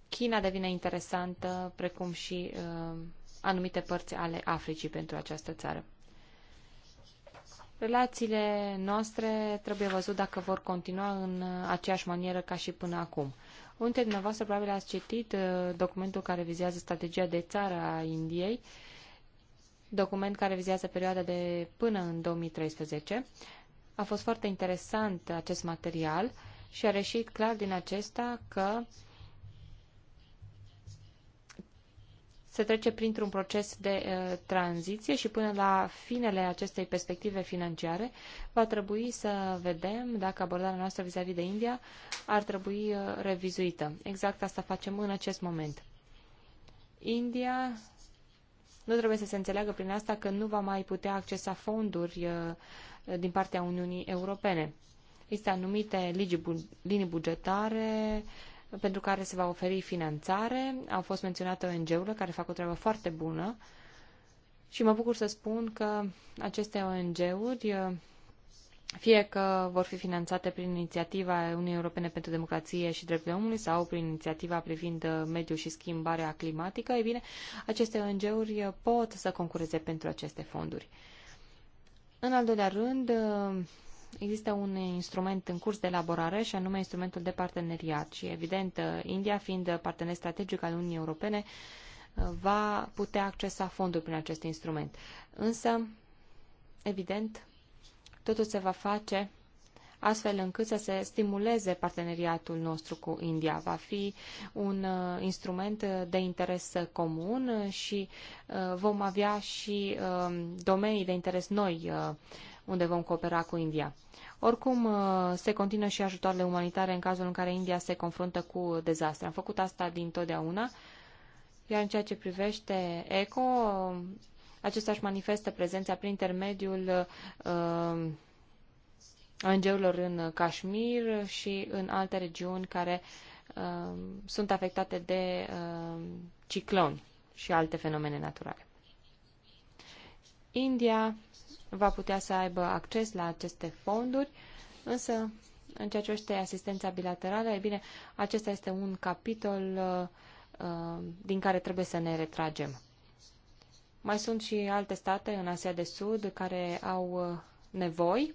China devine interesantă, precum și uh, anumite părți ale Africii pentru această țară. Relațiile noastre trebuie văzut dacă vor continua în uh, aceeași manieră ca și până acum. Unul dintre dumneavoastră probabil ați citit uh, documentul care vizează strategia de țară a Indiei, document care vizează perioada de până în 2013. A fost foarte interesant acest material și a reșit clar din acesta că uh, se trece printr-un proces de uh, tranziție și până la finele acestei perspective financiare va trebui să vedem dacă abordarea noastră vis-a-vis de India ar trebui uh, revizuită. Exact asta facem în acest moment. India nu trebuie să se înțeleagă prin asta că nu va mai putea accesa fonduri uh, din partea Uniunii Europene. Există anumite linii bugetare uh, pentru care se va oferi finanțare. Au fost menționate ONG-urile care fac o treabă foarte bună și mă bucur să spun că aceste ONG-uri fie că vor fi finanțate prin inițiativa Uniunii Europene pentru Democrație și Drepturile Omului sau prin inițiativa privind mediul și schimbarea climatică, e bine, aceste ONG-uri pot să concureze pentru aceste fonduri. În al doilea rând, Există un instrument în curs de elaborare și anume instrumentul de parteneriat și evident India fiind partener strategic al Uniunii Europene va putea accesa fonduri prin acest instrument. Însă, evident, totul se va face astfel încât să se stimuleze parteneriatul nostru cu India. Va fi un uh, instrument de interes comun și uh, vom avea și uh, domenii de interes noi uh, unde vom coopera cu India. Oricum, uh, se continuă și ajutoarele umanitare în cazul în care India se confruntă cu dezastre. Am făcut asta din totdeauna, iar în ceea ce privește ECO, uh, acesta își manifestă prezența prin intermediul uh, îngeurilor în Kashmir și în alte regiuni care uh, sunt afectate de uh, cicloni și alte fenomene naturale. India va putea să aibă acces la aceste fonduri, însă în ceea ce este asistența bilaterală, e bine, acesta este un capitol uh, uh, din care trebuie să ne retragem. Mai sunt și alte state în Asia de Sud care au uh, nevoi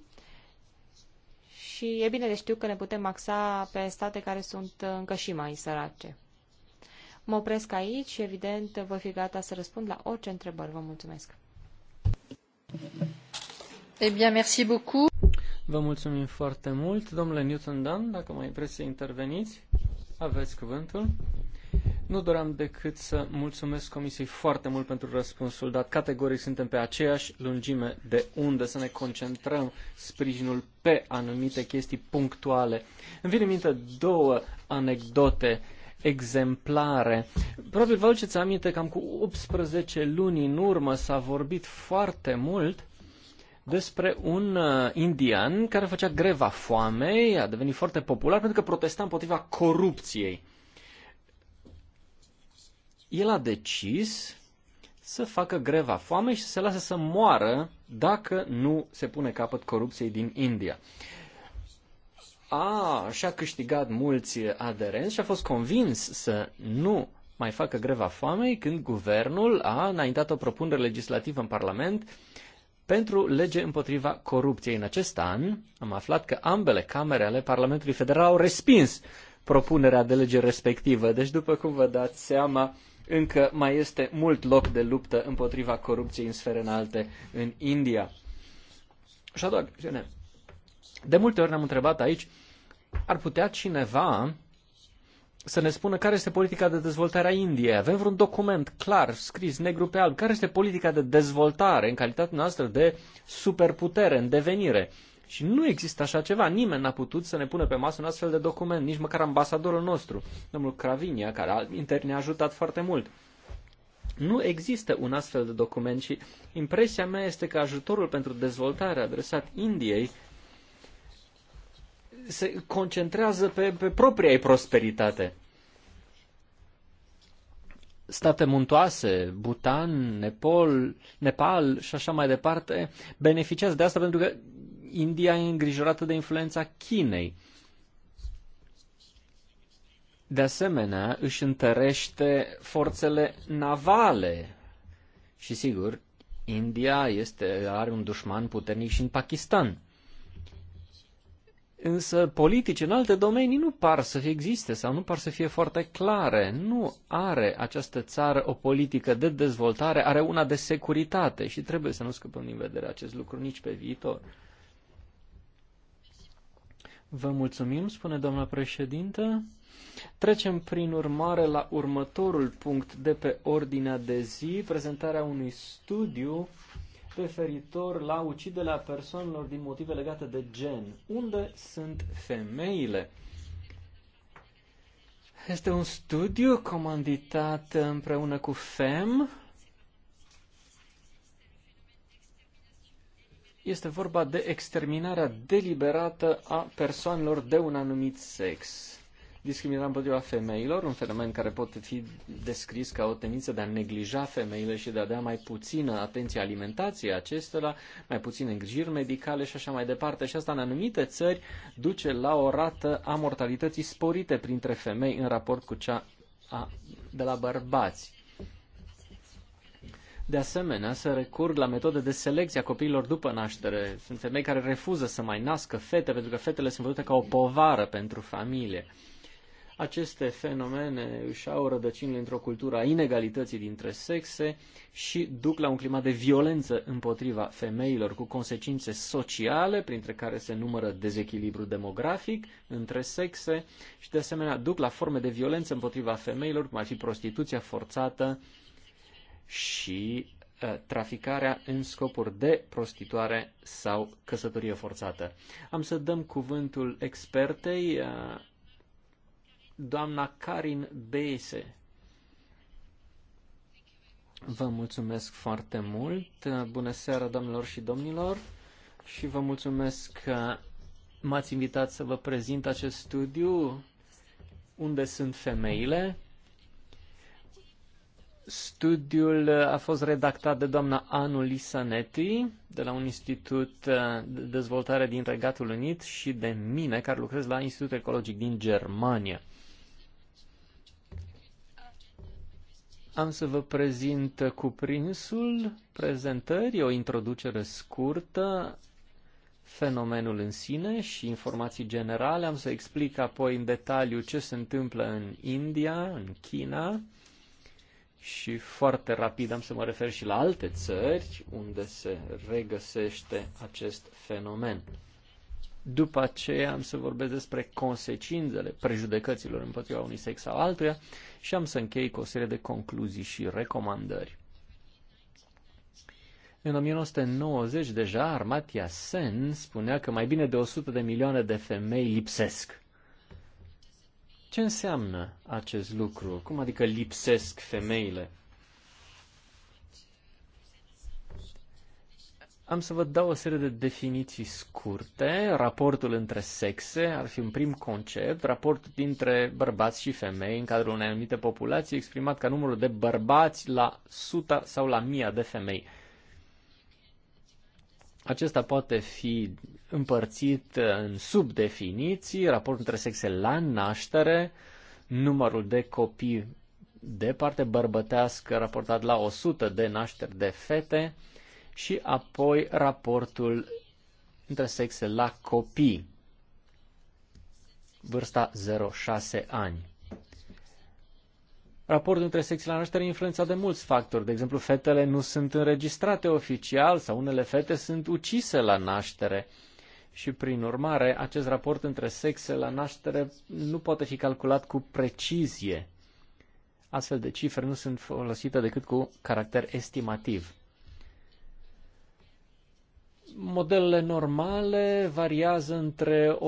și e bine de știu că ne putem axa pe state care sunt uh, încă și mai sărace. Mă opresc aici și, evident, voi fi gata să răspund la orice întrebări. Vă mulțumesc! Eh vă mulțumim foarte mult. Domnule Newton Dan, dacă mai vreți să interveniți, aveți cuvântul. Nu doream decât să mulțumesc Comisiei foarte mult pentru răspunsul dat. Categoric suntem pe aceeași lungime de unde să ne concentrăm sprijinul pe anumite chestii punctuale. Îmi vin în minte două anecdote exemplare. Probabil vă aduceți aminte, cam cu 18 luni în urmă s-a vorbit foarte mult despre un uh, indian care făcea greva foamei, a devenit foarte popular pentru că protesta împotriva corupției. El a decis să facă greva foamei și să se lase să moară dacă nu se pune capăt corupției din India. A, și-a câștigat mulți aderenți și a fost convins să nu mai facă greva foamei când guvernul a înaintat o propunere legislativă în Parlament pentru lege împotriva corupției. În acest an am aflat că ambele camere ale Parlamentului Federal au respins propunerea de lege respectivă. Deci, după cum vă dați seama, încă mai este mult loc de luptă împotriva corupției în sfere înalte în India. Și a doua De multe ori ne-am întrebat aici, ar putea cineva să ne spună care este politica de dezvoltare a Indiei. Avem vreun document clar, scris, negru pe alb, care este politica de dezvoltare în calitatea noastră de superputere, în devenire. Și nu există așa ceva. Nimeni n-a putut să ne pună pe masă un astfel de document, nici măcar ambasadorul nostru, domnul Cravinia, care intern ne-a ajutat foarte mult. Nu există un astfel de document și impresia mea este că ajutorul pentru dezvoltare adresat Indiei se concentrează pe, pe propria ei prosperitate. State muntoase, Bhutan, Nepal, Nepal și așa mai departe, beneficiază de asta pentru că India e îngrijorată de influența Chinei. De asemenea, își întărește forțele navale. Și sigur, India este, are un dușman puternic și în Pakistan. Însă politici în alte domenii nu par să fie existe sau nu par să fie foarte clare. Nu are această țară o politică de dezvoltare, are una de securitate și trebuie să nu scăpăm din vedere acest lucru nici pe viitor. Vă mulțumim, spune doamna președintă. Trecem prin urmare la următorul punct de pe ordinea de zi, prezentarea unui studiu referitor la uciderea persoanelor din motive legate de gen. Unde sunt femeile? Este un studiu comanditat împreună cu FEM. Este vorba de exterminarea deliberată a persoanelor de un anumit sex discriminarea împotriva femeilor, un fenomen care poate fi descris ca o tendință de a neglija femeile și de a da mai puțină atenție alimentației acestora, mai puține îngrijiri medicale și așa mai departe. Și asta în anumite țări duce la o rată a mortalității sporite printre femei în raport cu cea a, de la bărbați. De asemenea, se recurg la metode de selecție a copiilor după naștere. Sunt femei care refuză să mai nască fete pentru că fetele sunt văzute ca o povară pentru familie. Aceste fenomene își au rădăcinile într-o cultură a inegalității dintre sexe și duc la un climat de violență împotriva femeilor, cu consecințe sociale, printre care se numără dezechilibru demografic între sexe și, de asemenea, duc la forme de violență împotriva femeilor, cum ar fi prostituția forțată și uh, traficarea în scopuri de prostituare sau căsătorie forțată. Am să dăm cuvântul expertei uh, doamna Karin Bese. Vă mulțumesc foarte mult. Bună seara, doamnelor și domnilor. Și vă mulțumesc că m-ați invitat să vă prezint acest studiu unde sunt femeile. Studiul a fost redactat de doamna Anu Lisanetti de la un institut de dezvoltare din Regatul Unit și de mine, care lucrez la Institutul Ecologic din Germania. Am să vă prezint cuprinsul prezentării, o introducere scurtă, fenomenul în sine și informații generale. Am să explic apoi în detaliu ce se întâmplă în India, în China și foarte rapid am să mă refer și la alte țări unde se regăsește acest fenomen. După aceea am să vorbesc despre consecințele prejudecăților împotriva unui sex sau altuia și am să închei cu o serie de concluzii și recomandări. În 1990 deja Armatia Sen spunea că mai bine de 100 de milioane de femei lipsesc. Ce înseamnă acest lucru? Cum adică lipsesc femeile? Am să vă dau o serie de definiții scurte. Raportul între sexe ar fi un prim concept, raportul dintre bărbați și femei în cadrul unei anumite populații, exprimat ca numărul de bărbați la suta sau la mia de femei. Acesta poate fi împărțit în subdefiniții, raportul între sexe la naștere, numărul de copii de parte bărbătească raportat la 100 de nașteri de fete, și apoi raportul între sexe la copii, vârsta 0-6 ani. Raportul între sexe la naștere e influențat de mulți factori. De exemplu, fetele nu sunt înregistrate oficial sau unele fete sunt ucise la naștere. Și, prin urmare, acest raport între sexe la naștere nu poate fi calculat cu precizie. Astfel de cifre nu sunt folosite decât cu caracter estimativ modelele normale variază între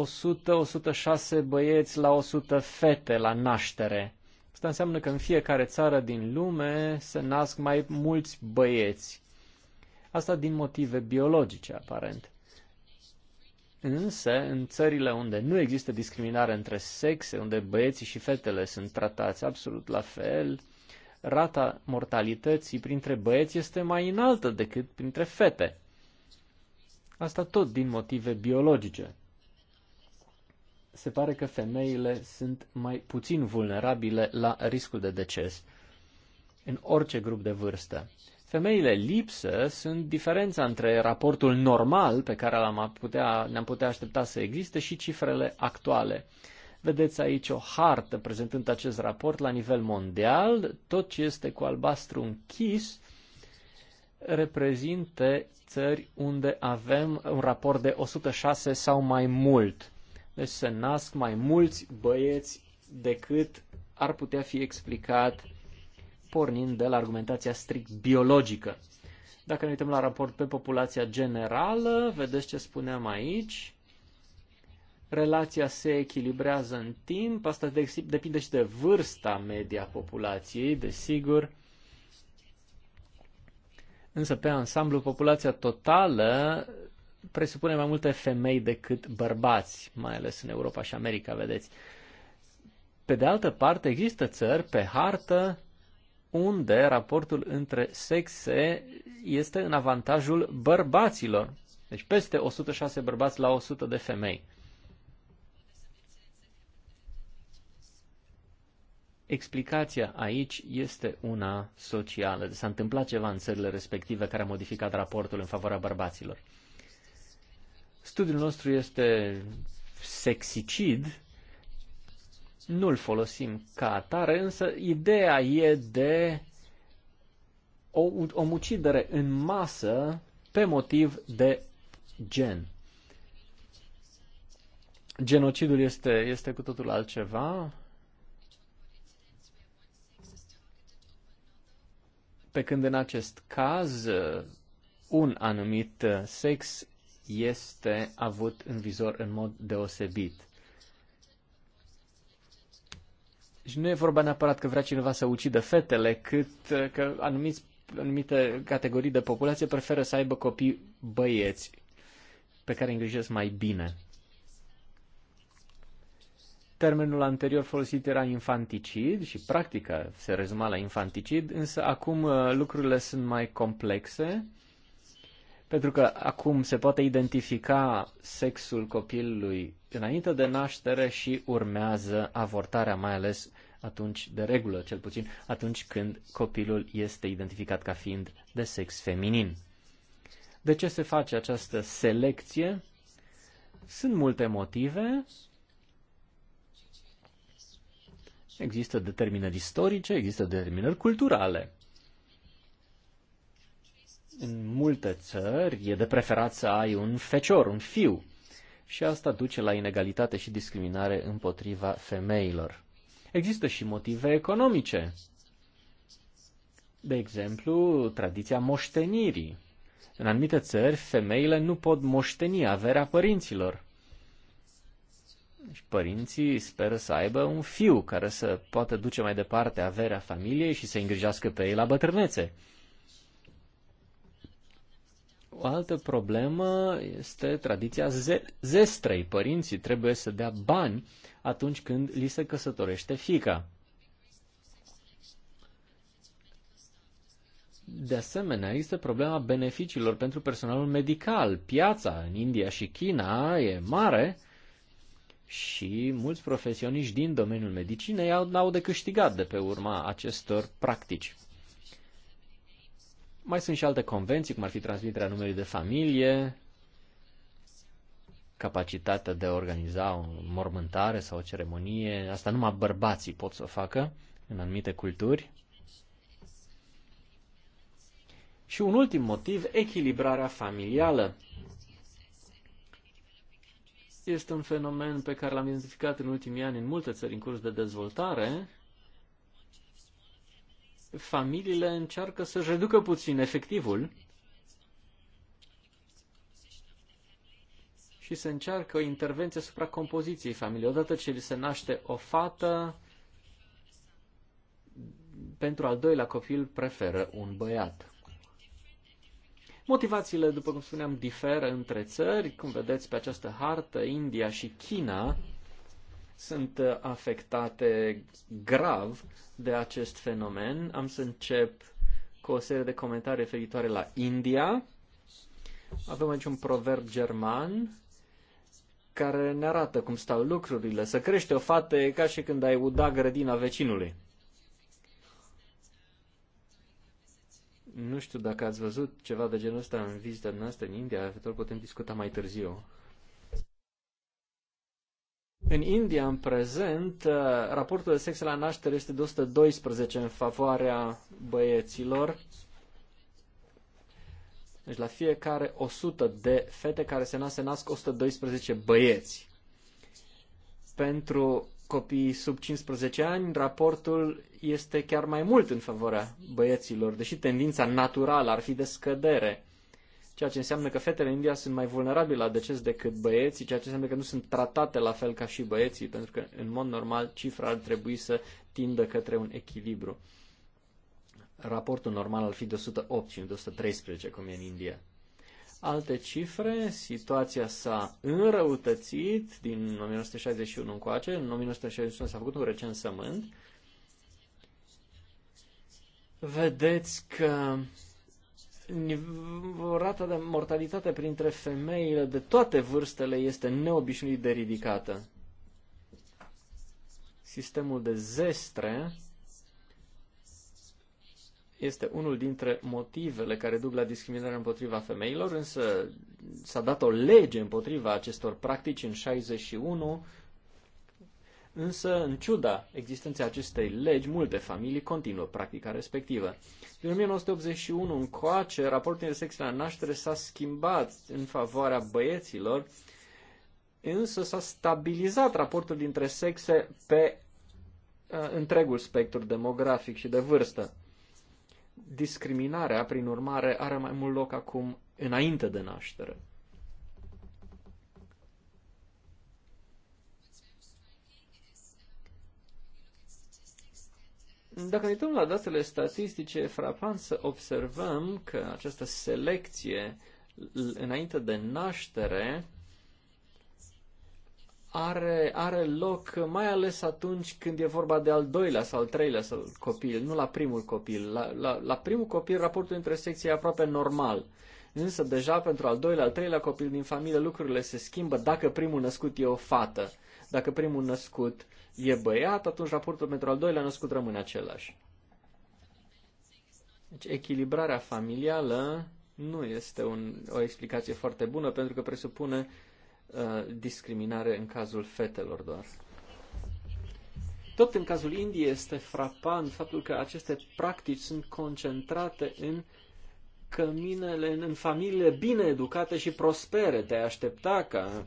100-106 băieți la 100 fete la naștere. Asta înseamnă că în fiecare țară din lume se nasc mai mulți băieți. Asta din motive biologice, aparent. Însă, în țările unde nu există discriminare între sexe, unde băieții și fetele sunt tratați absolut la fel, rata mortalității printre băieți este mai înaltă decât printre fete. Asta tot din motive biologice. Se pare că femeile sunt mai puțin vulnerabile la riscul de deces în orice grup de vârstă. Femeile lipsă sunt diferența între raportul normal pe care l-am putea, ne-am putea aștepta să existe și cifrele actuale. Vedeți aici o hartă prezentând acest raport la nivel mondial, tot ce este cu albastru închis reprezinte țări unde avem un raport de 106 sau mai mult. Deci se nasc mai mulți băieți decât ar putea fi explicat pornind de la argumentația strict biologică. Dacă ne uităm la raport pe populația generală, vedeți ce spuneam aici. Relația se echilibrează în timp, asta depinde și de vârsta media populației, desigur. Însă, pe ansamblu, populația totală presupune mai multe femei decât bărbați, mai ales în Europa și America, vedeți. Pe de altă parte, există țări pe hartă unde raportul între sexe este în avantajul bărbaților. Deci peste 106 bărbați la 100 de femei. Explicația aici este una socială. S-a întâmplat ceva în țările respective care a modificat raportul în favoarea bărbaților. Studiul nostru este sexicid, nu-l folosim ca atare, însă ideea e de o omucidere în masă pe motiv de gen. Genocidul este, este cu totul altceva, pe când în acest caz un anumit sex este avut în vizor în mod deosebit. Și nu e vorba neapărat că vrea cineva să ucidă fetele, cât că anumiți, anumite categorii de populație preferă să aibă copii băieți pe care îi îngrijesc mai bine. Termenul anterior folosit era infanticid și practica se rezuma la infanticid, însă acum uh, lucrurile sunt mai complexe, pentru că acum se poate identifica sexul copilului înainte de naștere și urmează avortarea, mai ales atunci, de regulă cel puțin, atunci când copilul este identificat ca fiind de sex feminin. De ce se face această selecție? Sunt multe motive, Există determinări istorice, există determinări culturale. În multe țări e de preferat să ai un fecior, un fiu, și asta duce la inegalitate și discriminare împotriva femeilor. Există și motive economice. De exemplu, tradiția moștenirii. În anumite țări, femeile nu pot moșteni averea părinților și părinții speră să aibă un fiu care să poată duce mai departe averea familiei și să îngrijească pe ei la bătrânețe. O altă problemă este tradiția ze- zestrei. Părinții trebuie să dea bani atunci când li se căsătorește fica. De asemenea, există problema beneficiilor pentru personalul medical. Piața în India și China e mare și mulți profesioniști din domeniul medicinei au, au de câștigat de pe urma acestor practici. Mai sunt și alte convenții, cum ar fi transmiterea numelui de familie, capacitatea de a organiza o mormântare sau o ceremonie. Asta numai bărbații pot să o facă în anumite culturi. Și un ultim motiv, echilibrarea familială. Este un fenomen pe care l-am identificat în ultimii ani în multe țări în curs de dezvoltare. Familiile încearcă să-și reducă puțin efectivul și se încearcă o intervenție asupra compoziției familiei. Odată ce li se naște o fată, pentru al doilea copil preferă un băiat. Motivațiile, după cum spuneam, diferă între țări. Cum vedeți pe această hartă, India și China sunt uh, afectate grav de acest fenomen. Am să încep cu o serie de comentarii referitoare la India. Avem aici un proverb german care ne arată cum stau lucrurile. Să crește o fată e ca și când ai uda grădina vecinului. Nu știu dacă ați văzut ceva de genul ăsta în vizita noastră în India, eventual putem discuta mai târziu. În India, în prezent, uh, raportul de sex la naștere este de 112 în favoarea băieților. Deci la fiecare 100 de fete care se nasc, se nasc 112 băieți. Pentru copiii sub 15 ani, raportul este chiar mai mult în favoarea băieților, deși tendința naturală ar fi de scădere. Ceea ce înseamnă că fetele în India sunt mai vulnerabile la deces decât băieții, ceea ce înseamnă că nu sunt tratate la fel ca și băieții, pentru că, în mod normal, cifra ar trebui să tindă către un echilibru. Raportul normal ar fi de 108 și de 113, cum e în India. Alte cifre, situația s-a înrăutățit din 1961 încoace. În 1961 s-a făcut un recensământ vedeți că rata de mortalitate printre femeile de toate vârstele este neobișnuit de ridicată. Sistemul de zestre este unul dintre motivele care duc la discriminarea împotriva femeilor, însă s-a dat o lege împotriva acestor practici în 61 Însă, în ciuda existenței acestei legi, multe familii continuă practica respectivă. Din 1981 încoace, raportul între sex la naștere s-a schimbat în favoarea băieților, însă s-a stabilizat raportul dintre sexe pe uh, întregul spectru demografic și de vârstă. Discriminarea, prin urmare, are mai mult loc acum înainte de naștere. Dacă ne uităm la datele statistice, e frapant să observăm că această selecție înainte de naștere are, are loc mai ales atunci când e vorba de al doilea sau al treilea sau copil, nu la primul copil. La, la, la primul copil raportul între secții e aproape normal. Însă deja pentru al doilea, al treilea copil din familie lucrurile se schimbă dacă primul născut e o fată, dacă primul născut e băiat, atunci raportul pentru al doilea născut rămâne același. Deci echilibrarea familială nu este un, o explicație foarte bună pentru că presupune uh, discriminare în cazul fetelor doar. Tot în cazul Indiei este frapant faptul că aceste practici sunt concentrate în căminele, în, în familiile bine educate și prospere. Te aștepta ca uh,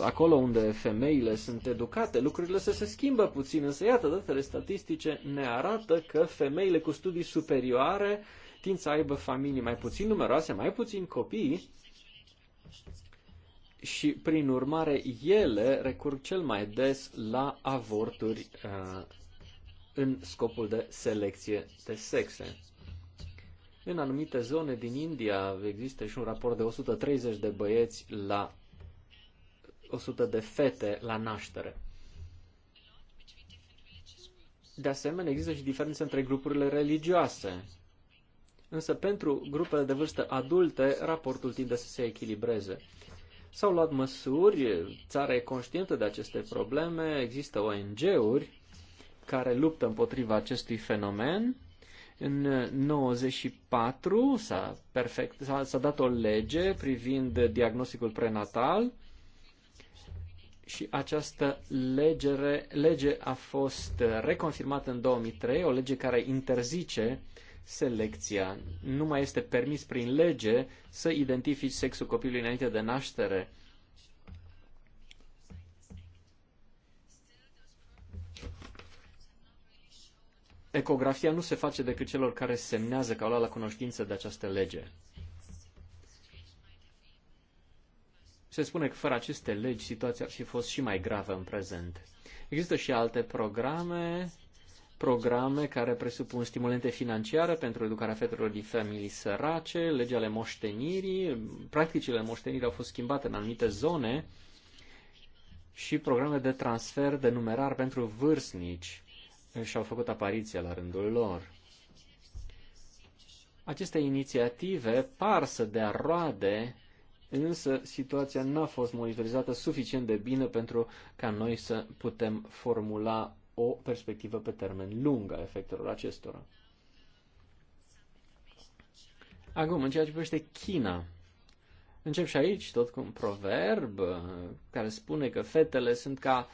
acolo unde femeile sunt educate, lucrurile să se schimbă puțin, însă iată, datele statistice ne arată că femeile cu studii superioare tind să aibă familii mai puțin numeroase, mai puțin copii și, prin urmare, ele recurg cel mai des la avorturi uh, în scopul de selecție de sexe. În anumite zone din India există și un raport de 130 de băieți la 100 de fete la naștere. De asemenea, există și diferențe între grupurile religioase. Însă pentru grupele de vârstă adulte, raportul tinde să se echilibreze. S-au luat măsuri, țara e conștientă de aceste probleme, există ONG-uri care luptă împotriva acestui fenomen. În 94 s-a, perfect, s-a, dat o lege privind diagnosticul prenatal și această legere, lege a fost reconfirmată în 2003, o lege care interzice selecția. Nu mai este permis prin lege să identifici sexul copilului înainte de naștere. Ecografia nu se face decât celor care semnează că au luat la cunoștință de această lege. Se spune că fără aceste legi situația ar fi fost și mai gravă în prezent. Există și alte programe, programe care presupun stimulente financiare pentru educarea fetelor din familii sărace, legea ale moștenirii, practicile moștenirii au fost schimbate în anumite zone și programe de transfer de numerar pentru vârstnici și-au făcut apariția la rândul lor. Aceste inițiative par să dea roade însă situația n-a fost monitorizată suficient de bine pentru ca noi să putem formula o perspectivă pe termen lung a efectelor acestora. Acum, în ceea ce privește China, încep și aici tot cu un proverb uh, care spune că fetele sunt ca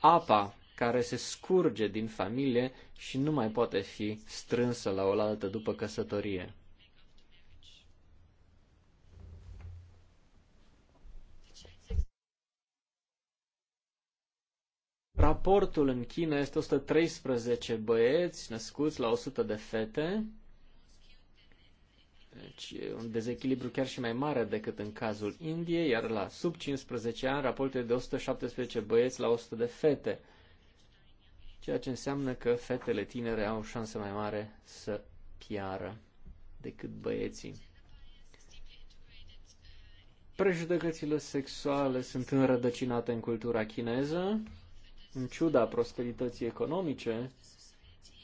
apa care se scurge din familie și nu mai poate fi strânsă la oaltă după căsătorie. Raportul în China este 113 băieți născuți la 100 de fete. Deci un dezechilibru chiar și mai mare decât în cazul Indiei, iar la sub 15 ani raportul e de 117 băieți la 100 de fete. Ceea ce înseamnă că fetele tinere au șanse mai mare să piară decât băieții. Prejudecățile sexuale sunt înrădăcinate în cultura chineză în ciuda prosperității economice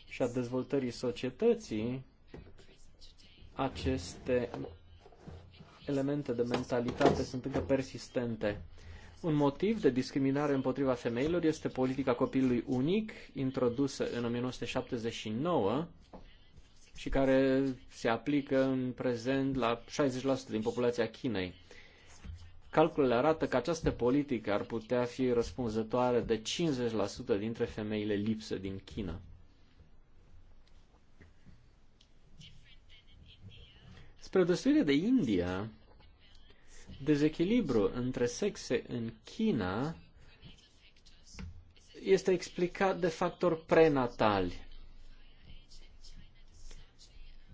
și a dezvoltării societății, aceste elemente de mentalitate sunt încă persistente. Un motiv de discriminare împotriva femeilor este politica copilului unic, introdusă în 1979 și care se aplică în prezent la 60% din populația Chinei. Calculele arată că această politică ar putea fi răspunzătoare de 50% dintre femeile lipsă din China. Spre deosebire de India, dezechilibru între sexe în China este explicat de factori prenatali.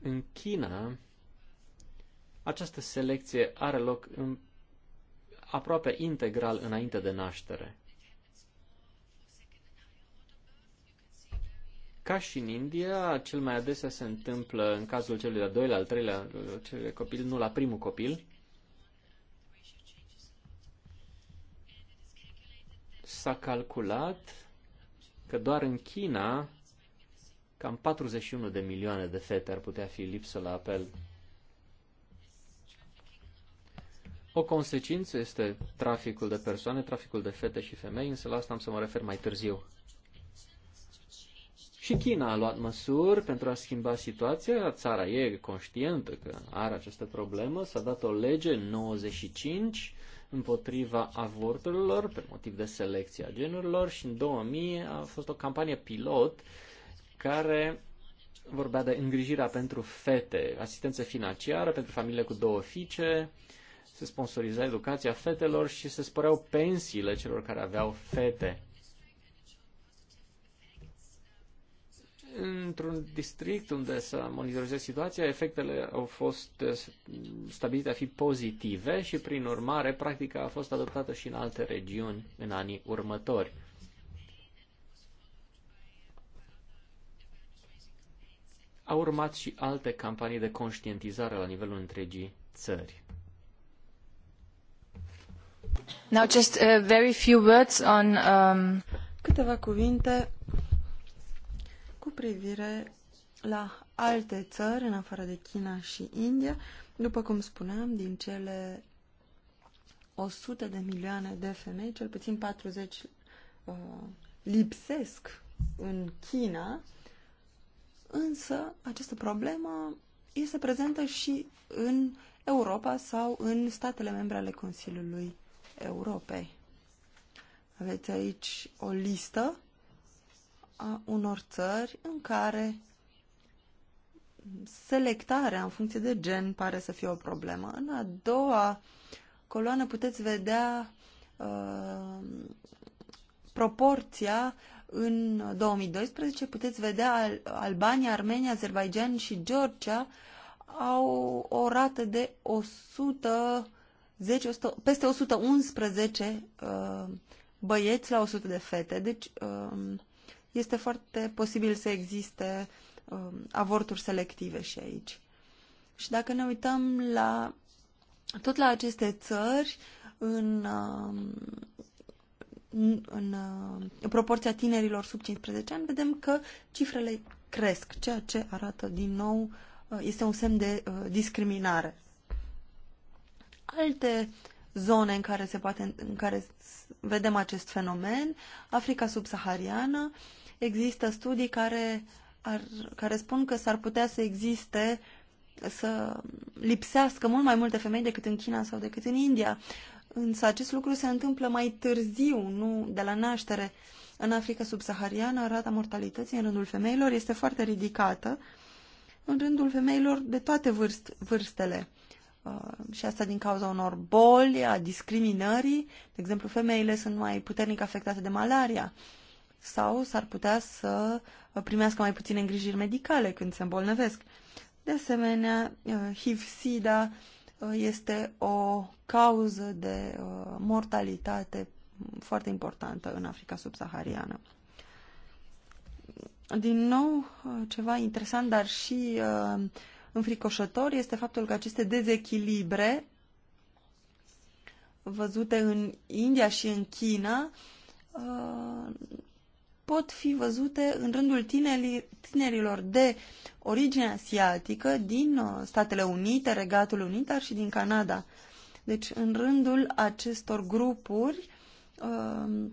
În China, această selecție are loc în aproape integral înainte de naștere. Ca și în India, cel mai adesea se întâmplă în cazul celui de-al doilea, al treilea uh, celui copil, nu la primul copil. S-a calculat că doar în China cam 41 de milioane de fete ar putea fi lipsă la apel O consecință este traficul de persoane, traficul de fete și femei, însă la asta am să mă refer mai târziu. Și China a luat măsuri pentru a schimba situația, țara e conștientă că are această problemă, s-a dat o lege în 95 împotriva avorturilor pe motiv de selecție a genurilor și în 2000 a fost o campanie pilot care vorbea de îngrijirea pentru fete, asistență financiară pentru familiile cu două fiice, uh, se sponsoriza educația fetelor și se spăreau pensiile celor care aveau fete. Într-un district unde să monitorizat situația, efectele au fost eh, stabilite a fi pozitive și, prin urmare, practica a fost adoptată și în alte regiuni în anii următori. Au urmat și alte campanii de conștientizare la nivelul întregii țări. Now just a uh, very few words on um... câteva cuvinte cu privire la alte țări în afară de China și India, după cum spuneam, din cele 100 de milioane de femei, cel puțin 40 uh, lipsesc în China, însă această problemă este prezentă și în Europa sau în statele membre ale Consiliului Europei. Aveți aici o listă a unor țări în care selectarea în funcție de gen pare să fie o problemă. În a doua coloană puteți vedea uh, proporția în 2012, puteți vedea Albania, Armenia, Azerbaijan și Georgia au o rată de 100 10, 100, peste 111 uh, băieți la 100 de fete. Deci uh, este foarte posibil să existe uh, avorturi selective și aici. Și dacă ne uităm la tot la aceste țări, în, uh, în, uh, proporția tinerilor sub 15 ani, vedem că cifrele cresc, ceea ce arată din nou uh, este un semn de uh, discriminare alte zone în care, se poate, în care vedem acest fenomen, Africa subsahariană, există studii care, ar, care spun că s-ar putea să existe, să lipsească mult mai multe femei decât în China sau decât în India. Însă acest lucru se întâmplă mai târziu, nu de la naștere. În Africa subsahariană, rata mortalității în rândul femeilor este foarte ridicată, în rândul femeilor de toate vârst, vârstele. Uh, și asta din cauza unor boli, a discriminării. De exemplu, femeile sunt mai puternic afectate de malaria sau s-ar putea să primească mai puține îngrijiri medicale când se îmbolnăvesc. De asemenea, uh, HIV-SIDA uh, este o cauză de mortalitate foarte importantă în Africa subsahariană. Din nou, ceva interesant, dar și uh, înfricoșător este faptul că aceste dezechilibre văzute în India și în China uh, pot fi văzute în rândul tinerilor de origine asiatică din uh, Statele Unite, Regatul Unit, dar și din Canada. Deci, în rândul acestor grupuri uh,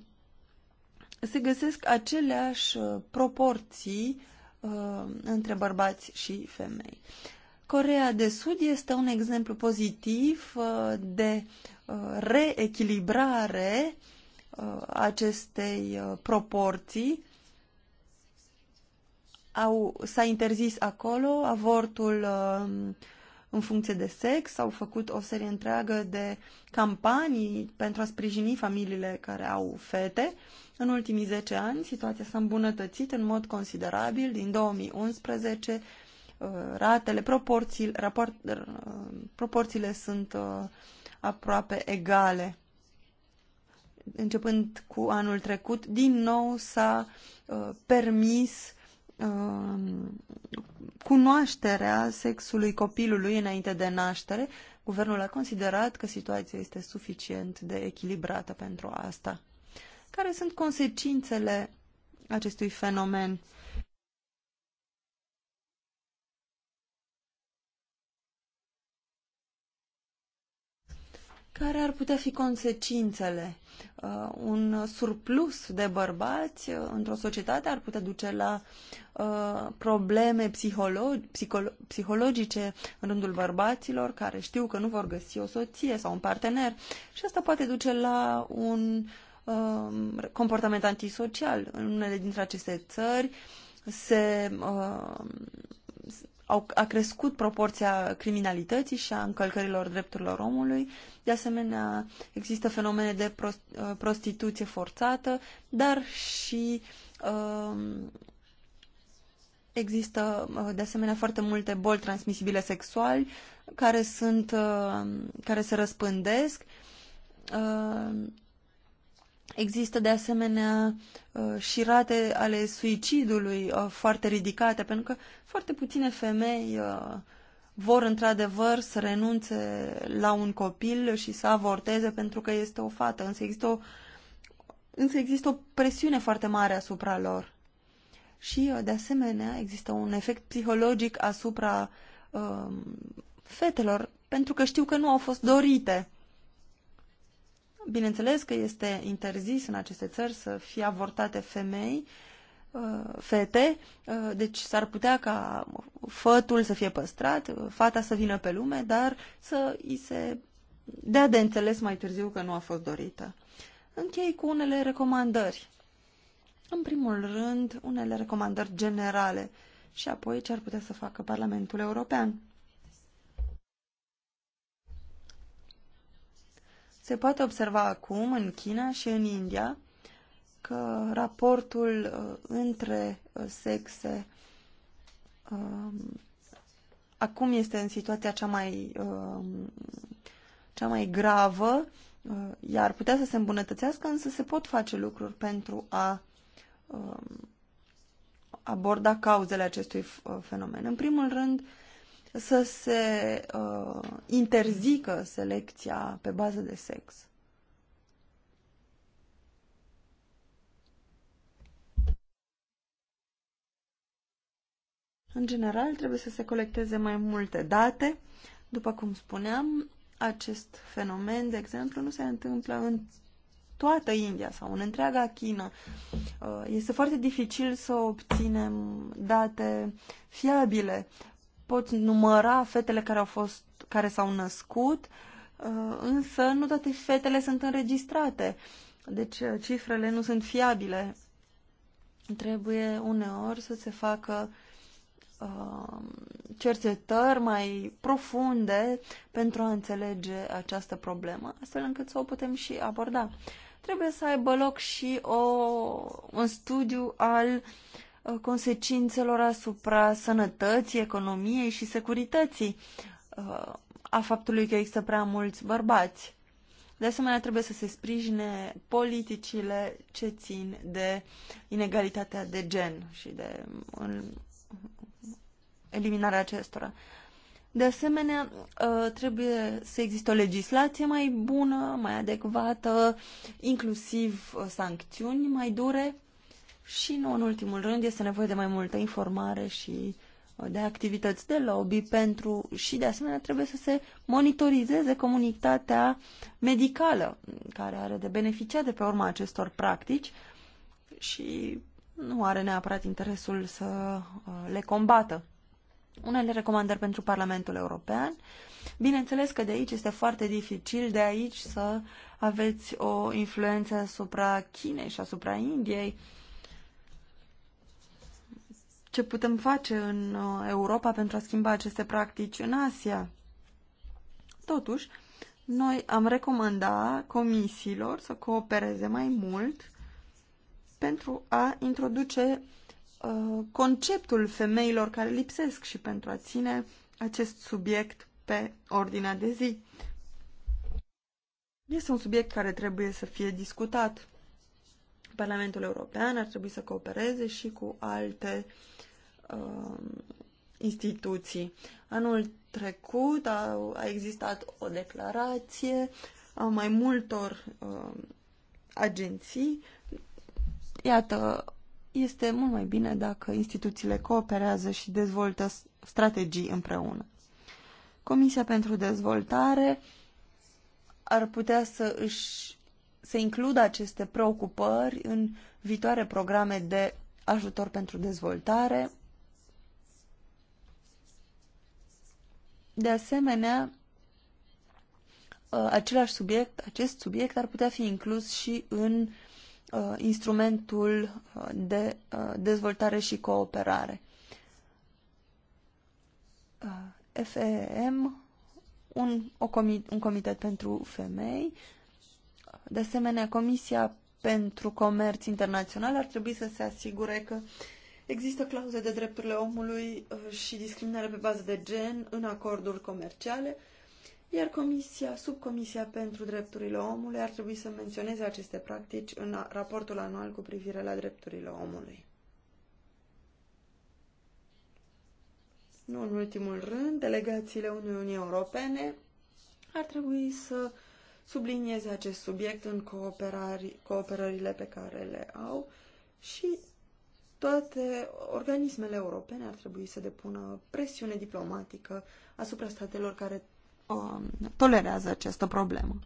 se găsesc aceleași proporții Uh, între bărbați și femei. Corea de Sud este un exemplu pozitiv uh, de uh, reechilibrare acestei proporții. Au, s-a interzis acolo avortul în funcție de sex, au făcut o serie întreagă de campanii pentru a sprijini familiile care au fete. Uh, în ultimii 10 ani, situația s-a îmbunătățit în mod considerabil. Din 2011, uh, ratele, proporții, raport, uh, proporțiile sunt uh, aproape egale. Începând cu anul trecut, din nou s-a permis cunoașterea sexului copilului înainte de naștere. Guvernul a considerat că situația este suficient de echilibrată pentru asta. Care sunt consecințele acestui fenomen? Care ar putea fi consecințele? Uh, un surplus de bărbați uh, într-o societate ar putea duce la uh, probleme psiholo psihologice în rândul bărbaților care știu că nu vor găsi o soție sau un partener și asta poate duce la un uh, Um, comportament antisocial. În unele dintre aceste țări se, uh, au, a crescut proporția criminalității și a încălcărilor drepturilor omului. De asemenea, există fenomene de prost, uh, prostituție forțată, dar și um, uh, Există, de asemenea, foarte multe boli transmisibile sexuali care, sunt, uh, care se răspândesc uh, Există de asemenea uh, și rate ale suicidului uh, foarte ridicate, pentru că foarte puține femei uh, vor într-adevăr să renunțe la un copil și să avorteze pentru că este o fată, însă există o, însă există o presiune foarte mare asupra lor. Și, de asemenea, există un efect psihologic asupra um, fetelor, pentru că știu că nu au fost dorite. Bineînțeles că este interzis în aceste țări să fie avortate femei, uh, fete, uh, deci s-ar putea ca fătul să fie păstrat, uh, fata să vină pe lume, dar să îi se dea de înțeles mai târziu că nu a fost dorită. Închei cu unele recomandări. În primul rând, unele recomandări generale și apoi ce ar putea să facă Parlamentul European. Se poate observa acum în China și în India că raportul uh, între uh, sexe um, acum este în situația cea mai, um, cea mai gravă, uh, iar putea să se îmbunătățească, însă se pot face lucruri pentru a um, aborda cauzele acestui fenomen. În primul rând, să se uh, interzică selecția pe bază de sex. În general, trebuie să se colecteze mai multe date. După cum spuneam, acest fenomen, de exemplu, nu se întâmplă în toată India sau în întreaga China. Uh, este foarte dificil să obținem date fiabile poți număra fetele care au fost, care s-au născut, uh, însă nu toate fetele sunt înregistrate. Deci uh, cifrele nu sunt fiabile. Trebuie uneori să se facă uh, cercetări mai profunde pentru a înțelege această problemă, astfel încât să o putem și aborda. Trebuie să aibă loc și o, un studiu al uh, Uh, consecințelor asupra sănătății, economiei și securității uh, a faptului că există prea mulți bărbați. De asemenea, trebuie să se sprijine politicile ce țin de inegalitatea de gen și de eliminarea acestora. De asemenea, uh, trebuie să existe o legislație mai bună, mai adecvată, inclusiv sancțiuni mai dure și nu în ultimul rând este nevoie de mai multă informare și uh, de activități de lobby pentru și de asemenea trebuie să se monitorizeze comunitatea medicală care are de beneficiat de pe urma acestor practici și nu are neapărat interesul să uh, le combată. Unele recomandări pentru Parlamentul European. Bineînțeles că de aici este foarte dificil de aici să aveți o influență asupra Chinei și asupra Indiei. Uh, ce putem face în uh, Europa pentru a schimba aceste practici în Asia. Totuși, noi am recomanda comisiilor să coopereze mai mult pentru a introduce uh, conceptul femeilor care lipsesc și pentru a ține acest subiect pe ordinea de zi. Este un subiect care trebuie să fie discutat. Parlamentul European ar trebui să coopereze și cu alte uh, instituții. Anul trecut a, a existat o declarație a mai multor uh, agenții. Iată, este mult mai bine dacă instituțiile cooperează și dezvoltă strategii împreună. Comisia pentru Dezvoltare ar putea să își se includă aceste preocupări în viitoare programe de ajutor pentru dezvoltare. De asemenea, uh, același subiect, acest subiect ar putea fi inclus și în uh, instrumentul uh, de uh, dezvoltare și cooperare. Uh, FEM, un, o un comitet pentru femei, uh, de asemenea, Comisia pentru Comerț Internațional ar trebui să se asigure că există clauze de drepturile omului uh, și discriminare pe bază de gen în acorduri comerciale, iar Comisia, Subcomisia pentru Drepturile Omului ar trebui să menționeze aceste practici în raportul anual cu privire la drepturile omului. Nu în ultimul rând, delegațiile Uniunii Europene ar trebui să uh, sublinieze acest subiect în cooperările pe care le au și toate organismele europene ar trebui să depună presiune diplomatică asupra statelor care um, tolerează această problemă.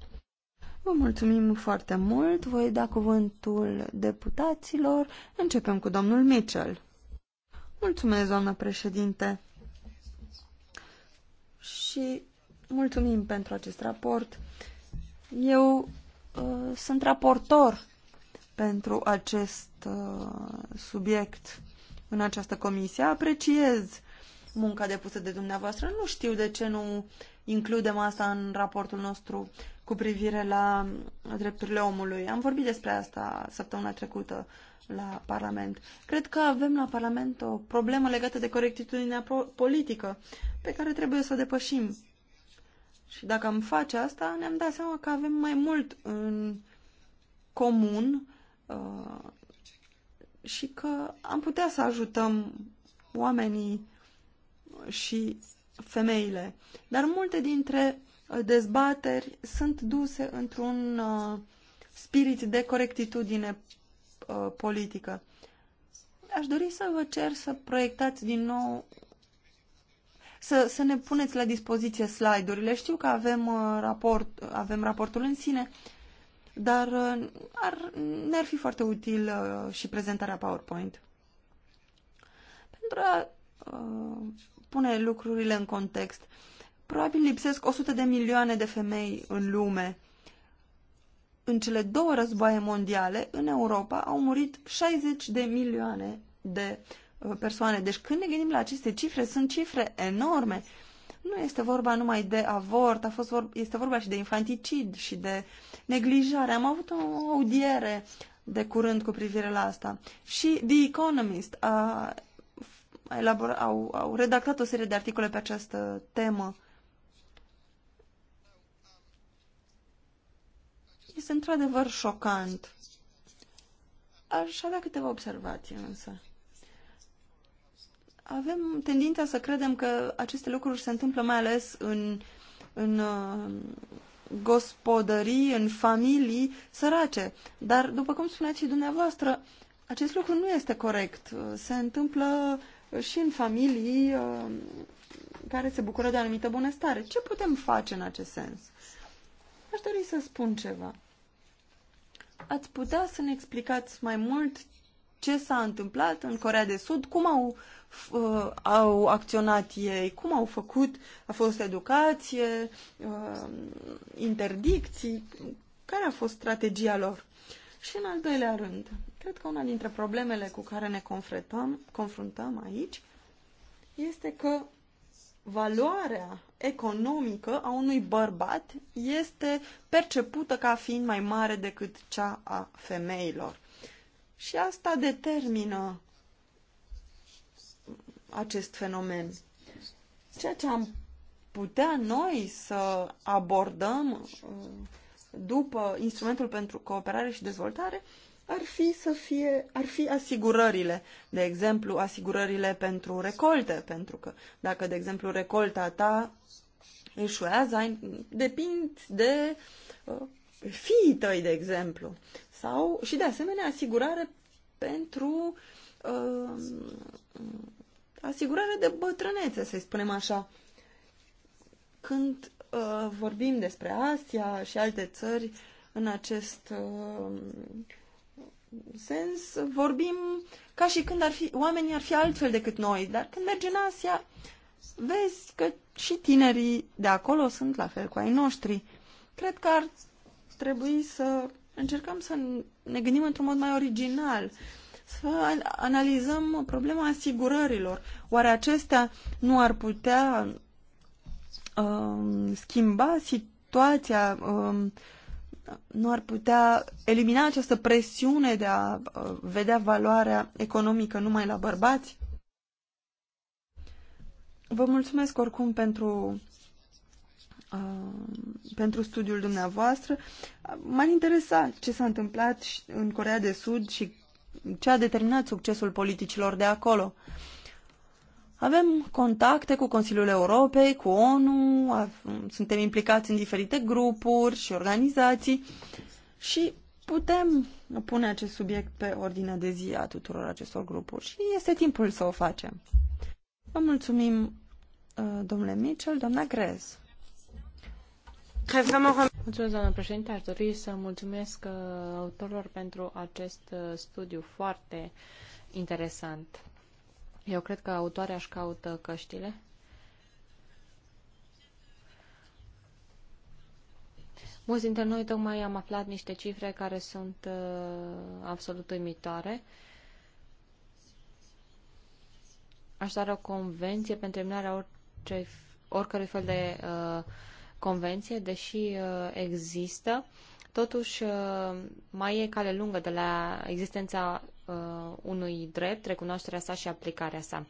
Vă mulțumim foarte mult. Voi da cuvântul deputaților. Începem cu domnul Mitchell. Mulțumesc, doamnă președinte. Și mulțumim pentru acest raport. Eu uh, sunt raportor pentru acest uh, subiect în această comisie. Apreciez munca depusă de dumneavoastră. Nu știu de ce nu includem asta în raportul nostru cu privire la drepturile omului. Am vorbit despre asta săptămâna trecută la Parlament. Cred că avem la Parlament o problemă legată de corectitudinea politică pe care trebuie să o depășim. Și dacă am face asta, ne-am dat seama că avem mai mult în comun uh, și că am putea să ajutăm oamenii și femeile. Dar multe dintre uh, dezbateri sunt duse într-un uh, spirit de corectitudine uh, politică. Aș dori să vă cer să proiectați din nou să, să ne puneți la dispoziție slide-urile. Știu că avem, uh, raport, avem raportul în sine, dar uh, ar, ne-ar fi foarte util uh, și prezentarea PowerPoint. Pentru a uh, pune lucrurile în context, probabil lipsesc 100 de milioane de femei în lume. În cele două războaie mondiale, în Europa, au murit 60 de milioane de femei Uh, persoane. Deci când ne gândim la aceste cifre, sunt cifre enorme. Nu este vorba numai de avort, a fost vorba, este vorba și de infanticid și de neglijare. Am avut o audiere de curând cu privire la asta. Și The Economist a elabora, au, au redactat o serie de articole pe această temă. Este într-adevăr șocant. Aș avea câteva observații însă avem tendința să credem că aceste lucruri se întâmplă mai ales în, în uh, gospodării, în familii sărace. Dar, după cum spuneați și dumneavoastră, acest lucru nu este corect. Uh, se întâmplă și în familii uh, care se bucură de anumită bunăstare. Ce putem face în acest sens? Aș dori să spun ceva. Ați putea să ne explicați mai mult ce s-a întâmplat în Corea de Sud, cum au, uh, au acționat ei, cum au făcut, a fost educație, uh, interdicții, care a fost strategia lor. Și în al doilea rând, cred că una dintre problemele cu care ne confruntăm, confruntăm aici este că valoarea economică a unui bărbat este percepută ca fiind mai mare decât cea a femeilor. Și asta determină acest fenomen. Ceea ce am putea noi să abordăm uh, după instrumentul pentru cooperare și dezvoltare ar fi să fie, ar fi asigurările, de exemplu, asigurările pentru recolte, pentru că dacă, de exemplu, recolta ta eșuează, depind de uh, fiii tăi, de exemplu sau și de asemenea asigurare pentru uh, asigurare de bătrânețe, să spunem așa. Când uh, vorbim despre Asia și alte țări în acest uh, sens, vorbim ca și când ar fi, oamenii ar fi altfel decât noi, dar când mergi în Asia, vezi că și tinerii de acolo sunt la fel cu ai noștri. Cred că ar trebui să încercăm să ne gândim într-un mod mai original, să analizăm problema asigurărilor. Oare acestea nu ar putea um, schimba situația, um, nu ar putea elimina această presiune de a uh, vedea valoarea economică numai la bărbați? Vă mulțumesc oricum pentru Uh, pentru studiul dumneavoastră. M-ar interesa ce s-a întâmplat în Corea de Sud și ce a determinat succesul politicilor de acolo. Avem contacte cu Consiliul Europei, cu ONU, suntem implicați în diferite grupuri și organizații și putem pune acest subiect pe ordinea de zi a tuturor acestor grupuri și este timpul să o facem. Vă mulțumim, uh, domnule Mitchell, doamna Grez. Mulțumesc, doamnă președinte. Aș dori să mulțumesc uh, autorilor pentru acest uh, studiu foarte interesant. Eu cred că autoarea își caută căștile. Mulți dintre noi tocmai am aflat niște cifre care sunt uh, absolut uimitoare. Așadar, o convenție pentru eliminarea orice, oricărui fel de uh, convenție, deși uh, există, totuși uh, mai e cale lungă de la existența uh, unui drept, recunoașterea sa și aplicarea sa.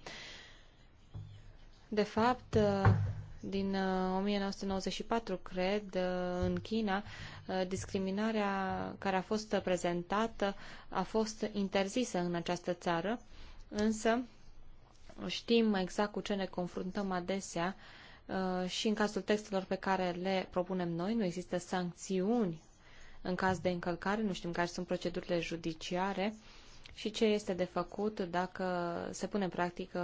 De fapt, din 1994, cred, în China, discriminarea care a fost prezentată a fost interzisă în această țară, însă știm exact cu ce ne confruntăm adesea Uh, și în cazul textelor pe care le propunem noi nu există sancțiuni în caz de încălcare, nu știm care sunt procedurile judiciare și ce este de făcut dacă se pune în practică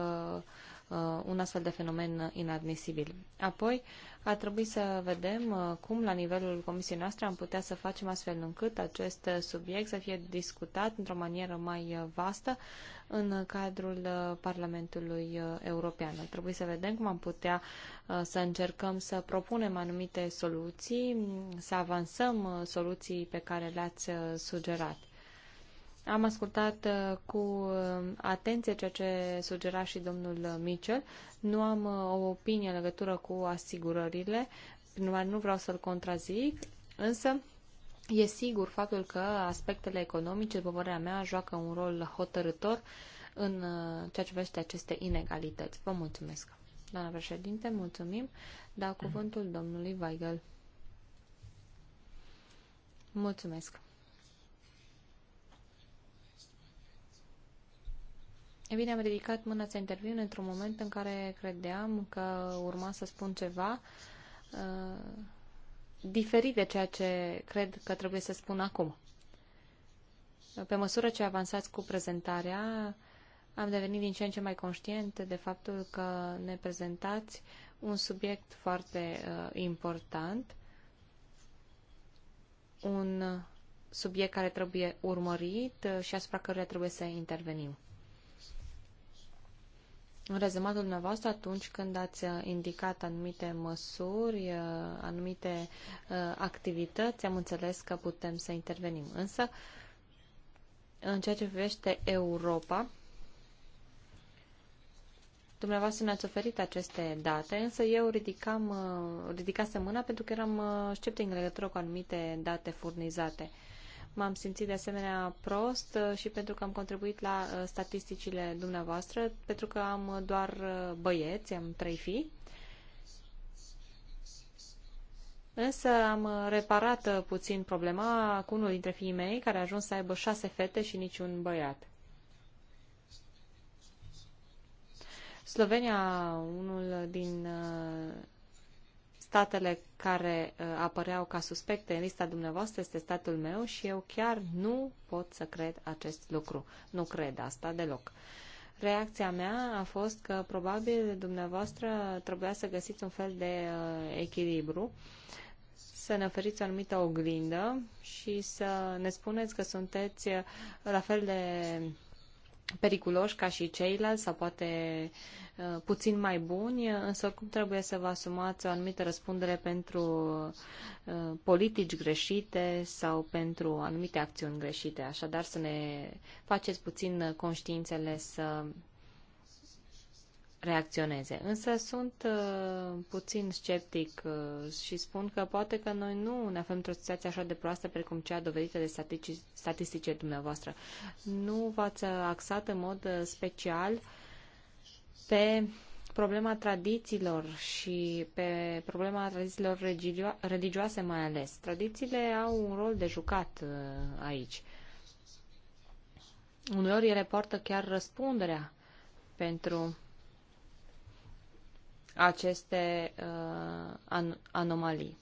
Uh, un astfel de fenomen inadmisibil. Apoi, ar trebui să vedem uh, cum, la nivelul comisiei noastre, am putea să facem astfel încât acest subiect să fie discutat într-o manieră mai uh, vastă în cadrul Parlamentului European. Ar trebui să vedem cum am putea să încercăm să propunem anumite soluții, să avansăm soluții pe care le-ați sugerat. Am ascultat uh, cu uh, atenție ceea ce sugera și domnul Mitchell. Nu am uh, o opinie în legătură cu asigurările, prin urmare nu vreau să-l contrazic, însă e sigur faptul că aspectele economice, după părerea mea, joacă un rol hotărător în ceea ce vește aceste inegalități. Vă mulțumesc. Doamna președinte, mulțumim. Dau cuvântul domnului Weigel. Mulțumesc. E bine, am ridicat mâna să interviu într-un moment în care credeam că urma să spun ceva uh, diferit de ceea ce cred că trebuie să spun acum. Pe măsură ce avansați cu prezentarea, am devenit din ce în ce mai conștient de faptul că ne prezentați un subiect foarte uh, important, un subiect care trebuie urmărit uh, și asupra căruia trebuie să intervenim în rezumatul dumneavoastră atunci când ați uh, indicat anumite măsuri, uh, anumite uh, activități, am înțeles că putem să intervenim. Însă, în ceea ce privește Europa, dumneavoastră ne-ați oferit aceste date, însă eu ridicam, ridicasem mâna pentru că eram sceptic în legătură cu anumite date furnizate. Uh, m-am simțit de asemenea prost uh, și pentru că am contribuit la uh, statisticile dumneavoastră, pentru că am uh, doar băieți, am trei fii. Însă am reparat puțin problema cu unul dintre fiii mei, care a ajuns să aibă șase fete și niciun băiat. Slovenia, unul din Statele care uh, apăreau ca suspecte în lista dumneavoastră este statul meu și eu chiar nu pot să cred acest lucru. Nu cred asta deloc. Reacția mea a fost că probabil dumneavoastră trebuia să găsiți un fel de uh, echilibru, să ne oferiți o anumită oglindă și să ne spuneți că sunteți uh, la fel de periculoși ca și ceilalți sau poate uh, Uh, puțin mai buni, însă cum trebuie să vă asumați o anumită răspundere pentru uh, politici greșite sau pentru anumite acțiuni greșite. Așadar să ne faceți puțin conștiințele să reacționeze. Însă sunt uh, puțin sceptic uh, și spun că poate că noi nu ne avem într-o situație așa de proastă precum cea dovedită de statistici, statistice dumneavoastră. Nu v-ați axat în mod uh, special pe problema tradițiilor și pe problema tradițiilor religio- religioase mai ales. Tradițiile au un rol de jucat uh, aici. Uneori ele poartă chiar răspunderea pentru aceste uh, an- anomalii.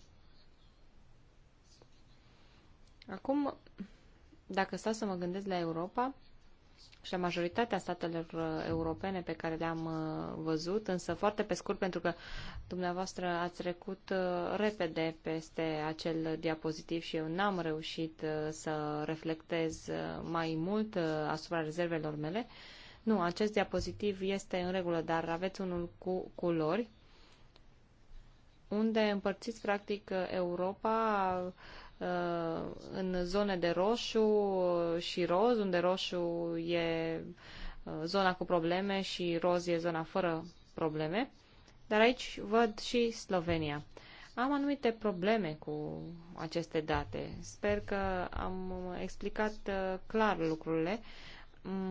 Acum, dacă stau să mă gândesc la Europa, și la majoritatea statelor uh, europene pe care le-am uh, văzut, însă foarte pe scurt, pentru că dumneavoastră ați trecut uh, repede peste acel diapozitiv și eu n-am reușit să reflectez mai mult asupra rezervelor mele. Nu, acest diapozitiv este în regulă, dar aveți unul cu culori, unde împărțiți practic Europa Uh, în zone de roșu uh, și roz, unde roșu e uh, zona cu probleme și roz e zona fără probleme. Dar aici văd și Slovenia. Am anumite probleme cu aceste date. Sper că am explicat clar lucrurile.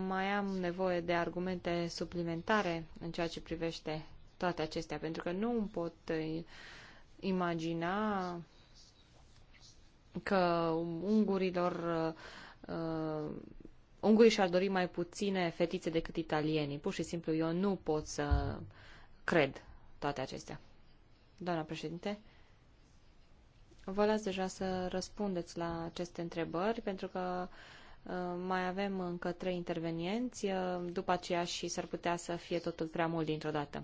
Mai am nevoie de argumente suplimentare în ceea ce privește toate acestea, pentru că nu îmi pot imagina că ungurilor uh, ungurii și-ar dori mai puține fetițe decât italienii. Pur și simplu eu nu pot să cred toate acestea. Doamna președinte, vă las deja să răspundeți la aceste întrebări, pentru că uh, Uh, mai avem încă trei intervenienți, uh, după aceea și s-ar putea să fie totul prea mult dintr-o dată.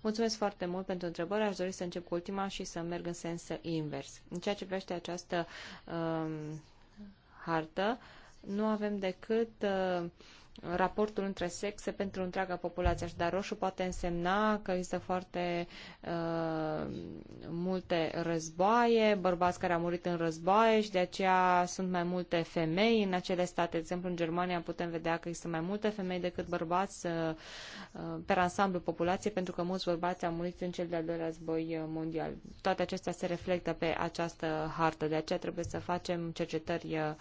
Mulțumesc foarte mult pentru întrebări. Aș dori să încep cu ultima și să merg în sens invers. În ceea ce privește această uh, hartă, nu avem decât uh, raportul între sexe pentru întreaga populație. Așadar, roșu poate însemna că există foarte uh, multe războaie, bărbați care au murit în războaie și de aceea sunt mai multe femei în acele state. De exemplu, în Germania putem vedea că există mai multe femei decât bărbați uh, uh per ansamblu populație, pentru că mulți bărbați au murit în cel de-al doilea război mondial. Toate acestea se reflectă pe această hartă, de aceea trebuie să facem cercetări uh,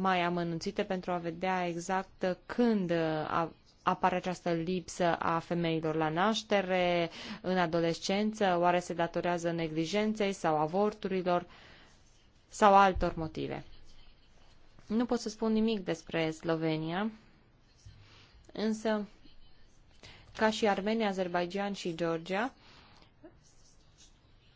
mai amănunțite pentru a vedea exact când apare această lipsă a femeilor la naștere, în adolescență, oare se datorează neglijenței sau avorturilor sau altor motive. Nu pot să spun nimic despre Slovenia, însă, ca și Armenia, Azerbaijan și Georgia,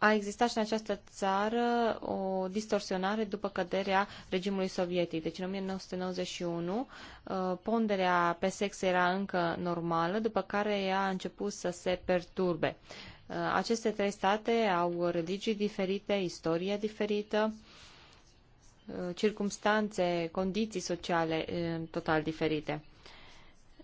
a existat și în această țară o distorsionare după căderea regimului sovietic. Deci în 1991 uh, ponderea pe sex era încă normală, după care ea a început să se perturbe. Uh, aceste trei state au religii diferite, istorie diferită, uh, circumstanțe, condiții sociale total diferite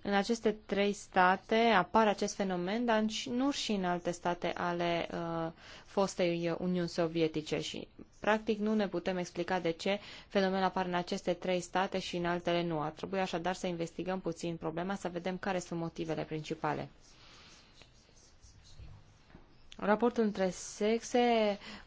în aceste trei state apare acest fenomen, dar nu și în alte state ale uh, fostei uh, Uniuni Sovietice și practic nu ne putem explica de ce fenomenul apare în aceste trei state și în altele nu. Ar trebui așadar să investigăm puțin problema, să vedem care sunt motivele principale. Raportul între sexe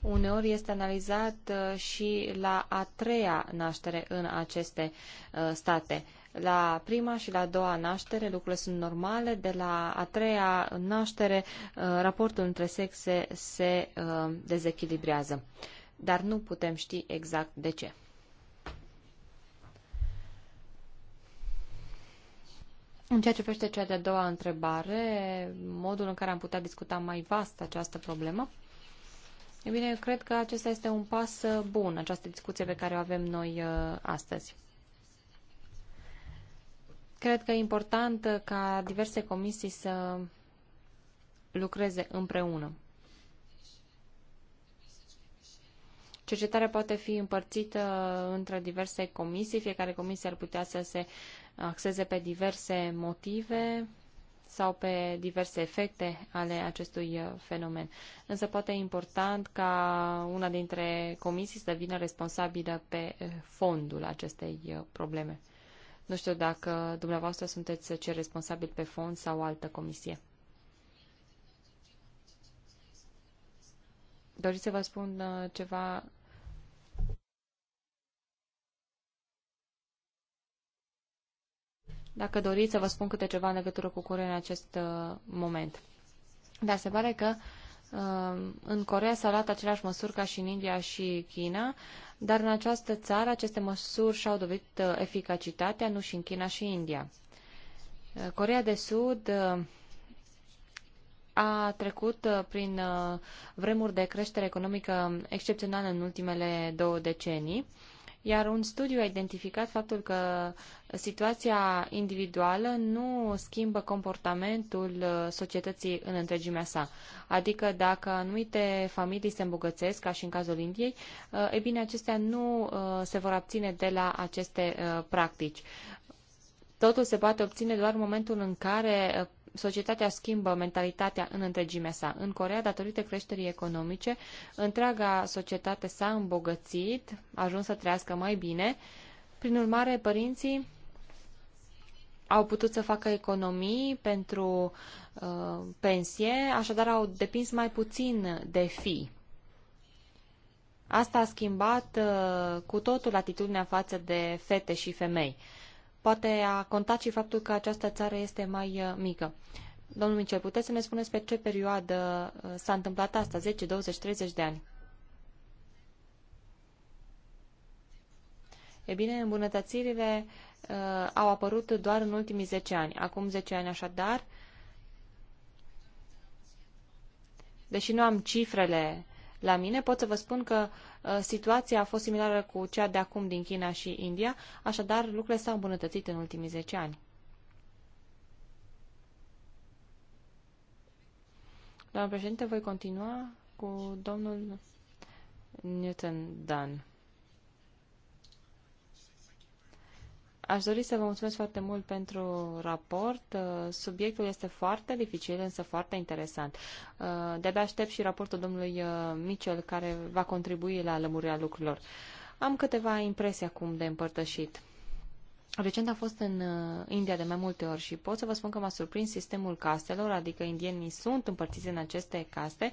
uneori este analizat uh, și la a treia naștere în aceste uh, state. La prima și la a doua naștere lucrurile sunt normale, de la a treia naștere uh, raportul între sexe se uh, dezechilibrează. Dar nu putem ști exact de ce. În ceea ce privește cea de-a doua întrebare, modul în care am putea discuta mai vast această problemă, e bine, eu cred că acesta este un pas uh, bun, această discuție pe care o avem noi astăzi. Cred că e important uh, ca diverse comisii să lucreze împreună. Cercetarea poate fi împărțită uh, între diverse comisii, fiecare comisie ar putea să se axeze pe diverse motive sau pe diverse efecte ale acestui uh, fenomen. Însă poate e important ca una dintre comisii să devină responsabilă pe fondul acestei probleme. Nu știu dacă dumneavoastră sunteți cel responsabil pe fond sau o altă comisie. Doriți să vă spun uh, ceva Dacă doriți să vă spun câte ceva în legătură cu curând în acest uh, moment. Dar se pare că uh, Um, în Corea s-au luat aceleași măsuri ca și în India și China, dar în această țară aceste măsuri și-au dovedit uh, eficacitatea, nu și în China și India. Uh, Corea de Sud uh, a trecut prin vremuri de creștere economică excepțională în ultimele două decenii iar un studiu a identificat faptul că situația individuală nu schimbă comportamentul uh, societății în întregimea sa. Adică dacă anumite familii se îmbogățesc, ca și în cazul Indiei, uh, e bine, acestea nu uh, se vor abține de la aceste practici. Totul se poate obține doar în momentul în care societatea schimbă mentalitatea în întregimea sa. În Corea, datorită creșterii economice, întreaga societate s-a îmbogățit, a ajuns să trăiască mai bine. Prin urmare, părinții au putut să facă economii pentru uh, pensie, așadar au depins mai puțin de fi. Asta a schimbat uh, cu totul atitudinea față de fete și femei. Uh, Poate a contat și faptul că această țară este mai uh, mică. Domnul Michel, puteți să ne spuneți pe ce perioadă uh, s-a întâmplat asta? 10, 20, 30 de ani? E bine, îmbunătățirile uh, au apărut doar în ultimii 10 ani. Acum 10 ani așadar, deși nu am cifrele la mine, pot să vă spun că uh, situația a fost similară cu cea de acum din China și India, așadar lucrurile s-au îmbunătățit în ultimii 10 ani. Doamna președinte, voi continua cu domnul Newton Dunn. Aș dori să vă mulțumesc foarte mult pentru raport. Uh, subiectul este foarte dificil, însă foarte interesant. Uh, de-abia aștept și raportul domnului uh, Mitchell, care va contribui la lămurirea lucrurilor. Am câteva impresii acum de împărtășit. Recent am fost în uh, India de mai multe ori și pot să vă spun că m-a surprins sistemul castelor, adică indienii sunt împărțiți în aceste caste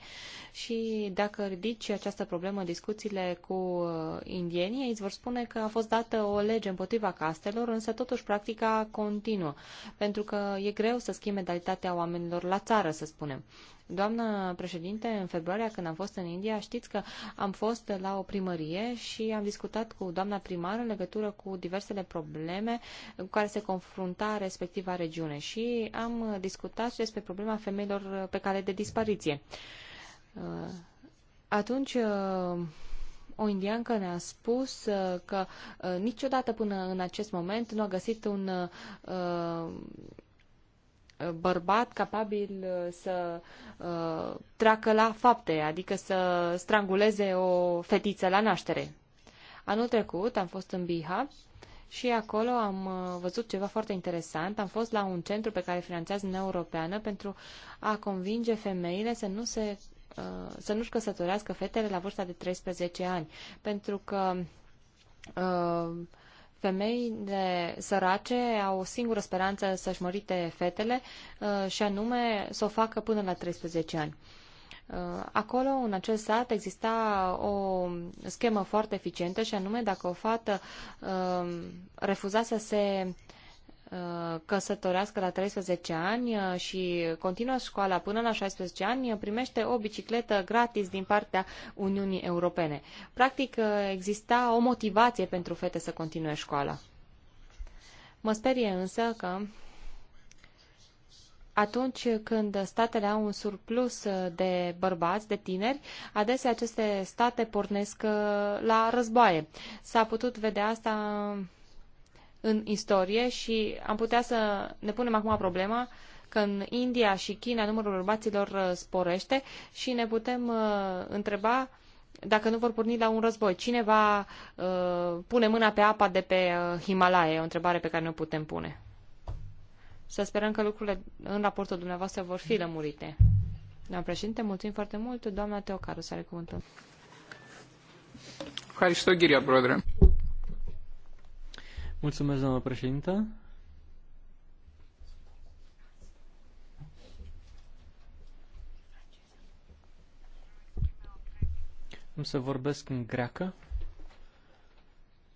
și dacă ridici această problemă în discuțiile cu uh, indienii, ei îți vor spune că a fost dată o lege împotriva castelor, însă totuși practica continuă, pentru că e greu să schimbi mentalitatea oamenilor la țară, să spunem. Doamnă președinte, în februarie când am fost în India, știți că am fost la o primărie și am discutat cu doamna primară în legătură cu diversele probleme cu care se confrunta respectiva regiune și am discutat și despre problema femeilor pe cale de dispariție. Uh, atunci, uh, o indiancă ne-a spus uh, că niciodată până în acest moment nu a găsit un Uh, bărbat capabil uh, să uh, treacă la fapte, adică să stranguleze o fetiță la naștere. Anul trecut am fost în Biha și acolo am uh, văzut ceva foarte interesant. Am fost la un centru pe care finanțează Uniunea Europeană pentru a convinge femeile să nu se să nu-și căsătorească fetele la vârsta de 13 ani, pentru că uh, femeile sărace au o singură speranță să-și mărite fetele uh, și anume să o facă până la 13 ani. Uh, acolo, în acel sat, exista o schemă foarte eficientă și anume dacă o fată uh, refuza să se Uh, căsătorească la 13 ani uh, și continuă școala până la 16 ani, uh, primește o bicicletă gratis din partea Uniunii Europene. Practic, exista o motivație pentru fete să continue școala. Mă sperie însă că atunci când statele au un surplus de bărbați, de tineri, adesea aceste state pornesc la războaie. S-a putut vedea asta în istorie și am putea să ne punem acum problema că în India și China numărul bărbaților uh, sporește și ne putem uh, întreba dacă nu vor porni la un război. Cine va uh, pune mâna pe apa de pe uh, Himalaya? E o întrebare pe care nu o putem pune. Să sperăm că lucrurile în raportul dumneavoastră vor fi lămurite. Doamna președinte, mulțumim foarte mult. Doamna Teocaru, să are cuvântul. Haristo, Ghiria, brother. Mulțumesc, doamnă președintă. Am să vorbesc în greacă,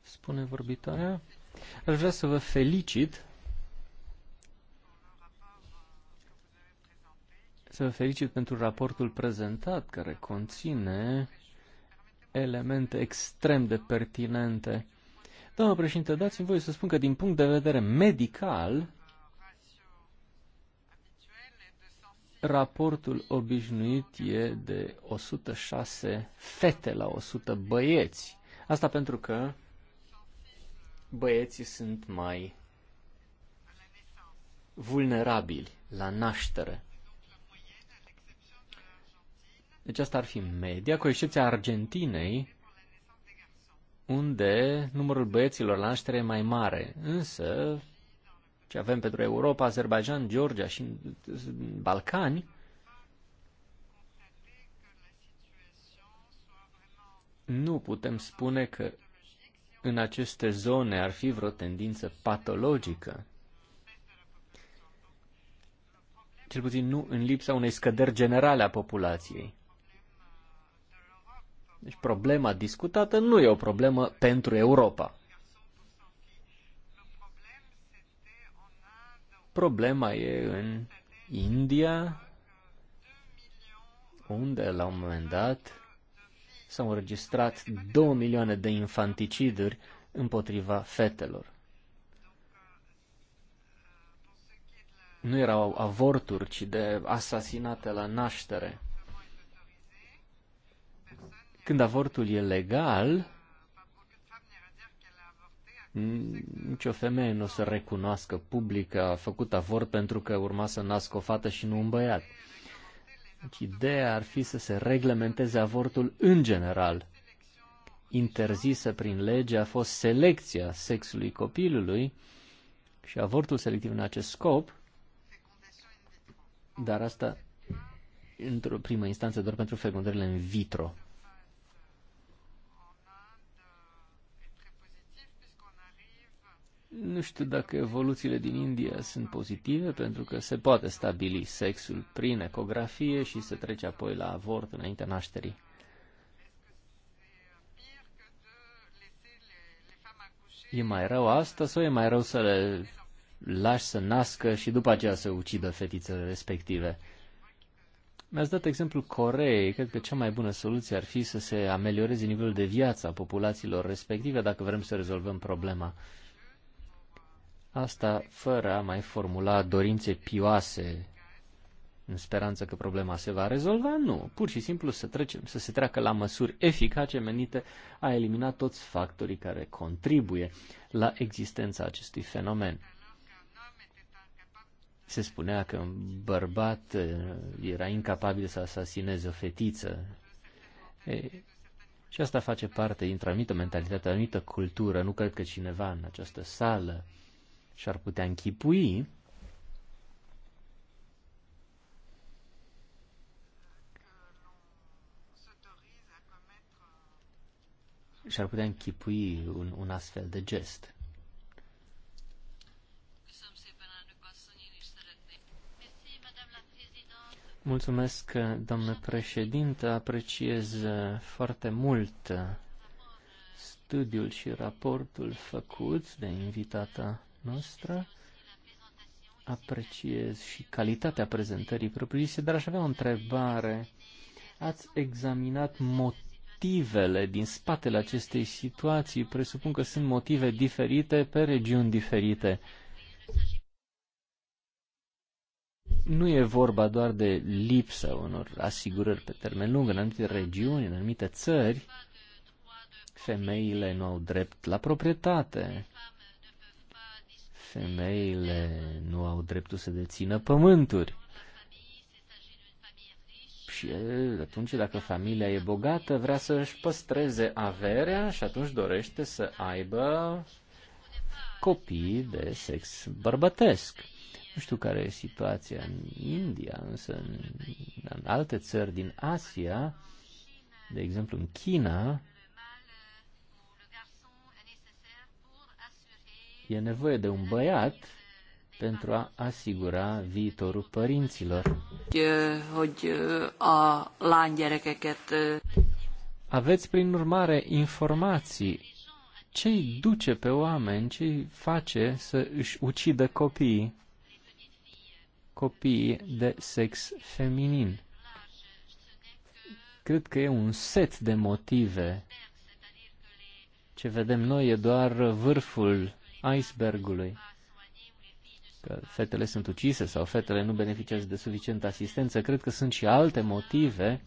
spune vorbitoarea. Aș vrea să vă felicit să vă felicit pentru raportul prezentat, care conține elemente extrem de pertinente. Doamna președinte, dați-mi voie să spun că din punct de vedere medical, raportul obișnuit e de 106 fete la 100 băieți. Asta pentru că băieții sunt mai vulnerabili la naștere. Deci asta ar fi media, cu excepția Argentinei, unde numărul băieților la naștere e mai mare. Însă, ce avem pentru Europa, Azerbaijan, Georgia și Balcani, nu putem spune că în aceste zone ar fi vreo tendință patologică. Cel puțin nu în lipsa unei scăderi generale a populației. Deci problema discutată nu e o problemă pentru Europa. Problema e în India, unde la un moment dat s-au înregistrat 2 milioane de infanticiduri împotriva fetelor. Nu erau avorturi, ci de asasinate la naștere. Când avortul e legal, nicio femeie nu o să recunoască public că a făcut avort pentru că urma să nască o fată și nu un băiat. Deci, ideea ar fi să se reglementeze avortul în general. Interzisă prin lege a fost selecția sexului copilului și avortul selectiv în acest scop, dar asta într-o primă instanță doar pentru fecundările în vitro. Nu știu dacă evoluțiile din India sunt pozitive, pentru că se poate stabili sexul prin ecografie și se trece apoi la avort înaintea nașterii. E mai rău asta sau e mai rău să le lași să nască și după aceea să ucidă fetițele respective? Mi-ați dat exemplul Coreei. Cred că cea mai bună soluție ar fi să se amelioreze nivelul de viață a populațiilor respective dacă vrem să rezolvăm problema. Asta fără a mai formula dorințe pioase în speranță că problema se va rezolva, nu. Pur și simplu să, trecem, să se treacă la măsuri eficace menite a elimina toți factorii care contribuie la existența acestui fenomen. Se spunea că un bărbat eh, era incapabil să asasineze o fetiță. E, și asta face parte dintr-o anumită mentalitate, o anumită cultură. Nu cred că cineva în această sală și-ar putea închipui și-ar putea închipui un, un astfel de gest. Mulțumesc, domnule președinte. Apreciez foarte mult studiul și raportul făcut de invitata noastră. Apreciez și calitatea prezentării propriu-zise, dar aș avea o întrebare. Ați examinat motivele din spatele acestei situații? Presupun că sunt motive diferite pe regiuni diferite. Nu e vorba doar de lipsă, unor asigurări pe termen lung în anumite regiuni, în anumite țări. Femeile nu au drept la proprietate femeile nu au dreptul să dețină pământuri. Și atunci, dacă familia e bogată, vrea să își păstreze averea și atunci dorește să aibă copii de sex bărbătesc. Nu știu care e situația în India, însă în, în alte țări din Asia, de exemplu în China, E nevoie de un băiat pentru a asigura viitorul părinților. a Aveți, prin urmare, informații. Ce îi duce pe oameni, ce îi face să își ucidă copiii, copiii de sex feminin? Cred că e un set de motive. Ce vedem noi e doar vârful icebergului, că fetele sunt ucise sau fetele nu beneficiază de suficientă asistență. Cred că sunt și alte motive,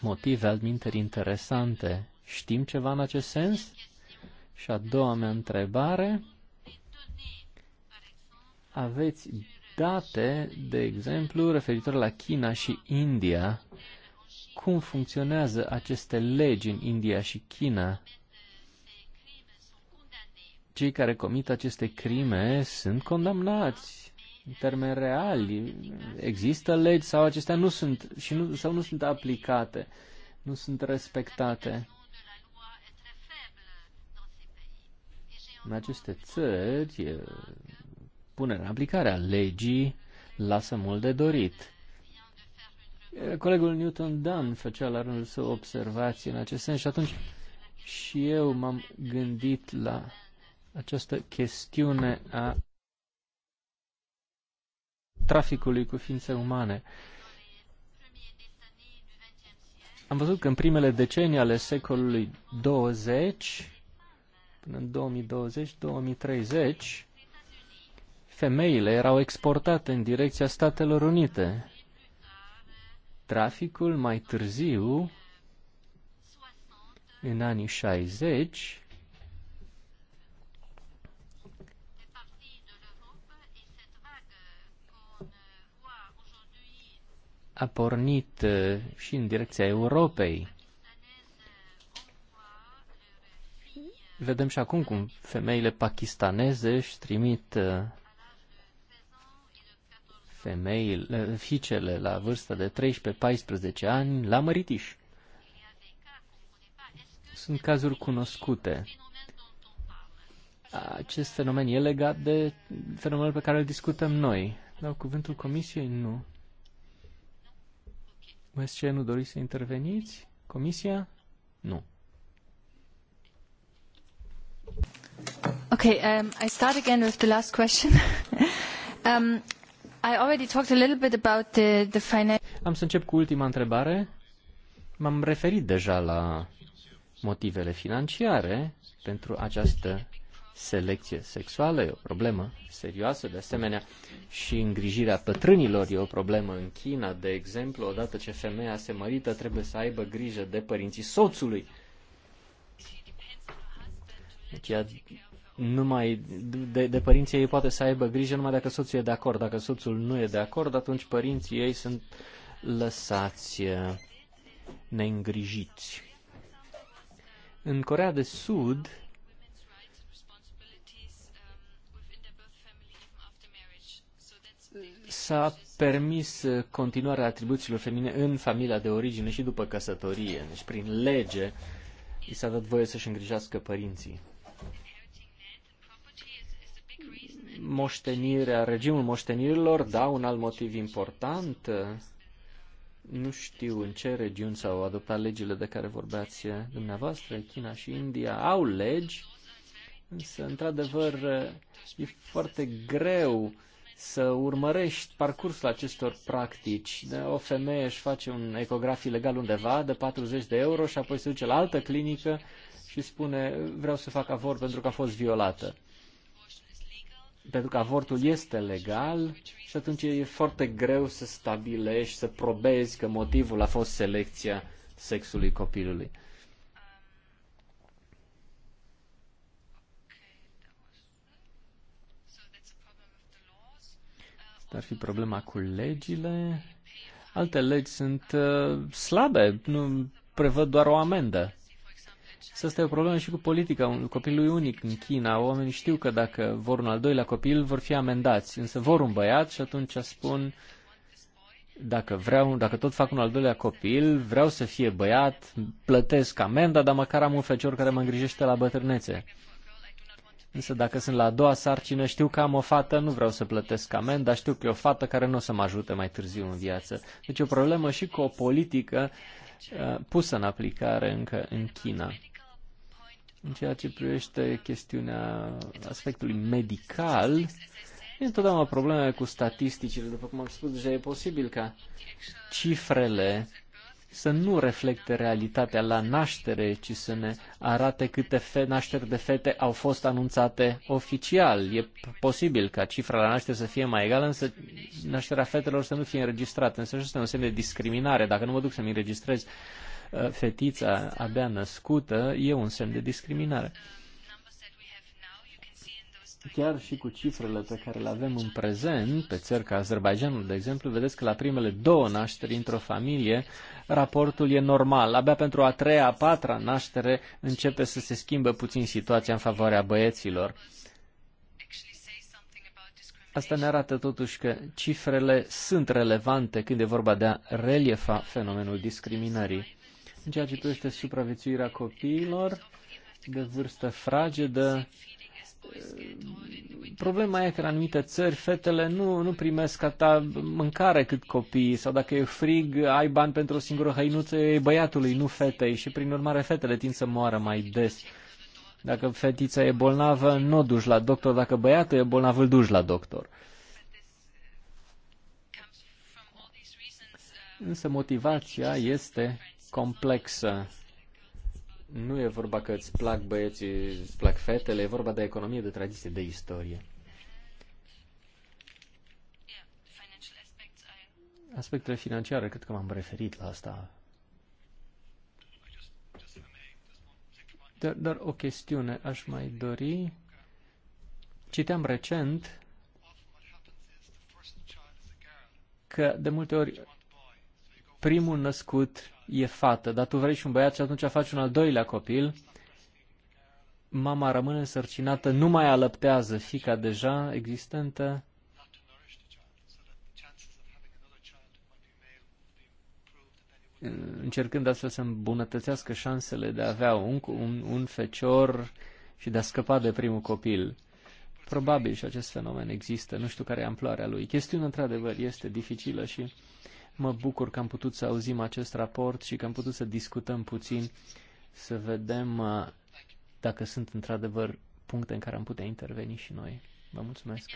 motive alminteri interesante. Știm ceva în acest sens? Și a doua mea întrebare, aveți date, de exemplu, referitor la China și India, cum funcționează aceste legi în India și China cei care comit aceste crime sunt condamnați în termeni reali. Există legi sau acestea nu sunt și nu, sau nu sunt aplicate, nu sunt respectate. În aceste țări, punerea în aplicare a legii lasă mult de dorit. Colegul Newton Dunn făcea la rândul său observații în acest sens și atunci și eu m-am gândit la această chestiune a traficului cu ființe umane. Am văzut că în primele decenii ale secolului 20 până în 2020-2030 femeile erau exportate în direcția Statelor Unite. Traficul mai târziu, în anii 60, a pornit uh, și în direcția Europei. Vedem și acum cum femeile pakistaneze își trimit uh, femeile, uh, fiicele la vârsta de 13-14 ani la măritiș. Sunt cazuri cunoscute. Acest fenomen e legat de fenomenul pe care îl discutăm noi. dar cuvântul comisiei? Nu. OSC, nu doriți să interveniți? Comisia? Nu. Okay, um, I start again with the last question. (laughs) um, I already talked a little bit about the, the financial... Am să încep cu ultima întrebare. M-am referit deja la motivele financiare pentru această selecție sexuală e o problemă serioasă, de asemenea și îngrijirea pătrânilor e o problemă în China, de exemplu, odată ce femeia se mărită trebuie să aibă grijă de părinții soțului. Deci ea numai de, de părinții ei poate să aibă grijă numai dacă soțul e de acord. Dacă soțul nu e de acord, atunci părinții ei sunt lăsați eh, neîngrijiți. În Corea de Sud, s-a permis uh, continuarea atribuțiilor feminine în familia de origine și după căsătorie. Deci, prin lege, i s-a dat voie să-și îngrijească părinții. Moștenirea, regimul moștenirilor, da, un alt motiv important. Nu știu în ce regiuni s-au adoptat legile de care vorbeați dumneavoastră, China și India au legi, însă, într-adevăr, e foarte greu să urmărești parcursul acestor practici. De o femeie își face un ecograf ilegal undeva de 40 de euro și apoi se duce la altă clinică și spune vreau să fac avort pentru că a fost violată. Pentru că avortul este legal și atunci e foarte greu să stabilești, să probezi că motivul a fost selecția sexului copilului. Asta ar fi problema cu legile. Alte legi sunt uh, slabe, nu prevăd doar o amendă. Să asta e o problemă și cu politica copilului unic în China. Oamenii știu că dacă vor un al doilea copil, vor fi amendați, însă vor un băiat și atunci spun dacă vreau, dacă tot fac un al doilea copil, vreau să fie băiat, plătesc amenda, dar măcar am un fecior care mă îngrijește la bătrânețe. Însă dacă sunt la a doua sarcină, știu că am o fată, nu vreau să plătesc amen, dar știu că e o fată care nu o să mă ajute mai târziu în viață. Deci o problemă și cu o politică uh, pusă în aplicare încă în China. În ceea ce privește chestiunea aspectului medical, e întotdeauna problemă cu statisticile. După cum am spus, deja e posibil ca cifrele să nu reflecte realitatea la naștere, ci să ne arate câte fe- nașteri de fete au fost anunțate oficial. E posibil ca cifra la naștere să fie mai egală, însă nașterea fetelor să nu fie înregistrată. Însă acesta e un semn de discriminare. Dacă nu mă duc să-mi înregistrez uh, fetița abia născută, e un semn de discriminare chiar și cu cifrele pe care le avem în prezent, pe țări ca Azerbaijanul, de exemplu, vedeți că la primele două nașteri într-o familie, raportul e normal. Abia pentru a treia, a patra naștere începe să se schimbe puțin situația în favoarea băieților. Asta ne arată totuși că cifrele sunt relevante când e vorba de a reliefa fenomenul discriminării. În ceea ce privește supraviețuirea copiilor de vârstă fragedă, problema e că în anumite țări fetele nu, nu primesc atâta mâncare cât copiii sau dacă e frig ai bani pentru o singură hăinuță e băiatului, nu fetei și prin urmare fetele tind să moară mai des. Dacă fetița e bolnavă, nu o duci la doctor, dacă băiatul e bolnav, îl duci la doctor. Însă motivația este complexă nu e vorba că îți plac băieții, îți plac fetele, e vorba de economie, de tradiție, de istorie. Aspectele financiare, cred că m-am referit la asta. Dar, dar o chestiune aș mai dori. Citeam recent că de multe ori primul născut e fată, dar tu vrei și un băiat și atunci faci un al doilea copil, mama rămâne însărcinată, nu mai alăptează fica deja existentă, încercând astfel să îmbunătățească șansele de a avea un, un, un fecior și de a scăpa de primul copil. Probabil și acest fenomen există, nu știu care e amploarea lui. Chestiunea, într-adevăr, este dificilă și Mă bucur că am putut să auzim acest raport și că am putut să discutăm puțin, să vedem uh, dacă sunt într-adevăr puncte în care am putea interveni și noi. Vă mulțumesc!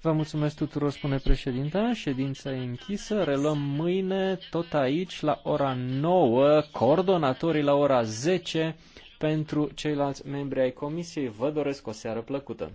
Vă mulțumesc tuturor, spune președinta. Ședința e închisă. Reluăm mâine, tot aici, la ora 9, coordonatorii la ora 10. Pentru ceilalți membri ai comisiei, vă doresc o seară plăcută.